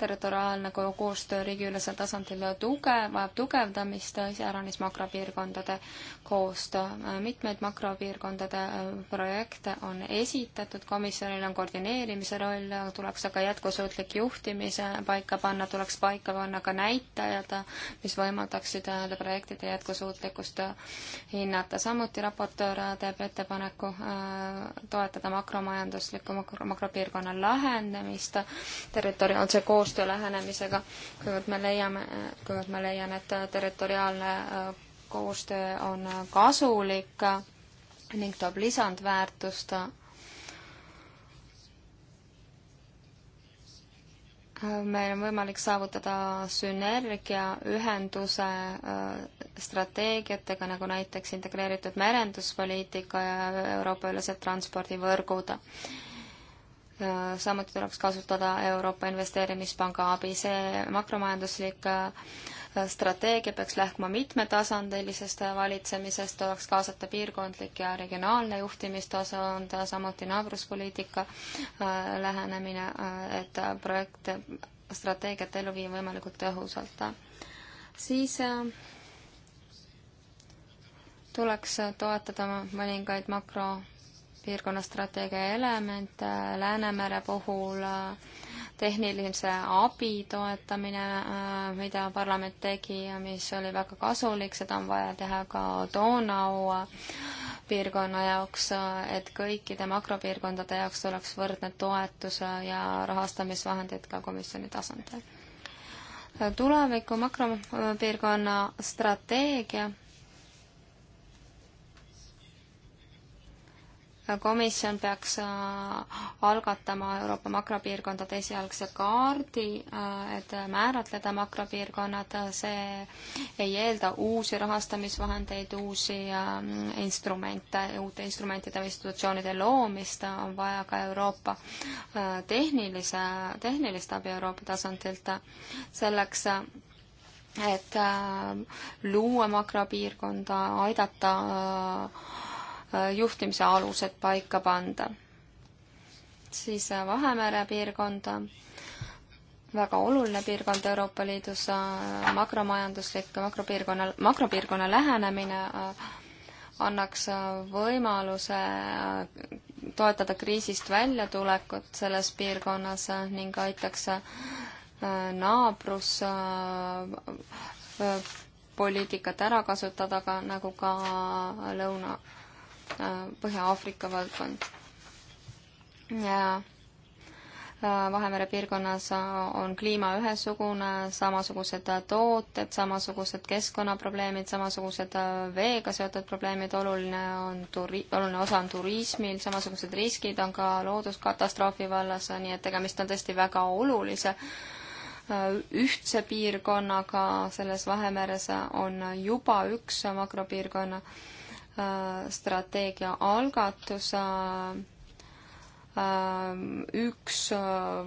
territoriaalne koostöö riigiülesel tasandil tuge, vajab tugevdamist, iseäranis makropiirkondade koostöö. mitmeid makropiirkondade äh, projekte on esitatud, komisjonil on koordineerimise roll, tuleks aga jätkusuutlik juhtimise paika panna, tuleks paika panna ka näitajad, mis võimaldaksid äh, nende projektide jätkusuutlikkust äh, hinnata. samuti raportöör teeb ettepaneku toetada makromajanduslikku makro, makropiirkonna lahendamist territoriaalse koostöö koostöö lähenemisega, kuivõrd me leiame, kuivõrd ma leian, et territoriaalne äh, koostöö on äh, kasulik ning toob lisandväärtust äh, meil on võimalik saavutada sünergia ühenduse strateegiatega, nagu näiteks integreeritud merenduspoliitika ja Euroopa-ülesed transpordivõrgud samuti tuleks kasutada Euroopa Investeerimispanga abi, see makromajanduslik äh, strateegia peaks lähkuma mitmetasandilisest valitsemisest, tuleks kaasata piirkondlik ja regionaalne juhtimistasand, samuti naabruspoliitika äh, lähenemine, äh, et projekte, strateegiat ellu viia võimalikult tõhusalt. siis tuleks toetada mõningaid makro piirkonna strateegia element Läänemere puhul, äh, tehnilise abi toetamine, äh, mida parlament tegi ja mis oli väga kasulik, seda on vaja teha ka Donau äh, piirkonna jaoks, et kõikide makropiirkondade jaoks oleks võrdne toetus ja rahastamisvahendid ka komisjoni tasandil. tuleviku makropiirkonna strateegia komisjon peaks äh, algatama Euroopa makropiirkondade esialgse kaardi, äh, et määratleda makropiirkonnad, äh, see ei eelda uusi rahastamisvahendeid, uusi instrumente, uute instrumentide või institutsioonide loomist, on vaja ka Euroopa tehnilise, tehnilist abi Euroopa tasandilt selleks, et luua makropiirkonda, aidata Äh, juhtimise alused paika panda. siis äh, Vahemere piirkond, väga oluline piirkond Euroopa Liidus, äh, makromajanduslik, makropiirkonna, makropiirkonna lähenemine annaks võimaluse toetada kriisist väljatulekut selles piirkonnas ning aitaks naabrus poliitikat ära kasutada, aga nagu ka lõuna Põhja-Aafrika valdkond. ja äh, Vahemere piirkonnas äh, on kliima ühesugune, samasugused äh, tooted, samasugused keskkonnaprobleemid, samasugused veega seotud probleemid, oluline on turi-, oluline osa on turismil, samasugused riskid on ka looduskatastroofi vallas, nii et tegemist on tõesti väga olulise ühtse piirkonnaga selles Vahemeres on juba üks makropiirkonna Äh, strateegia algatus äh, äh, üks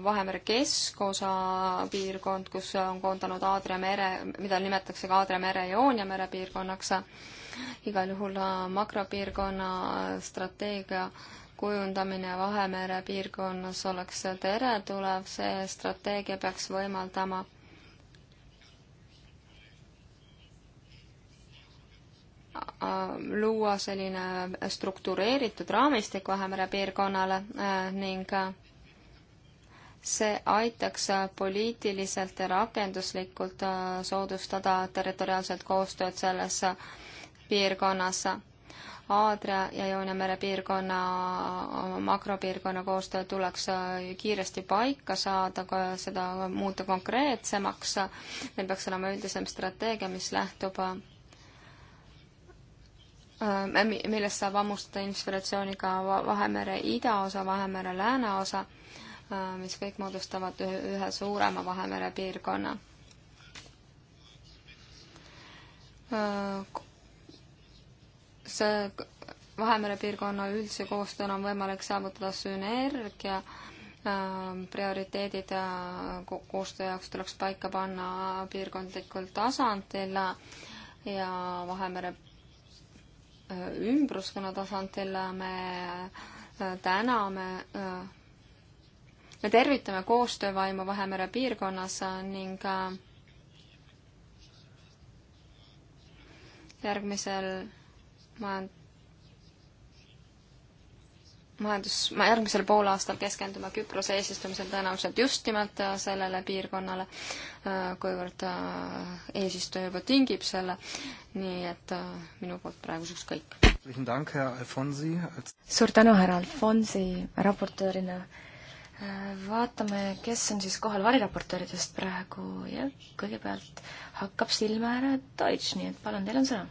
Vahemere keskosa piirkond, kus on koondanud Aadria mere, mida nimetatakse ka Aadria mere Joonia mere piirkonnaks. igal juhul makropiirkonna strateegia kujundamine Vahemere piirkonnas oleks teretulev, see strateegia peaks võimaldama Äh, luua selline struktureeritud raamistik Vahemere piirkonnale äh, ning äh, see aitaks poliitiliselt ja rakenduslikult soodustada territoriaalset koostööd selles piirkonnas. Aadria ja Joonia mere piirkonna, makropiirkonna koostöö tuleks kiiresti paika saada, seda muuta konkreetsemaks. meil peaks olema üldisem strateegia, mis lähtub Äh, millest saab ammustada inspiratsiooni ka Vahemere idaosa, Vahemere lääneosa, äh, mis kõik moodustavad ühe suurema Vahemere piirkonna. Äh, see Vahemere piirkonna üldse koostööna on võimalik saavutada sünergia, prioriteedid koostöö jaoks tuleks paika panna piirkondlikul tasandil ja Vahemere Äh, ümbruskonna tasandil me äh, täname, äh, me tervitame koostöövaimu Vahemere piirkonnas ning järgmisel majand-, majandus, järgmisel poolaastal keskendume Küprose eesistumisel tõenäoliselt just nimelt äh, sellele piirkonnale, äh, kuivõrd äh, eesistuja juba tingib selle, nii et minu poolt praeguseks kõik. suur tänu, härra Alfonsi, raportöörina. Vaatame, kes on siis kohal variraportööridest praegu ja kõigepealt hakkab silma härra Deutsch, nii et palun, teil on sõna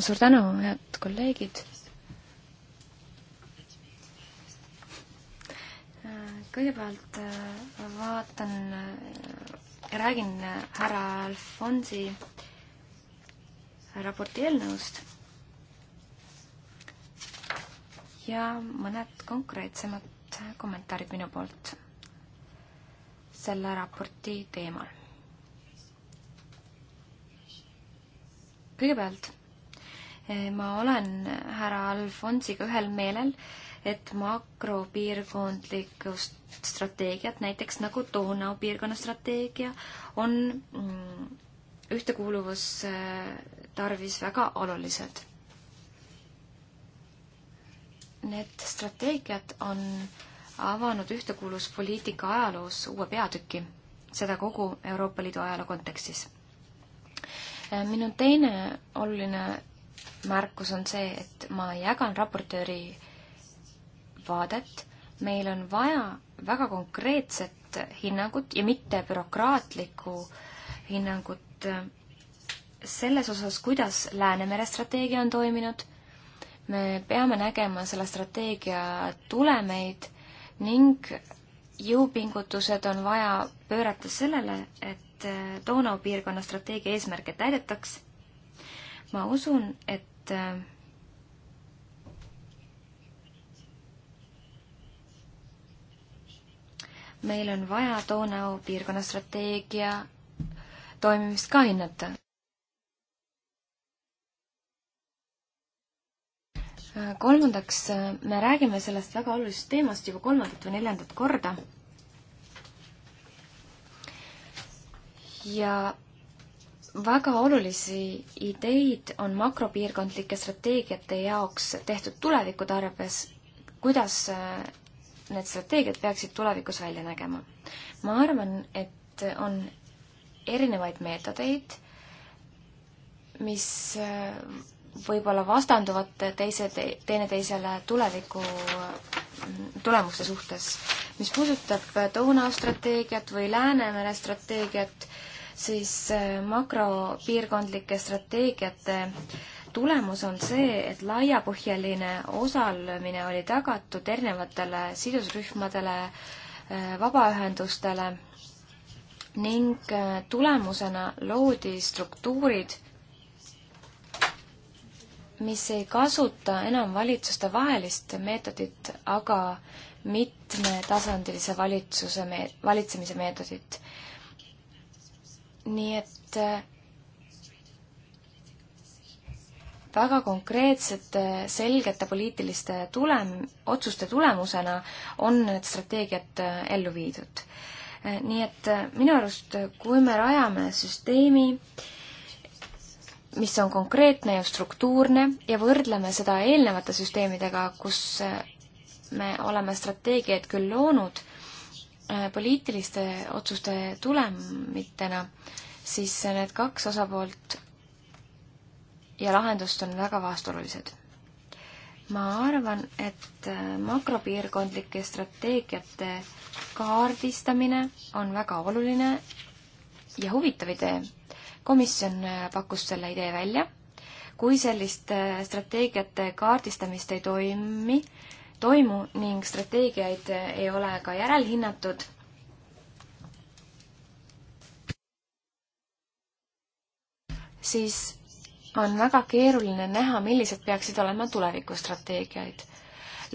suur tänu, head kolleegid. kõigepealt vaatan, räägin härra Alfonsi raporti eelnõust ja mõned konkreetsemad kommentaarid minu poolt selle raporti teemal. kõigepealt eh, ma olen härra Alfonsiga ühel meelel, et makropiirkondlikust strateegiat, näiteks nagu Donau piirkonna strateegia, on mm, ühtekuuluvus tarvis väga olulised. Need strateegiad on avanud ühtekuuluvuspoliitika ajaloos uue peatüki, seda kogu Euroopa Liidu ajaloo kontekstis Äh, minu teine oluline märkus on see, et ma jagan raportööri vaadet, meil on vaja väga konkreetset hinnangut ja mitte bürokraatlikku hinnangut äh, selles osas, kuidas Läänemere strateegia on toiminud. me peame nägema selle strateegia tulemeid ning jõupingutused on vaja pöörata sellele, et et äh, Donau piirkonna strateegia eesmärke täidetaks. ma usun, et äh, meil on vaja Donau piirkonna strateegia toimimist ka hinnata. Äh, kolmandaks, me räägime sellest väga olulisest teemast juba kolmandat või neljandat korda ja väga olulisi ideid on makropiirkondlike strateegiate jaoks tehtud tuleviku tarbes, kuidas äh, need strateegiad peaksid tulevikus välja nägema. ma arvan, et on erinevaid meetodeid, mis äh, võib-olla vastanduvad teise, teineteisele tuleviku äh, tulemuste suhtes. mis puudutab Donau strateegiat või Läänemere strateegiat, siis äh, makropiirkondlike strateegiate tulemus on see, et laiapõhjaline osalemine oli tagatud erinevatele sidusrühmadele, äh, vabaühendustele ning äh, tulemusena loodi struktuurid, mis ei kasuta enam valitsuste vahelist meetodit, aga mitmetasandilise valitsuse meet-, valitsemise meetodit nii et äh, väga konkreetsete, selgete poliitiliste tulem-, otsuste tulemusena on need strateegiad äh, ellu viidud. Äh, nii et minu arust, kui me rajame süsteemi, mis on konkreetne ja struktuurne ja võrdleme seda eelnevate süsteemidega, kus me oleme strateegiaid küll loonud, Äh, poliitiliste otsuste tulemitena, siis need kaks osapoolt ja lahendust on väga vastuolulised. ma arvan, et äh, makropiirkondlike strateegiate kaardistamine on väga oluline ja huvitav idee. komisjon äh, pakkus selle idee välja. kui sellist strateegiate kaardistamist ei toimi, toimu ning strateegiaid ei ole ka järelhinnatud. siis on väga keeruline näha, millised peaksid olema tulevikustrateegiaid.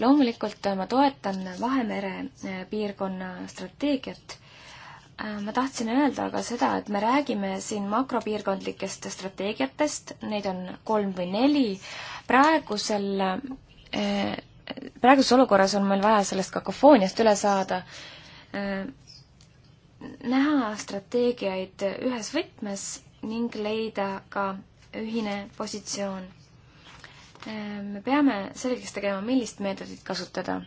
loomulikult ma toetan Vahemere eh, piirkonna strateegiat äh, ma tahtsin öelda aga seda, et me räägime siin makropiirkondlikest strateegiatest, neid on kolm või neli. praegusel eh, praeguses olukorras on meil vaja sellest kakofooniast üle saada, näha strateegiaid ühes võtmes ning leida ka ühine positsioon. me peame selgeks tegema, millist meetodit kasutada.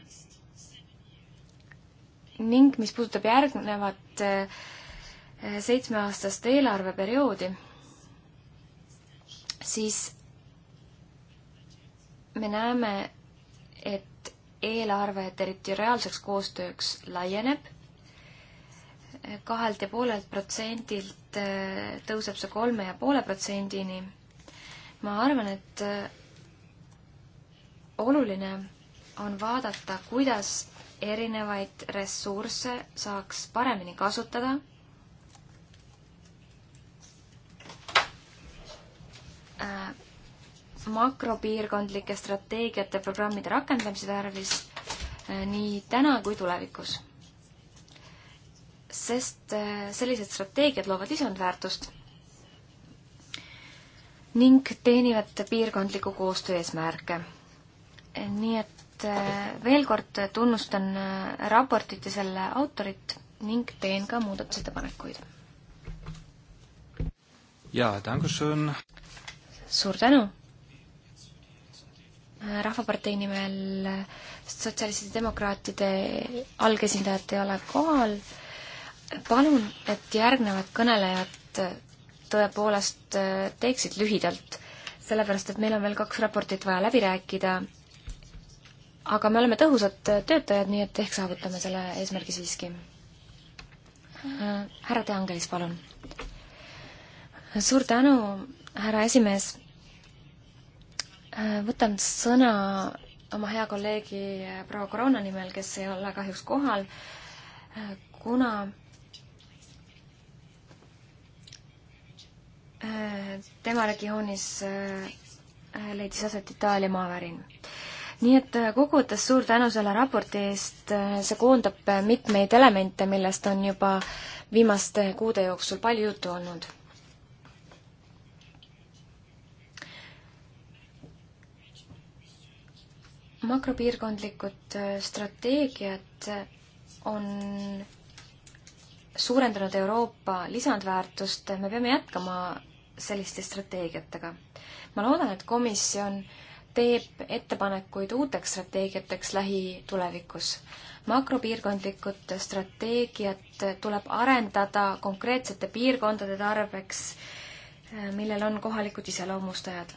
ning mis puudutab järgnevat eh, seitsmeaastast eelarveperioodi, siis me näeme, et eelarve territoriaalseks koostööks laieneb kahelt ja poolelt protsendilt äh, tõuseb see kolme ja poole protsendini. ma arvan, et äh, oluline on vaadata, kuidas erinevaid ressursse saaks paremini kasutada. Äh, makropiirkondlike strateegiate programmide rakendamise tarvis eh, nii täna kui tulevikus. sest eh, sellised strateegiad loovad lisandväärtust ning teenivad piirkondliku koostöö eesmärke. Eh, nii et veel kord tunnustan raportit ja selle autorit ning teen ka muudatusettepanekuid. jaa, tänkušõn! suur tänu! Rahvapartei nimel sotsialistide demokraatide algesindajat ei ole kohal. palun, et järgnevad kõnelejad tõepoolest äh, teeksid lühidalt, sellepärast et meil on veel kaks raportit vaja läbi rääkida. aga me oleme tõhusad äh, töötajad, nii et ehk saavutame selle eesmärgi siiski. Äh, härra De Angelis, palun. suur tänu, härra esimees Äh, võtan sõna oma hea kolleegi äh, proua Korona nimel, kes ei ole kahjuks kohal, äh, kuna tema regioonis leidis aset Itaalia maavärin. nii et kokkuvõttes suur tänu selle raporti eest, see koondab mitmeid elemente, millest on juba viimaste kuude jooksul palju juttu olnud makropiirkondlikud äh, strateegiad on suurendanud Euroopa lisandväärtust, me peame jätkama selliste strateegiatega. ma loodan, et komisjon teeb ettepanekuid uuteks strateegiateks lähitulevikus. makropiirkondlikud strateegiad tuleb arendada konkreetsete piirkondade tarbeks, äh, millel on kohalikud iseloomustajad.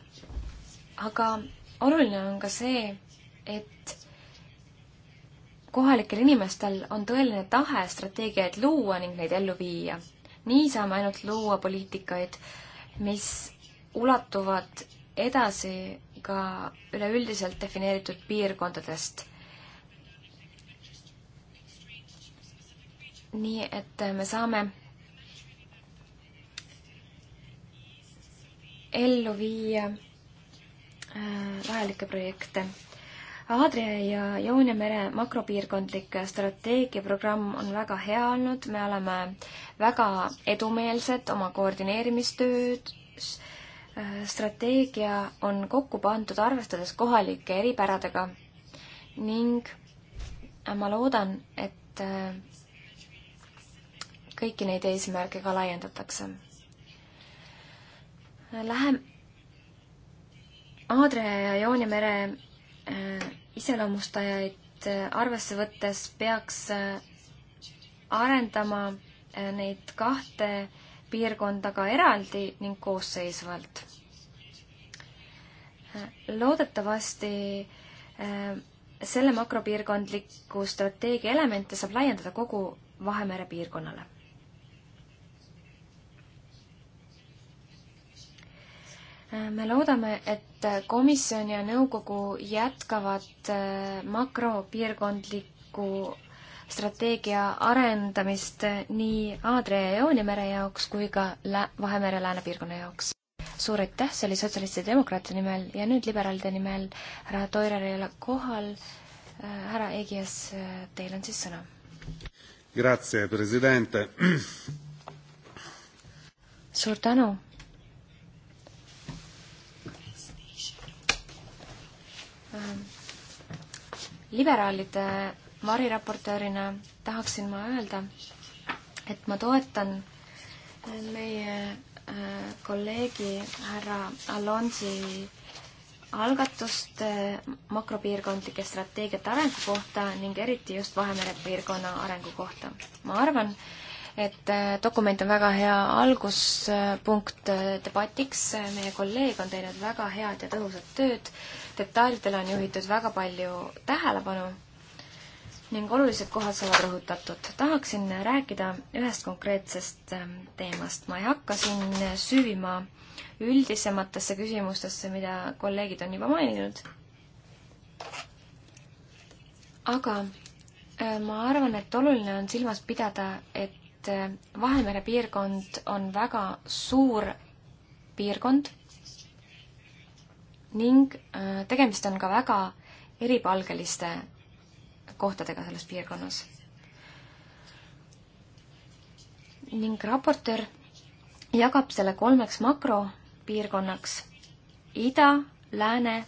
aga oluline on ka see, et kohalikel inimestel on tõeline tahe strateegiaid luua ning neid ellu viia. nii saame ainult luua poliitikaid, mis ulatuvad edasi ka üleüldiselt defineeritud piirkondadest. nii et me saame ellu viia äh, vajalikke projekte Aadria ja Joonia mere makropiirkondlik strateegiaprogramm on väga hea olnud, me oleme väga edumeelsed oma koordineerimistöös. strateegia on kokku pandud arvestades kohalike eripäradega ning ma loodan, et äh, kõiki neid eesmärke ka laiendatakse. Läheme Aadria ja Joonia mere Äh, iseloomustajaid äh, arvesse võttes peaks äh, arendama neid kahte piirkonda ka eraldi ning koosseisvalt. loodetavasti selle makropiirkondliku strateegia elemente saab laiendada kogu Vahemere piirkonnale me loodame, et komisjon ja nõukogu jätkavad äh, makropiirkondliku strateegia arendamist äh, nii Aadria ja Joonimere jaoks kui ka Lä-, Vahemere läänepiirkonna jaoks. suur aitäh, see oli sotsialistide demokraatide nimel ja nüüd liberaalide nimel härra Toirer ei ole kohal, äh, härra Egias, teil on siis sõna. Grazie, president. suur tänu liberaalide variraportöörina tahaksin ma öelda, et ma toetan meie äh, kolleegi härra Alonsi algatust äh, makropiirkondlike strateegiate arengu kohta ning eriti just Vahemere piirkonna arengu kohta. ma arvan, et äh, dokument on väga hea alguspunkt debatiks, meie kolleeg on teinud väga head ja tõhusat tööd detailidele on juhitud väga palju tähelepanu ning olulised kohad saavad rõhutatud. tahaksin rääkida ühest konkreetsest ähm, teemast. ma ei hakka siin süüvima üldisematesse küsimustesse, mida kolleegid on juba maininud. aga äh, ma arvan, et oluline on silmas pidada, et äh, Vahemere piirkond on väga suur piirkond ning äh, tegemist on ka väga eripalgeliste kohtadega selles piirkonnas. ning raportöör jagab selle kolmeks makropiirkonnaks ida, lääne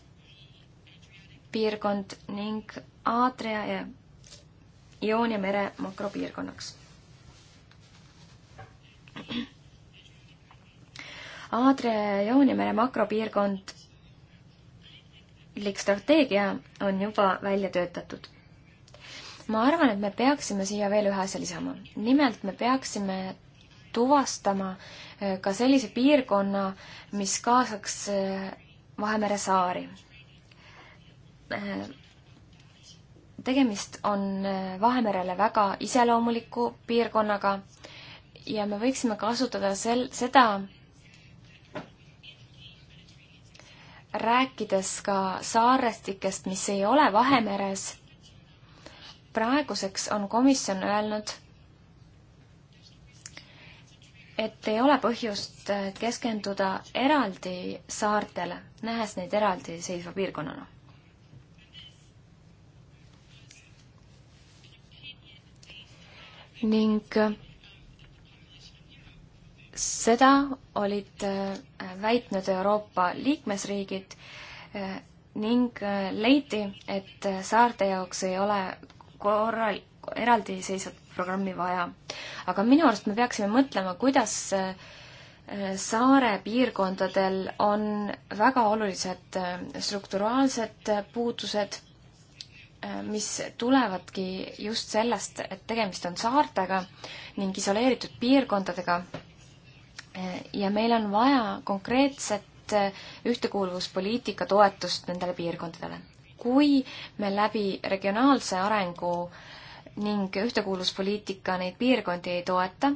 piirkond ning Aadria ja Ioonia mere makropiirkonnaks. Aadria ja Ioonia mere makropiirkond riiklik strateegia on juba välja töötatud. ma arvan, et me peaksime siia veel ühe asja lisama. nimelt me peaksime tuvastama e, ka sellise piirkonna, mis kaasaks e, Vahemere saari. E, tegemist on Vahemerele väga iseloomuliku piirkonnaga ja me võiksime kasutada sel-, seda rääkides ka saarestikest, mis ei ole Vahemeres, praeguseks on komisjon öelnud, et ei ole põhjust keskenduda eraldi saartele, nähes neid eraldiseisva piirkonnana. ning seda olid äh, väitnud Euroopa liikmesriigid äh, ning äh, leiti, et saarte jaoks ei ole korral, eraldiseisvat programmi vaja. aga minu arust me peaksime mõtlema, kuidas saare piirkondadel on väga olulised strukturaalsed puudused, mis tulevadki just sellest, et tegemist on saartega ning isoleeritud piirkondadega Eh, ja meil on vaja konkreetset eh, ühtekuuluvuspoliitika toetust nendele piirkondadele. kui me läbi regionaalse arengu ning ühtekuuluvuspoliitika neid piirkondi ei toeta,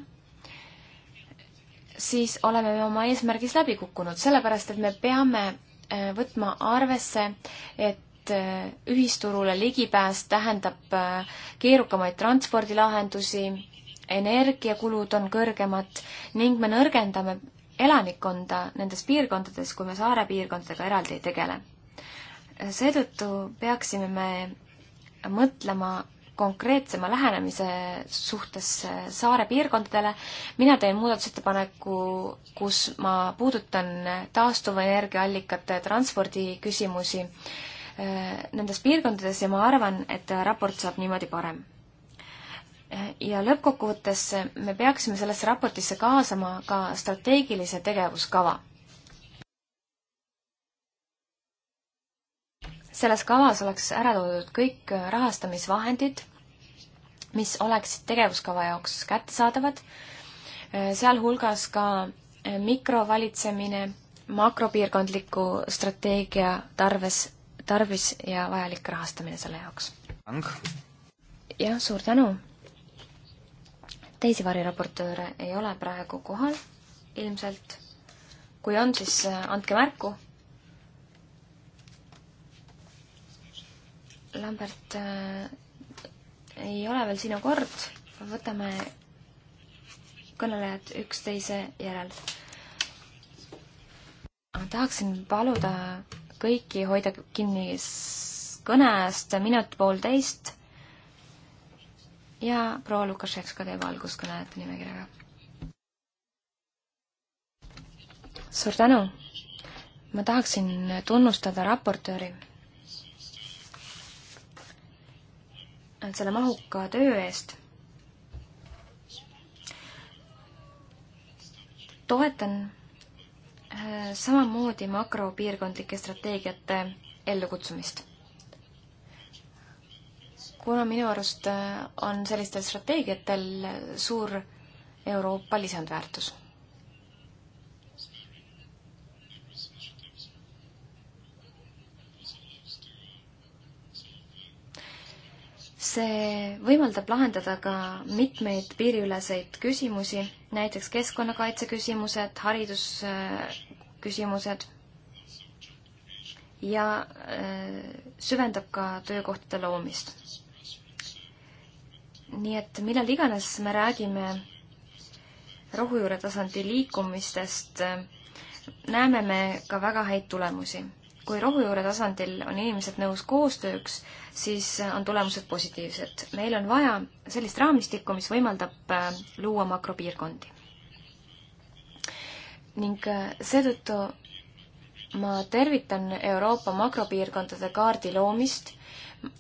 siis oleme me oma eesmärgis läbi kukkunud, sellepärast et me peame eh, võtma arvesse, et ühisturule ligipääs tähendab keerukamaid transpordilahendusi, energiakulud on kõrgemad ning me nõrgendame elanikkonda nendes piirkondades, kui me saare piirkondadega eraldi ei tegele. seetõttu peaksime me mõtlema konkreetsema lähenemise suhtes saare piirkondadele. mina teen muudatusettepaneku, kus ma puudutan taastuvenergiaallikate transpordi küsimusi eh, nendes piirkondades ja ma arvan, et raport saab niimoodi parem ja lõppkokkuvõttes me peaksime sellesse raportisse kaasama ka strateegilise tegevuskava. selles kavas oleks ära toodud kõik rahastamisvahendid, mis oleksid tegevuskava jaoks kättesaadavad, sealhulgas ka mikrovalitsemine, makropiirkondliku strateegia tarves, tarvis ja vajalik rahastamine selle jaoks. jah, suur tänu! teisi variraportööre ei ole praegu kohal ilmselt. kui on, siis äh, andke märku. Lambert äh,, ei ole veel sinu kord, võtame kõnelejad üksteise järel. tahaksin paluda kõiki hoida kinni kõne eest minut poolteist ja proua Lukašenska teeb alguskõnelejate nimekirjaga. suur tänu! ma tahaksin tunnustada raportööri selle mahuka töö eest. toetan äh, samamoodi makropiirkondlike strateegiate ellukutsumist kuna minu arust äh, on sellistel strateegiatel äh, suur Euroopa lisandväärtus. see võimaldab lahendada ka mitmeid piiriüleseid küsimusi, näiteks keskkonnakaitse küsimused, haridusküsimused äh, ja süvendab ka töökohtade loomist nii et millal iganes me räägime rohujuure tasandi liikumistest, näeme me ka väga häid tulemusi. kui rohujuure tasandil on inimesed nõus koostööks, siis on tulemused positiivsed. meil on vaja sellist raamistikku, mis võimaldab äh, luua makropiirkondi. ning äh, seetõttu ma tervitan Euroopa makropiirkondade kaardi loomist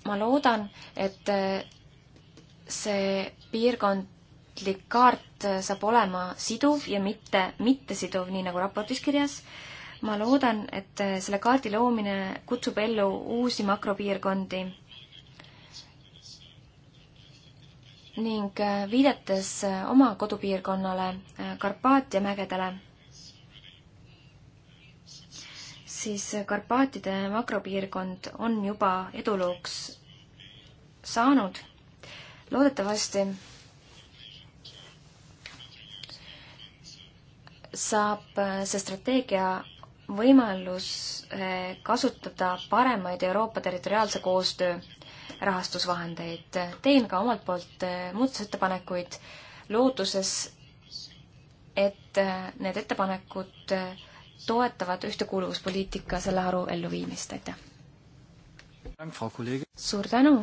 ma loodan, et äh, see piirkondlik kaart saab olema siduv ja mitte mittesiduv, nii nagu raportis kirjas. ma loodan, et selle kaardi loomine kutsub ellu uusi makropiirkondi. ning viidates oma kodupiirkonnale, Karpaatia mägedele, siis Karpaatide makropiirkond on juba edulooks saanud loodetavasti saab äh, see strateegia võimalus äh, kasutada paremaid Euroopa territoriaalse koostöö rahastusvahendeid. teen ka omalt poolt äh, muudatusettepanekuid lootuses, et need ettepanekud toetavad ühtekuuluvuspoliitika selle haru elluviimist, aitäh! suur tänu,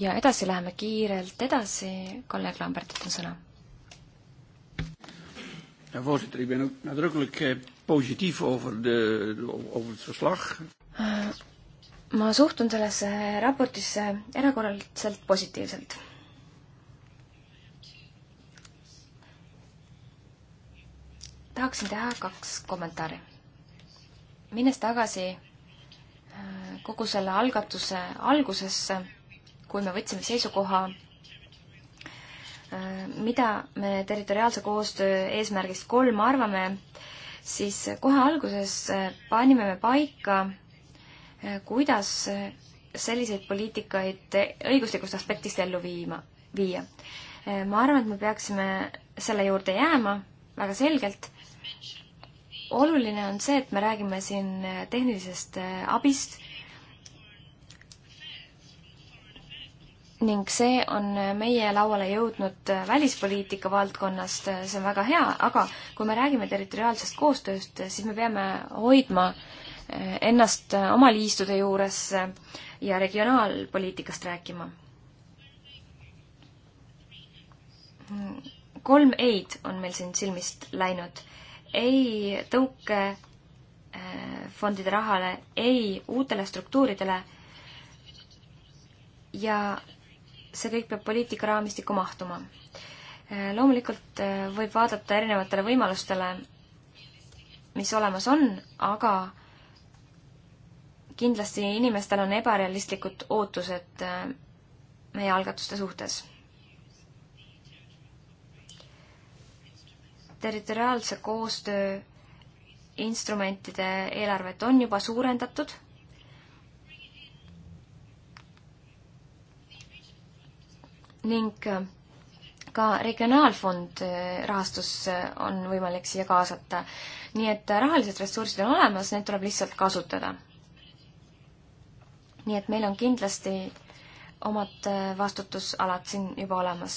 ja edasi läheme kiirelt edasi, kolleeg Lambertit on sõna. Voorzitter, ik ben ook nadrukkelijk eh, positief over, de, over het verslag. Eh, ma suhtun sellesse raportisse erakorraliselt positiivselt. tahaksin teha kaks kommentaari. minnes tagasi eh, kogu selle algatuse algusesse kui me võtsime seisukoha, mida me territoriaalse koostöö eesmärgist kolm arvame, siis kohe alguses panime me paika, kuidas selliseid poliitikaid õiguslikust aspektist ellu viima, viia. ma arvan, et me peaksime selle juurde jääma väga selgelt. oluline on see, et me räägime siin tehnilisest abist ning see on meie lauale jõudnud välispoliitika valdkonnast, see on väga hea, aga kui me räägime territoriaalsest koostööst, siis me peame hoidma eh, ennast oma liistude juures ja regionaalpoliitikast rääkima. kolm ei-d on meil siin silmist läinud. ei tõukefondide eh, rahale, ei uutele struktuuridele ja see kõik peab poliitikaraamistikku mahtuma. Äh, loomulikult äh, võib vaadata erinevatele võimalustele, mis olemas on, aga kindlasti inimestel on ebarealistlikud ootused äh, meie algatuste suhtes. territoriaalse koostöö instrumentide eelarvet on juba suurendatud ning äh, ka regionaalfond äh, rahastus äh, on võimalik siia kaasata. nii et rahalised ressursid on olemas, need tuleb lihtsalt kasutada. nii et meil on kindlasti omad vastutusalad siin juba olemas.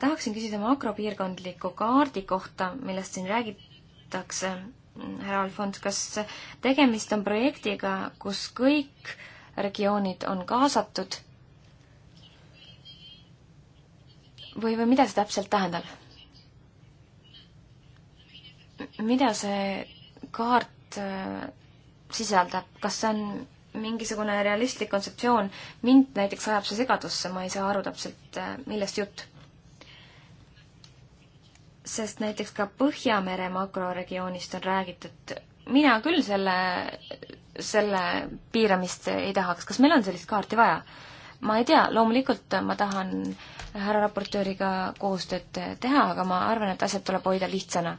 tahaksin küsida makropiirkondliku kaardi kohta, millest siin räägitakse. Mm, härra Alfons, kas tegemist on projektiga, kus kõik regioonid on kaasatud või, või mida see täpselt tähendab? mida see kaart äh, sisaldab, kas see on mingisugune realistlik kontseptsioon, mind näiteks ajab see segadusse, ma ei saa aru täpselt, äh, millest jutt. sest näiteks ka Põhjamere makroregioonist on räägitud, mina küll selle, selle piiramist ei tahaks, kas meil on sellist kaarti vaja? ma ei tea, loomulikult ma tahan härra raportööriga koostööd teha, aga ma arvan, et asjad tuleb hoida lihtsana.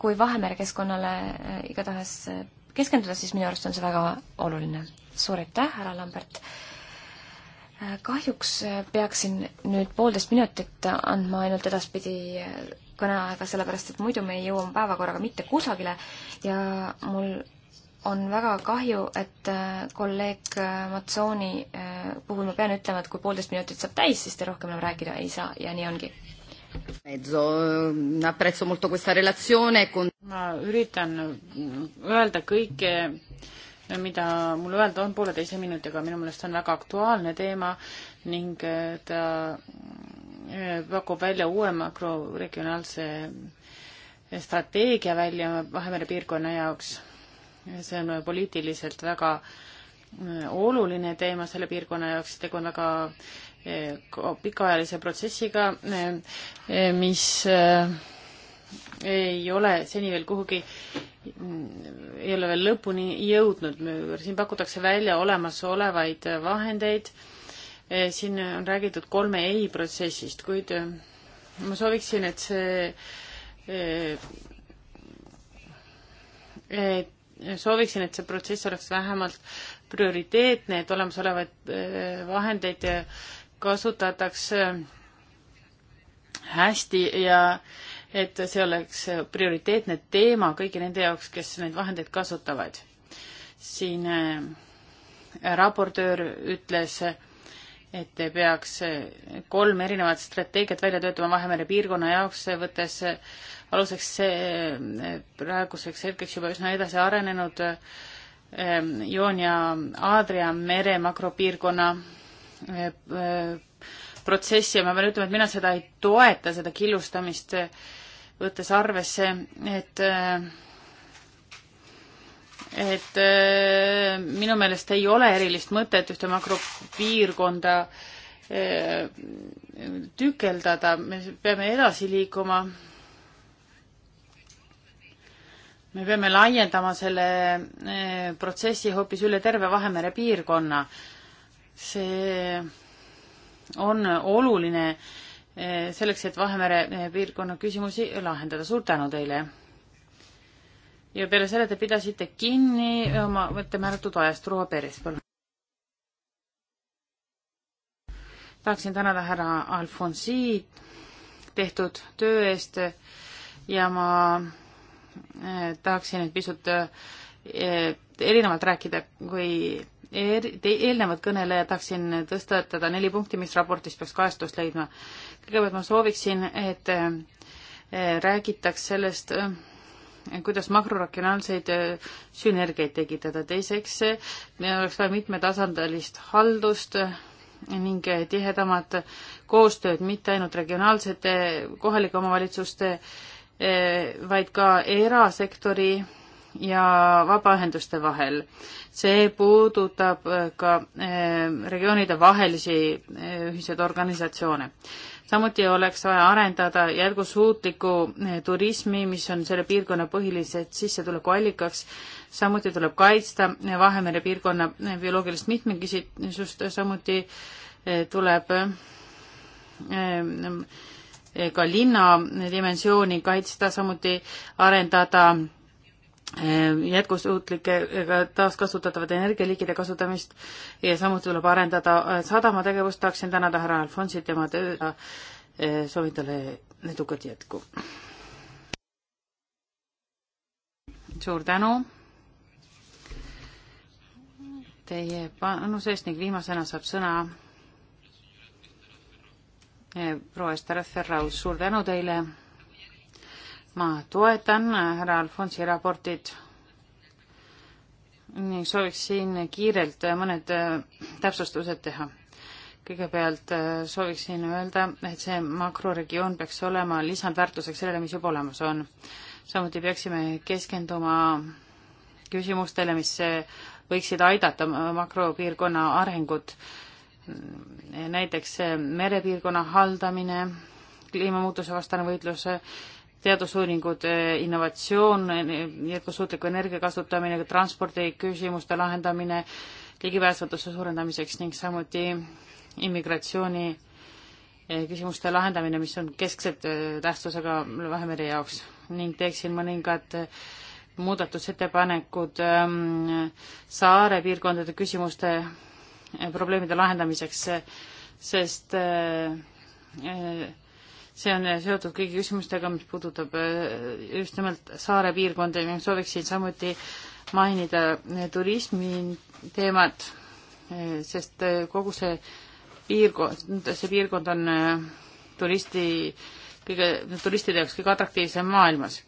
kui Vahemere keskkonnale äh, igatahes äh, keskenduda, siis minu arust on see väga oluline. suur aitäh, härra Lambert! Äh, kahjuks peaksin nüüd poolteist minutit andma ainult edaspidi kõneaega, sellepärast et muidu me jõuame päevakorraga mitte kusagile ja mul on väga kahju, et äh, kolleeg äh, Matsooni äh, puhul ma pean ütlema, et kui poolteist minutit saab täis, siis te rohkem enam rääkida ei saa ja nii ongi. Mm, ma üritan öelda kõike, mida mul öelda on pooleteise minutiga, minu meelest on väga aktuaalne teema ning ta pakub välja uue makroregionaalse strateegia välja Vahemere piirkonna jaoks see on poliitiliselt väga äh, oluline teema selle piirkonna jaoks, tegu on väga äh, pikaajalise protsessiga, äh, mis ei ole seni veel kuhugi, mm, ei ole veel lõpuni jõudnud. siin pakutakse välja olemasolevaid vahendeid. siin on räägitud kolme ei protsessist, kuid ma sooviksin, et see, et sooviksin, et see protsess oleks vähemalt prioriteetne, et olemasolevaid äh, vahendeid äh, kasutataks äh, hästi ja et see oleks prioriteetne teema kõigi nende jaoks, kes neid vahendeid kasutavad. siin raportöör ütles, et peaks kolm erinevat strateegiat välja töötama Vahemere piirkonna jaoks, võttes aluseks see praeguseks hetkeks juba üsna edasi arenenud ehm, Joon ja Aadria mere makropiirkonna ehm, protsessi ja ma pean ütlema, et mina seda ei toeta, seda killustamist, võttes arvesse, et ehm, et äh, minu meelest ei ole erilist mõtet ühte makropiirkonda äh, tükeldada, me peame edasi liikuma. me peame laiendama selle äh, protsessi hoopis üle terve Vahemere piirkonna. see on oluline selleks, et Vahemere piirkonna küsimusi lahendada. suur tänu teile! ja peale selle te pidasite kinni oma võttemääratud ajast. proua Peres, palun. tahaksin tänada härra Alfonsi tehtud töö eest ja ma eh, tahaksin nüüd pisut eh, erinevalt rääkida kui er, eelnevad kõnelejad, tahaksin tõstatada neli punkti, mis raportis peaks kajastust leidma. kõigepealt ma sooviksin, et eh, räägitaks sellest, kuidas makroregionaalseid äh, sünergiaid tekitada. teiseks, äh, meil oleks vaja mitmetasandilist haldust äh, ning tihedamat koostööd mitte ainult regionaalsete kohalike omavalitsuste, vaid ka erasektori ja vabaühenduste vahel. see puudutab ka eh, regioonide vahelisi eh, ühiseid organisatsioone. samuti oleks vaja arendada jätkusuutlikku eh, turismi, mis on selle piirkonna põhilised sissetulekuallikaks, samuti tuleb kaitsta Vahemere piirkonna bioloogilist mitmekesisust, samuti tuleb ka linna dimensiooni kaitsta, samuti arendada jätkusuutlike ega taaskasutatavate energialiigide kasutamist ja samuti tuleb arendada äh, sadamategevust. tahaksin tänada härra Alfonsit tema töö ja äh, soovin talle edukat jätku. suur tänu teie panuse eest ning viimasena saab sõna äh, proua Ester Ferraus, suur tänu teile ma toetan härra Alfonsi raportit ning sooviksin kiirelt mõned äh, täpsustused teha. kõigepealt äh, sooviksin öelda, et see makroregioon peaks olema lisandväärtuseks sellele, mis juba olemas on. samuti peaksime keskenduma küsimustele, mis äh, võiksid aidata makropiirkonna arengut, näiteks merepiirkonna haldamine, kliimamuutuse vastane võitlus teadusuuringud, eh, innovatsioon, jätkusuutliku energia kasutamine, transpordiküsimuste lahendamine ligipääsetavuse suurendamiseks ning samuti immigratsiooni eh, küsimuste lahendamine, mis on keskselt eh, tähtsusega Vahemere jaoks ning teeksin mõningad muudatusettepanekud ehm, saare piirkondade küsimuste probleemide lahendamiseks, sest äh, see on äh, seotud kõigi küsimustega, mis puudutab äh, just nimelt saare piirkonda ja sooviksin samuti mainida äh, turismi teemat, sest kogu see piirkond, see piirkond on turisti kõige, turistide jaoks kõige atraktiivsem maailmas.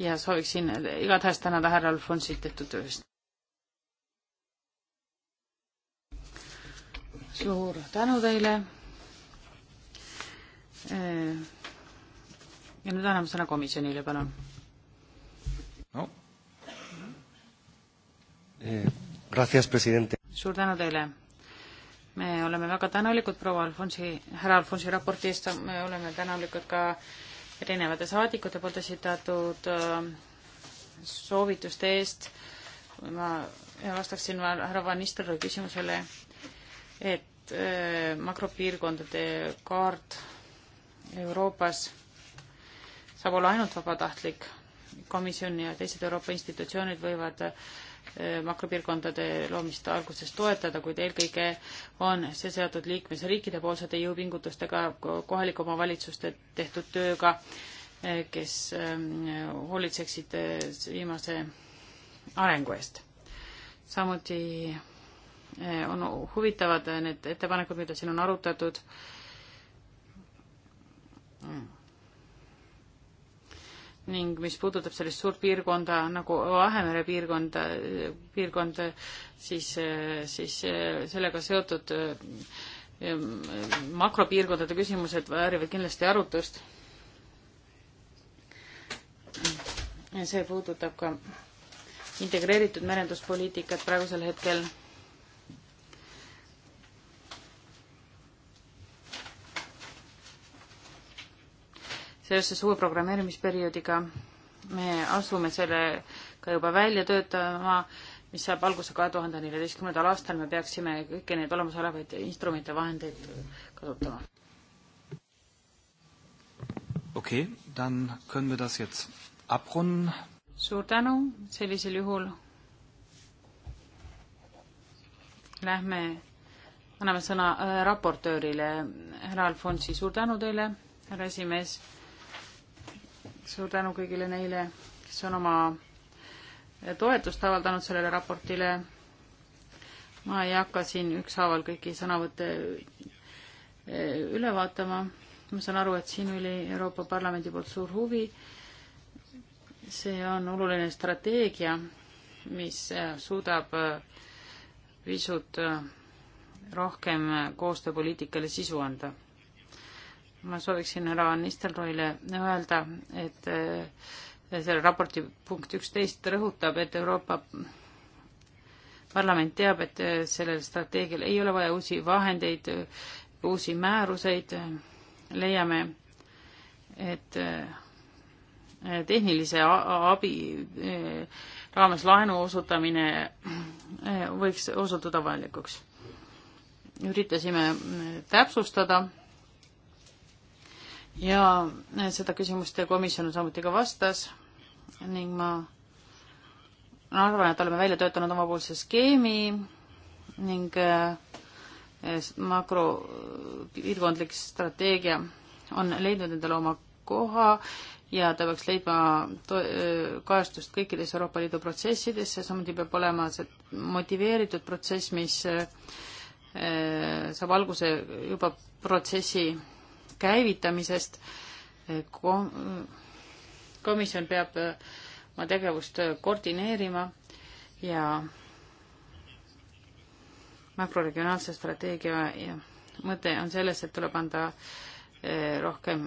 ja sooviksin igatahes tänada härra Alfonsit tehtud töö eest. suur tänu teile Äh, ja nüüd anname sõna komisjonile, palun. no. Eh, suur tänu teile. me oleme väga tänulikud proua Alfonsi, härra Alfonsi raporti eest, me oleme tänulikud ka erinevate saadikute poolt esitatud äh, soovituste eest. ma vastaksin härra Van Nistelrooy küsimusele, et äh, makropiirkondade kaart Euroopas saab olla ainult vabatahtlik. komisjon ja teised Euroopa institutsioonid võivad eh, makropiirkondade loomist alguses toetada, kuid eelkõige on see seotud liikmesriikide poolsete jõupingutustega, kohalike omavalitsuste tehtud tööga, eh, kes eh, hoolitseksid viimase arengu eest. samuti on huvitavad need ettepanekud, mida siin on arutatud äh, Mm. ning mis puudutab sellist suurt piirkonda nagu Vahemere piirkonda, piirkond, siis, siis sellega seotud ähm, makropiirkondade küsimused väärivad kindlasti arutust. see puudutab ka integreeritud merenduspoliitikat praegusel hetkel seoses uue programmeerimisperioodiga. me asume sellega juba välja töötama, mis saab alguse kahe tuhande neljateistkümnendal aastal, me peaksime kõiki neid olemasolevaid instrumente, vahendeid kasutama. okei okay,, dann können wir das jetzt abrunden. suur tänu, sellisel juhul lähme, anname sõna äh, raportöörile, härra Alfonsi, suur tänu teile, härra esimees suur tänu kõigile neile, kes on oma toetust avaldanud sellele raportile. ma ei hakka siin ükshaaval kõiki sõnavõtte eh, üle vaatama. ma saan aru, et siin oli Euroopa Parlamendi poolt suur huvi. see on oluline strateegia, mis eh, suudab eh, pisut rohkem koostööpoliitikale sisu anda ma sooviksin härra Nistelroile öelda, et äh, selle raporti punkt üksteist rõhutab, et Euroopa Parlament teab, et äh, sellel strateegial ei ole vaja uusi vahendeid, uusi määruseid, leiame, et äh, tehnilise abi raames laenu osutamine võiks osutuda vajalikuks. üritasime täpsustada ja eh, seda küsimust komisjon samuti ka vastas ning ma arvan, et oleme välja töötanud omapoolse skeemi ning eh, makropiirkondlik strateegia on leidnud endale oma koha ja ta peaks leidma eh, kajastust kõikides Euroopa Liidu protsessides ja samuti peab olema see motiveeritud protsess, mis saab alguse juba protsessi käivitamisest. komisjon peab äh, oma tegevust äh, koordineerima ja makroregionaalse strateegia mõte on selles, et tuleb anda äh, rohkem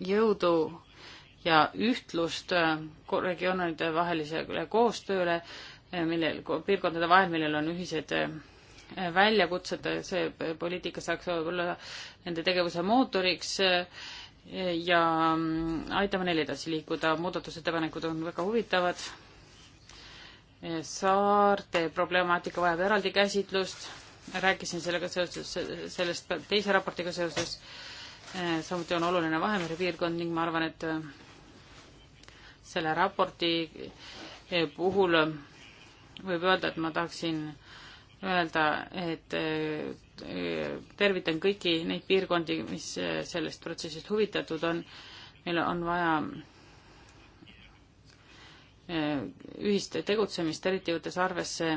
jõudu ja ühtlust regioonide vahelisele koostööle, millel, piirkondade vahel, millel on ühised väljakutsed, see poliitika saaks olla nende tegevuse mootoriks eh, ja mm, aitame neil edasi liikuda, muudatusettepanekud on väga huvitavad. Eh, saarte problemaatika vajab eraldi käsitlust, rääkisin sellega seoses, sellest teise raportiga seoses, eh, samuti on oluline Vahemere piirkond ning ma arvan, et selle raporti puhul võib öelda, et ma tahaksin öelda, et tervitan kõiki neid piirkondi, mis sellest protsessist huvitatud on. meil on vaja e, ühist tegutsemist, eriti võttes arvesse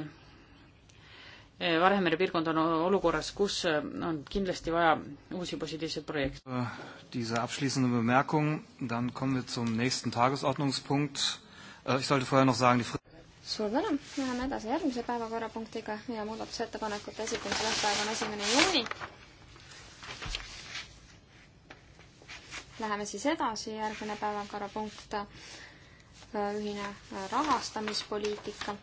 e, Vahemere piirkond on olukorras, kus on kindlasti vaja uusi positiivseid projekte. Äh, diese abschließende Bemerkung, dann kommen wir zum nächsten Tagesordnungspunkt. Äh, ich sollte vorher noch sagen, die suur tänu, läheme edasi järgmise päevakorrapunktiga ja muudatusettepanekute esitamise tähtaeg on esimene juuni. Läheme siis edasi, järgmine päevakorrapunkt, äh, ühine äh, rahastamispoliitika.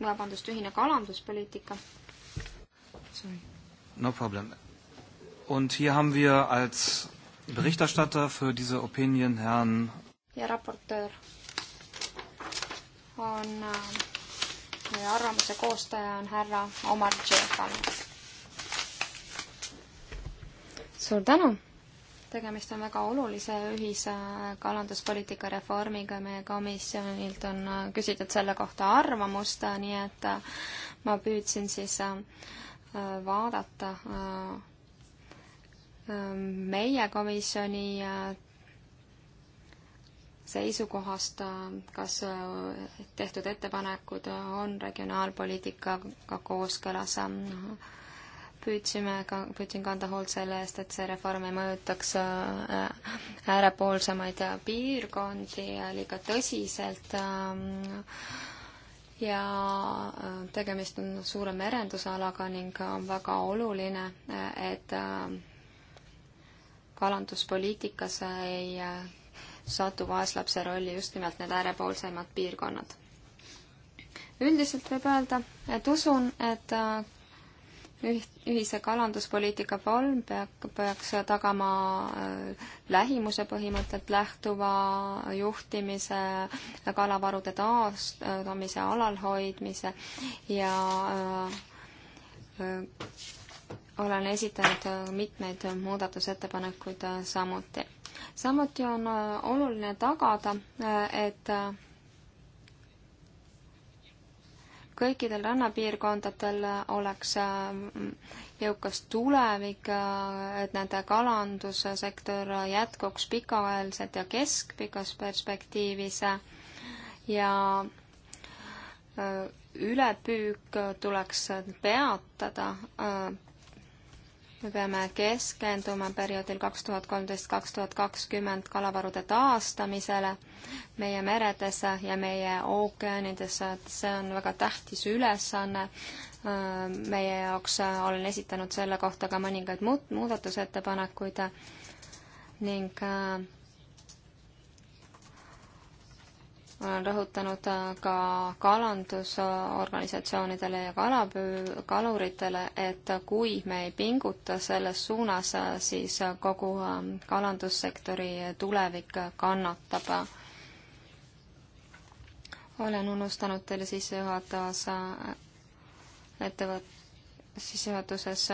vabandust, ühine kalanduspoliitika. No problem. Und hier haben wir als Berichterstatter für diese Opinion Herrn ja raportöör on, äh, arvamuse koostaja on härra Omar Džefan. suur tänu! tegemist on väga olulise ühise äh, kalanduspoliitika reformiga, meie komisjonilt on äh, küsitud selle kohta arvamust, nii et ma püüdsin siis vaadata meie komisjoni seisukohast, kas äh, tehtud ettepanekud on regionaalpoliitikaga kooskõlas. püüdsime ka, püüdsin kanda hoolt selle eest, et see reform ei mõjutaks äh, äärepoolsemaid piirkondi liiga tõsiselt äh, ja tegemist on suure merendusalaga ning on väga oluline, et kalanduspoliitikas ei satu vaeslapse rolli just nimelt need äärepoolsemad piirkonnad. üldiselt võib öelda, et usun, et äh, ühise kalanduspoliitika vorm peaks tagama äh, lähimuse põhimõtet lähtuva juhtimise, kalavarude taastamise, alalhoidmise ja äh, olen esitanud mitmeid muudatusettepanekuid samuti samuti on äh, oluline tagada, äh, et äh, kõikidel rannapiirkondadel oleks jõukas tulevik, et nende kalandussektor jätkuks pikaajaliselt ja keskpikas perspektiivis ja ülepüük tuleks peatada me peame keskenduma perioodil kaks tuhat kolmteist, kaks tuhat kakskümmend kalavarude taastamisele meie meredes ja meie ookeanides, see on väga tähtis ülesanne meie jaoks, olen esitanud selle kohta ka mõningaid muud, muudatusettepanekuid ning äh, olen rõhutanud äh, ka kalandusorganisatsioonidele ja kalapüü-, kaluritele, et kui me ei pinguta selles suunas, äh, siis äh, kogu ähm, kalandussektori tulevik kannatab. olen unustanud teile sissejuhatavas ettevõt-, sissejuhatuses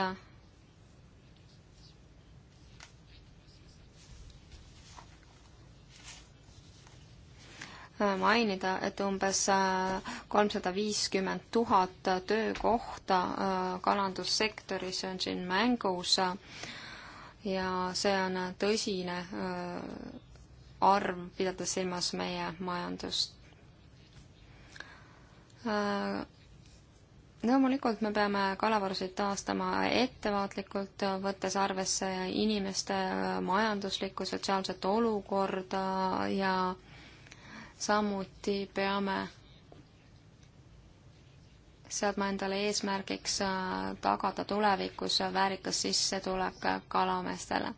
mainida, et umbes äh, kolmsada viiskümmend tuhat töökohta äh, kalandussektoris on siin mängus ja see on tõsine äh, arv, pidades silmas meie majandust. loomulikult me peame kalavarusid taastama ettevaatlikult, võttes arvesse inimeste majanduslikku, sotsiaalset olukorda ja äh, samuti peame seadma endale eesmärgiks äh, tagada tulevikus väärikas sissetulek kalameestele.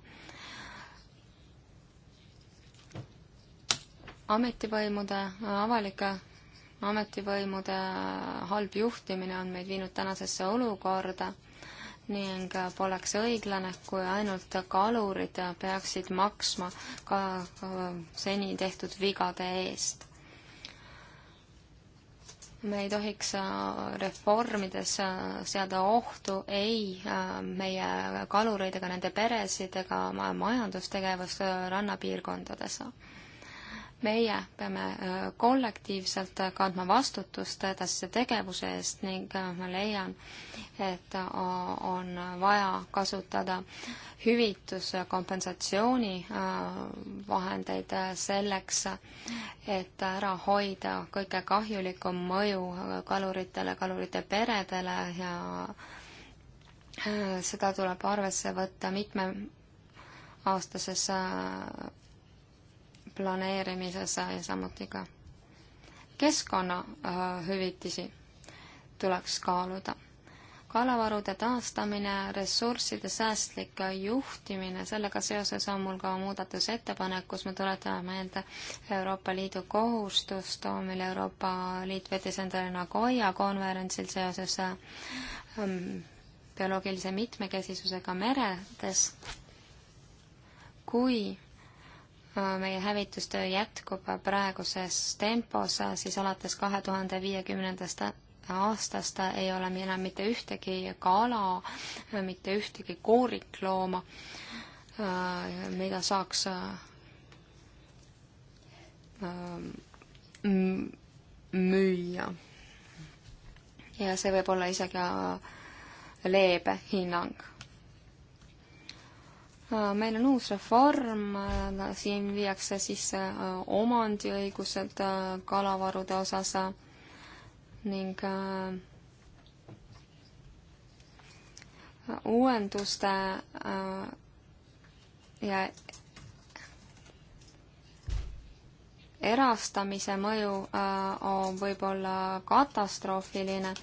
ametivõimude, avalike ametivõimude halb juhtimine on meid viinud tänasesse olukorda ning poleks õiglane, kui ainult kalurid peaksid maksma ka, ka seni tehtud vigade eest. me ei tohiks äh, reformides äh, seada ohtu ei äh, meie kalureid ega nende peresid ega majandustegevust rannapiirkondades meie peame äh, kollektiivselt äh, kandma vastutust edasise äh, tegevuse eest ning ma leian, et on vaja kasutada hüvitus- ja kompensatsioonivahendeid selleks, et ära hoida kõige kahjulikum mõju kaluritele, kalurite peredele ja seda tuleb arvesse võtta mitme aastases planeerimises ja samuti ka keskkonnahüvitisi tuleks kaaluda. kalavarude taastamine, ressursside säästlik juhtimine, sellega seoses on mul ka muudatusettepanek, kus me tuletame meelde Euroopa Liidu kohustust, mille Euroopa Liit võttis endale Nagoya konverentsil seoses ähm, bioloogilise mitmekesisusega meredes, kui meie hävitustöö jätkub praeguses tempos, siis alates kahe tuhande viiekümnendast aastast ei ole enam mitte ühtegi kala, mitte ühtegi kooriklooma, mida saaks ähm, müüa. ja see võib olla isegi äh, leebe hinnang Äh, meil on uus reform, äh, siin viiakse sisse äh, omandiõigused kalavarude osas ning uuenduste ja erastamise mõju on võib-olla katastroofiline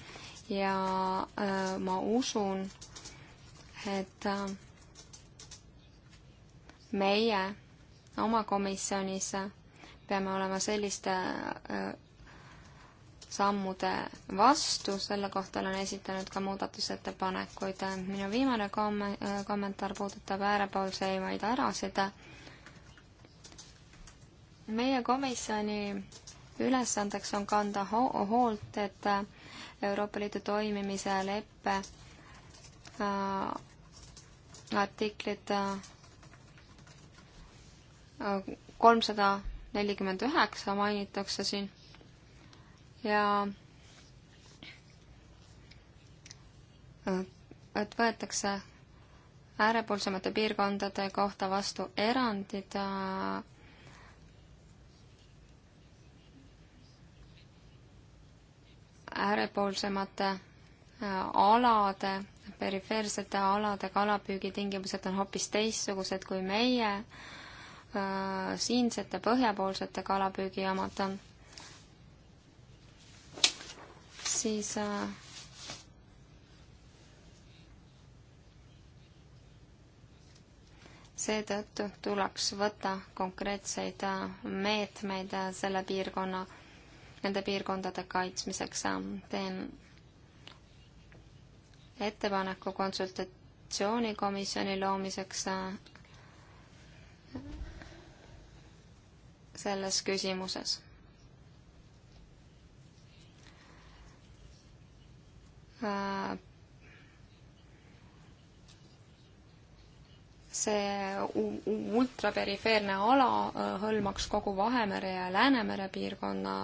ja ma usun, et äh, meie oma komisjonis peame olema selliste äh, sammude vastu, selle kohta olen esitanud ka muudatusettepanekuid. minu viimane komme-, äh, kommentaar puudutab äärepoolseimaid ärasid. meie komisjoni ülesandeks on kanda ho hoolt, et Euroopa Liidu toimimise leppe äh, artiklid äh, kolmsada nelikümmend üheksa mainitakse siin ja et võetakse äärepoolsemate piirkondade kohta vastu erandid äärepoolsemate äh, alade, perifeersete alade kalapüügitingimused on hoopis teistsugused kui meie äh, Äh, siinsete põhjapoolsete kalapüügijaamad, siis äh, seetõttu tuleks võtta konkreetseid äh, meetmeid selle piirkonna, nende piirkondade kaitsmiseks. teen ettepaneku konsultatsioonikomisjoni loomiseks selles küsimuses. see ultraperifeerne ala äh, hõlmaks kogu Vahemere ja Läänemere piirkonna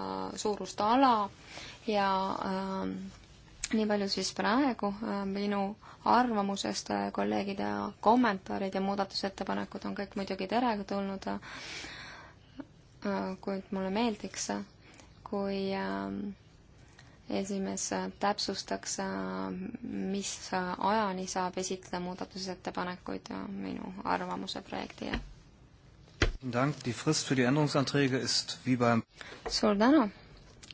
suurust ala ja äh, nii palju siis praegu äh, minu arvamusest äh, kolleegide kommentaarid ja muudatusettepanekud on kõik muidugi teretulnud äh, Äh, kuid mulle meeldiks, kui ähm, esimees täpsustaks, äh, mis ajani saab esitleda muudatusettepanekuid minu arvamuse projektile. suur tänu!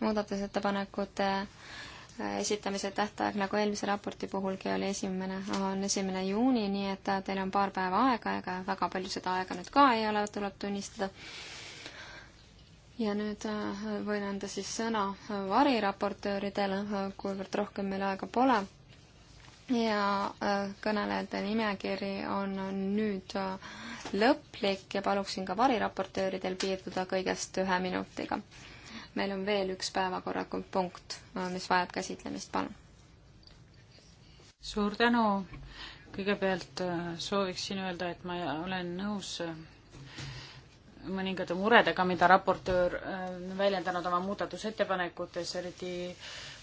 muudatusettepanekute äh, esitamise tähtaeg, nagu eelmise raporti puhulgi oli esimene, on esimene juuni, nii et teil on paar päeva aega, ega väga palju seda aega nüüd ka ei ole, tuleb tunnistada ja nüüd äh, võin anda siis sõna äh, variraportööridele, äh, kuivõrd rohkem meil aega pole. ja kõnelejate nimekiri on nüüd lõplik ja paluksin ka variraportööridel piirduda kõigest ühe minutiga. meil on veel üks päevakorrapunkt, mis vajab käsitlemist, palun. suur tänu. kõigepealt sooviksin öelda, et ma olen nõus mõningate muredega, mida raportöör äh, väljendanud oma muudatusettepanekutes, eriti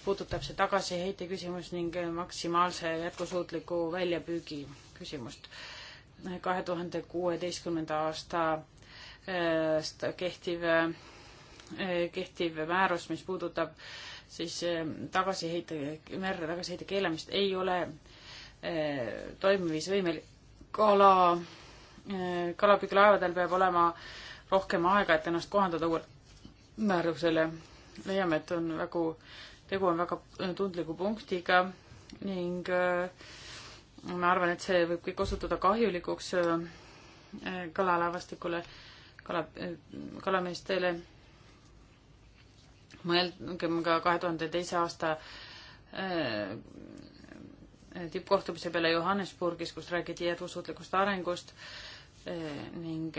puudutab see tagasiheite küsimus ning maksimaalse jätkusuutliku väljapüügi küsimust. kahe tuhande kuueteistkümnenda aasta äh, kehtiv, äh, kehtiv määrus, mis puudutab siis tagasiheite, merre tagasiheite keelamist, ei ole toimimisvõimelik kala kalapüügilaevadel peab olema rohkem aega, et ennast kohandada uuele määrusele. leiame, et on väga, tegu on väga tundliku punktiga ning äh, ma arvan, et see võib kõik osutuda kahjulikuks äh, kalalaevastikule, kala, äh, kalameestele. mõelgem ka kahe tuhande teise aasta tippkohtumise peale Johannesburgis, kus räägiti jätkusuutlikust arengust ning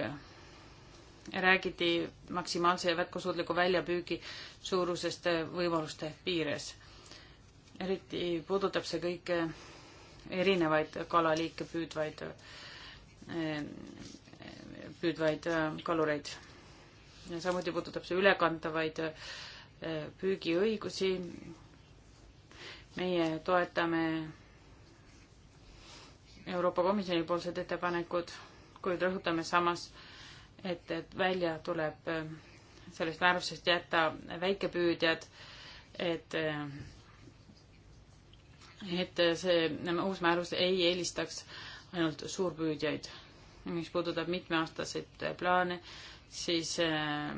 räägiti maksimaalse ja jätkusuutliku väljapüügi suurusest äh, võimaluste piires. eriti puudutab see kõike äh, erinevaid kalaliike püüdvaid, äh, püüdvaid kalureid. ja samuti puudutab see ülekantavaid püügiõigusi. meie toetame Euroopa Komisjoni poolsed ettepanekud, kuid rõhutame samas, et, et välja tuleb ähm, sellest määrusest jätta väikepüüdjad, et, äh, et see ähm, uus määrus ei eelistaks ainult suurpüüdjaid. mis puudutab mitmeaastaseid plaane, siis äh,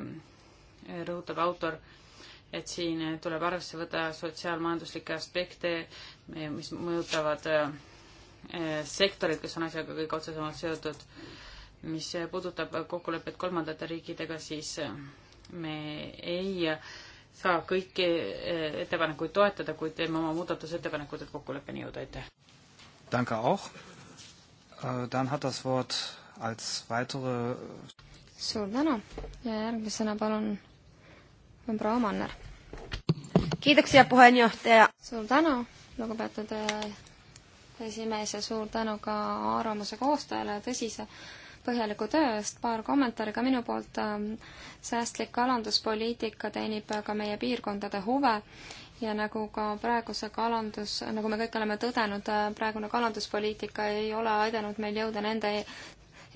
rõhutab autor, et siin tuleb arvesse võtta sotsiaalmajanduslikke aspekte, mis mõjutavad äh, sektorid, kes on asjaga kõige otsesemalt seotud mis puudutab kokkulepet kolmandate riikidega, siis äh, me ei äh, saa kõiki äh, ettepanekuid toetada, kuid teeme oma muudatusettepanekud, et kokkuleppeni jõuda, aitäh. Danke auch. Dann hat das Wort als weitere suur tänu ja järgmisena palun proua Manner. kiitoksia, puheenjohtaja. suur tänu, lugupeetud esimees ja suur tänu ka arvamuse koostajale tõsise põhjaliku töö eest, paar kommentaari ka minu poolt. Ähm, säästlik kalanduspoliitika teenib ka meie piirkondade huve ja nagu ka praeguse kalandus, nagu me kõik oleme tõdenud, äh, praegune kalanduspoliitika ei ole aidanud meil jõuda nende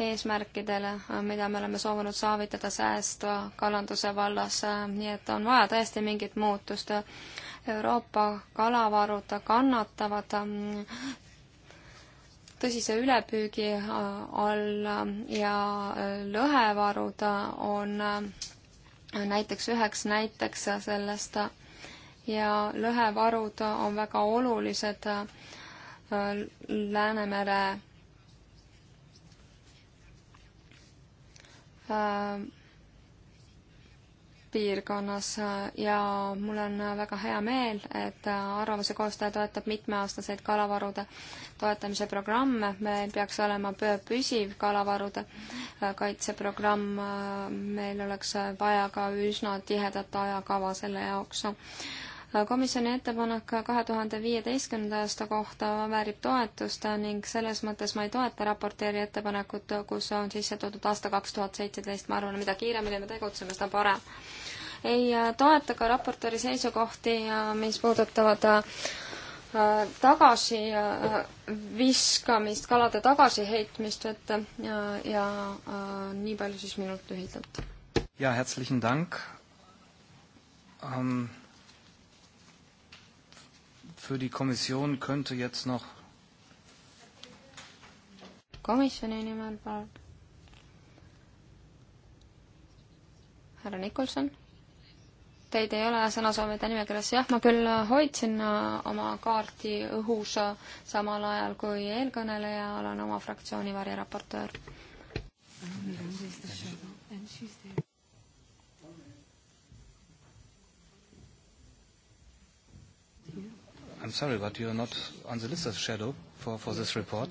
eesmärkidele, äh, mida me oleme soovinud saavutada säästva kalanduse vallas, äh, nii et on vaja tõesti mingit muutust. Euroopa kalavarud kannatavad ähm, tõsise ülepüügi äh, all ja äh, lõhevarud äh, on näiteks üheks näiteks sellest ja lõhevarud on väga olulised Läänemere piirkonnas äh, ja mul on äh, väga hea meel, et äh, arvamuse koostaja toetab mitmeaastaseid kalavarude toetamise programme, meil peaks olema püsiv kalavarude kaitseprogramm, meil oleks vaja ka üsna tihedat ajakava selle jaoks komisjoni ettepanek kahe tuhande viieteistkümnenda aasta kohta väärib toetust ning selles mõttes ma ei toeta raporteeri ettepanekut, kus on sisse toodud aasta kaks tuhat seitseteist, ma arvan, mida kiiremini me tegutseme, seda parem. ei toeta ka raporteeri seisukohti, mis puudutavad äh, tagasi äh, viskamist, kalade tagasiheitmist vette äh, ja, ja nii palju siis minult lühidalt. ja, herzlichen Dank um für die Kommission könnte jetzt noch komisjoni nimel, palun. härra Nikolson? Teid ei ole sõnasoovide nimekirjas, jah, ma küll hoidsin äh, oma kaarti õhus äh, samal ajal kui eelkõneleja, olen oma fraktsiooni variraportöör mm. -hmm I'm sorry, but you are not on the list as shadow for, for this report.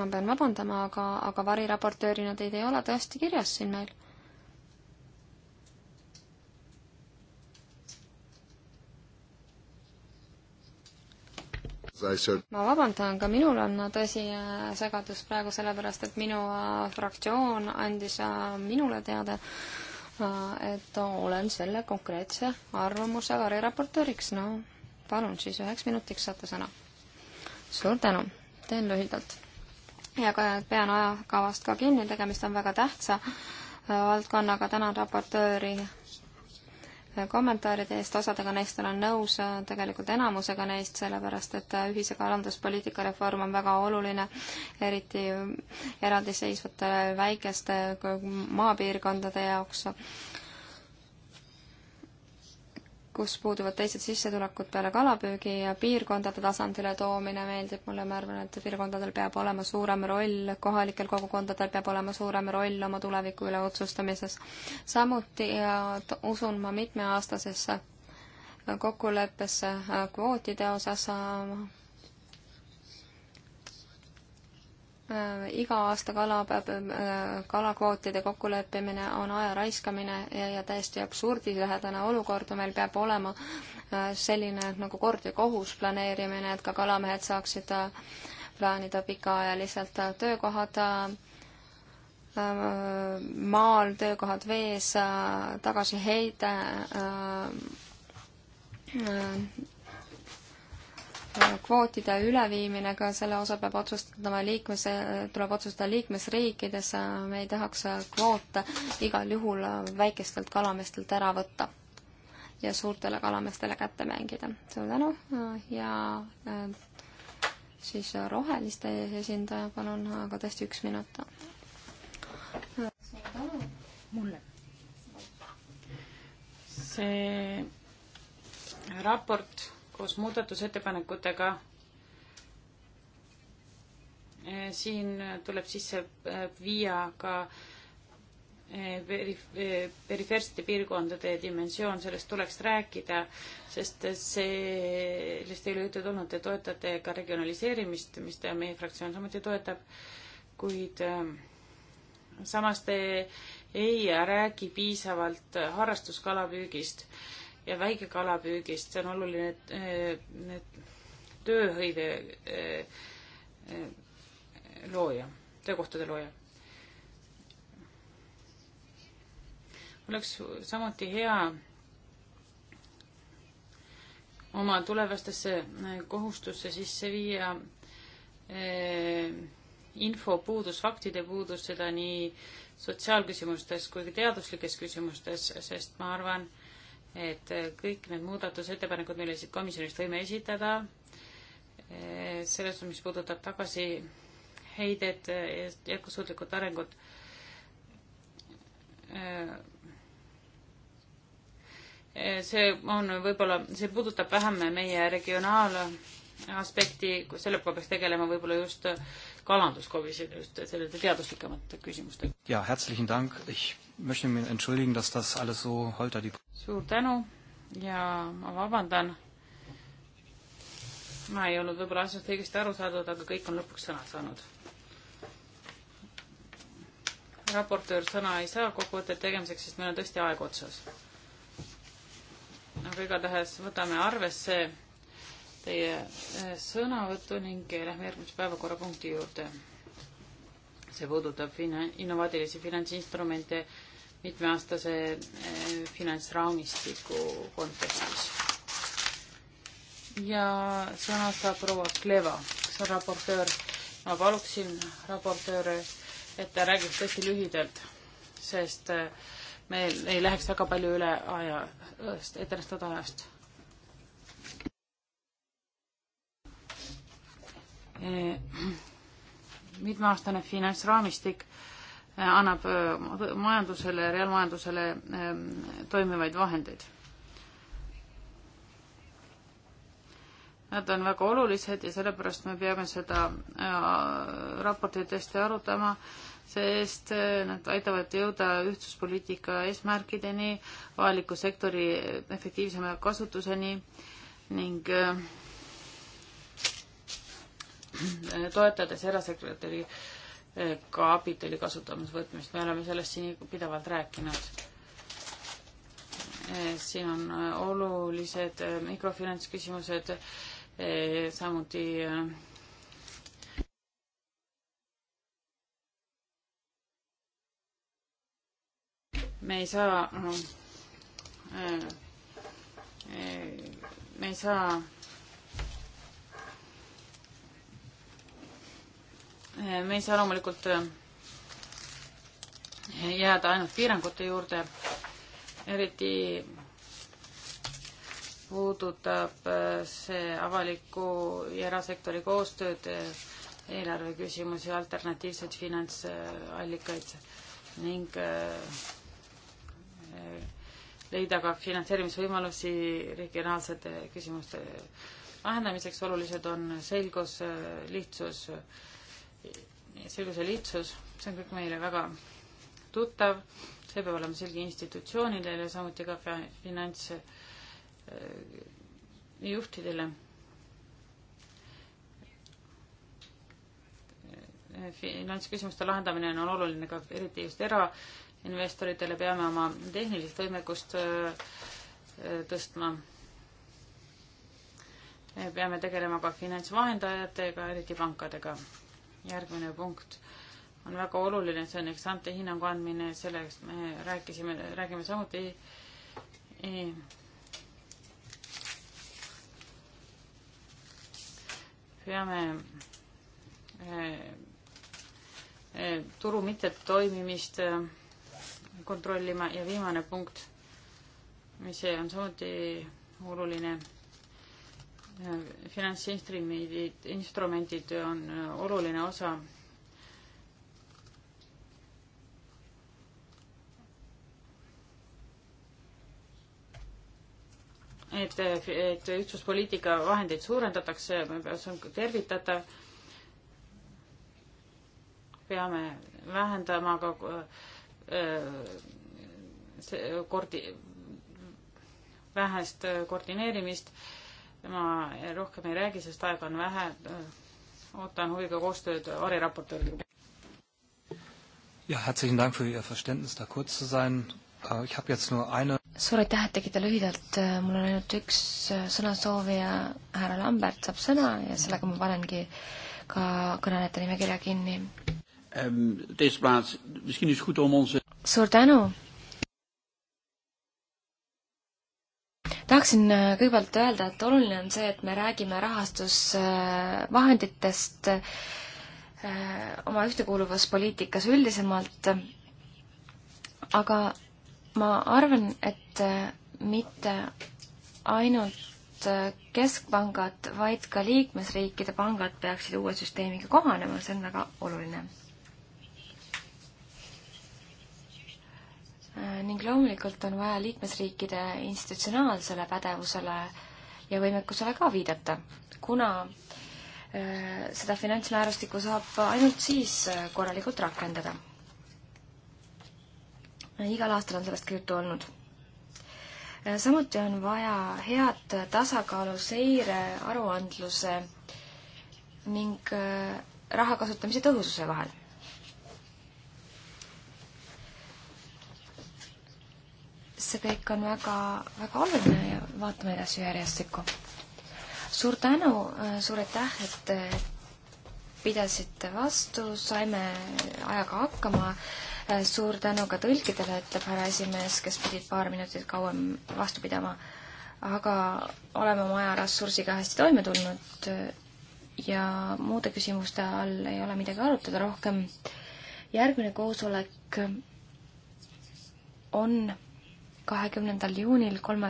ma pean vabandama, aga, aga variraportöörina teid ei ole tõesti kirjas siin meil. ma vabandan, ka minul on tõsi äh, segadus praegu, sellepärast et minu äh, fraktsioon andis äh, minule teada, et olen selle konkreetse arvamuse variraportööriks, noh palun siis üheks minutiks saate sõna. suur tänu, teen lühidalt. ja ka pean ajakavast ka kinni, tegemist on väga tähtsa äh, valdkonnaga, tänan raportööri äh, kommentaaride eest, osadega neist olen nõus, äh, tegelikult enamusega neist, sellepärast et ühise kalanduspoliitika reform on väga oluline, eriti eraldiseisvate väikeste maapiirkondade jaoks kus puuduvad teised sissetulekud peale kalapüügi ja piirkondade tasandile toomine meeldib mulle, ma arvan, et piirkondadel peab olema suurem roll, kohalikel kogukondadel peab olema suurem roll oma tuleviku üle otsustamises. samuti usun ma mitmeaastasesse kokkuleppesse äh, kvootide osas, äh, Äh, iga aasta kala, äh, kalakvootide kokkuleppimine on aja raiskamine ja, ja täiesti absurdilähedane olukord, meil peab olema äh, selline nagu kord ja kohus planeerimine, et ka kalamehed saaksid plaanida pikaajaliselt töökohad maal, töökohad vees, tagasiheide kvootide üleviimine, ka selle osa peab otsustama liikmes, tuleb otsustada liikmesriikides, me ei tahaks kvoote igal juhul väikestelt kalameestelt ära võtta ja suurtele kalameestele kätte mängida. suur tänu ja äh, siis roheliste esindaja, palun, aga tõesti üks minut. suur tänu. mulle. see raport koos muudatusettepanekutega. Eh, siin tuleb sisse eh, viia ka eh, perifeersete piirkondade dimensioon, sellest tuleks rääkida, sest see, sellest ei ole juttu tulnud, te toetate ka regionaliseerimist, mis te, meie fraktsioon samuti toetab, kuid samas te ei räägi piisavalt harrastuskalapüügist ja väikekalapüügist, see on oluline, et need eh, tööhõive eh, eh, looja, töökohtade looja. oleks samuti hea oma tulevastesse kohustusse sisse viia info puudus, faktide puudus, seda nii sotsiaalküsimustes kui ka teaduslikes küsimustes, sest ma arvan, et kõik need muudatusettepanekud, mille siit komisjonist võime esitada, selles, mis puudutab tagasiheidet, jätkusuutlikud arengud, see on võib-olla, see puudutab vähem meie regionaalaspekti, sellega peaks tegelema võib-olla just äh, kalanduskomisjoni just selliste teaduslikemate küsimustega. jaa, herzlichen Dank, ich möchte mir entschuldigen, dass das alles so heute die suur tänu ja ma vabandan, ma ei olnud võib-olla asjast õigesti aru saadud, aga kõik on lõpuks sõna saanud. raportöör sõna ei saa kokkuvõtte tegemiseks, sest meil on tõesti aeg otsas. aga igatahes võtame arvesse teie eh, sõnavõttu ning eh, lähme järgmise päevakorrapunkti juurde. see puudutab fina-, innovaatilisi finantsinstrumente mitmeaastase eh, finantsraamistiku kontekstis. ja sõna saab proua Kleva, kes on raportöör. ma paluksin raportööre, et ta räägiks tõesti lühidalt, sest meil ei läheks väga palju üle aja, ettenähtud ajast Eh, mitmeaastane finantsraamistik eh, annab eh, majandusele, reaalmajandusele toimivaid vahendeid. Nad on väga olulised ja sellepärast me peame seda raportit hästi arutama, sest nad aitavad jõuda ühtsuspoliitika eesmärkideni, avaliku sektori efektiivsema kasutuseni ning äh, Äh, toetades erasekretäri äh, kapitali kasutamisvõtmist, me oleme sellest siin pidevalt rääkinud. Äh, siin on olulised mikrofinantsküsimused, samuti me ei saa, me ei saa me ei saa loomulikult äh, jääda ainult piirangute juurde, eriti puudutab äh, see avaliku ja erasektori koostööd, äh, eelarve küsimusi, alternatiivseid finantsallikaid ning leida ka finantseerimisvõimalusi regionaalsete küsimuste lahendamiseks. olulised on selgus, lihtsus selgus ja lihtsus, see on kõik meile väga tuttav, see peab olema selge institutsioonidele ja samuti ka finantsjuhtidele. Äh, finantsküsimuste lahendamine on oluline ka eriti just erainvestoritele, peame oma tehnilist võimekust äh, tõstma peame tegelema ka finantsvahendajatega, eriti pankadega järgmine punkt on väga oluline, see on eksante hinnangu andmine, sellest me rääkisime, räägime samuti e peame e e turu mittetoimimist eh, kontrollima ja viimane punkt, mis on samuti oluline finantsinstrumendid, instrumendid on äh, oluline osa et, äh, et ühtsuspoliitika vahendeid suurendatakse, see on tervitatav. peame vähendama ka äh, see kordi-, vähest koordineerimist ma rohkem ei räägi, sest aega on vähe. ootan huviga koostööd variraportööriga. Ja, herzlichen Dank für Ihr Verständnis, da kurz zu sein. Äh, ich habe jetzt nur eine suur aitäh, et tegite lühidalt, äh, mul on ainult üks äh, sõnasoovija, härra Lambert saab sõna ja sellega ma panengi ka kõnelejate nimekirja kinni um,. suur tänu tahaksin äh, kõigepealt öelda, et oluline on see, et me räägime rahastusvahenditest äh, oma ühtekuuluvuspoliitikas üldisemalt, aga ma arvan, et äh, mitte ainult keskpangad, vaid ka liikmesriikide pangad peaksid uue süsteemiga kohanema, see on väga oluline Äh, ning loomulikult on vaja liikmesriikide institutsionaalsele pädevusele ja võimekusele ka viidata, kuna äh, seda finantsmäärustikku saab ainult siis äh, korralikult rakendada. igal aastal on sellest ka juttu olnud. samuti on vaja head tasakaalu seire, aruandluse ning raha kasutamise tõhususe vahel see kõik on väga, väga oluline ja vaatame edasi järjestikku. suur tänu, äh, suur aitäh, et pidasite vastu, saime ajaga hakkama. Äh, suur tänu ka tõlkidele, ütleb härra esimees, kes pidid paar minutit kauem vastu pidama. aga oleme oma ajaressursiga hästi toime tulnud äh, ja muude küsimuste all ei ole midagi arutada rohkem. järgmine koosolek on kahekümnendal juunil kolme,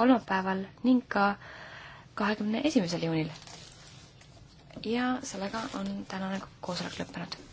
kolmapäeval ning ka kahekümne esimesel juunil. ja sellega on tänane koosolek lõppenud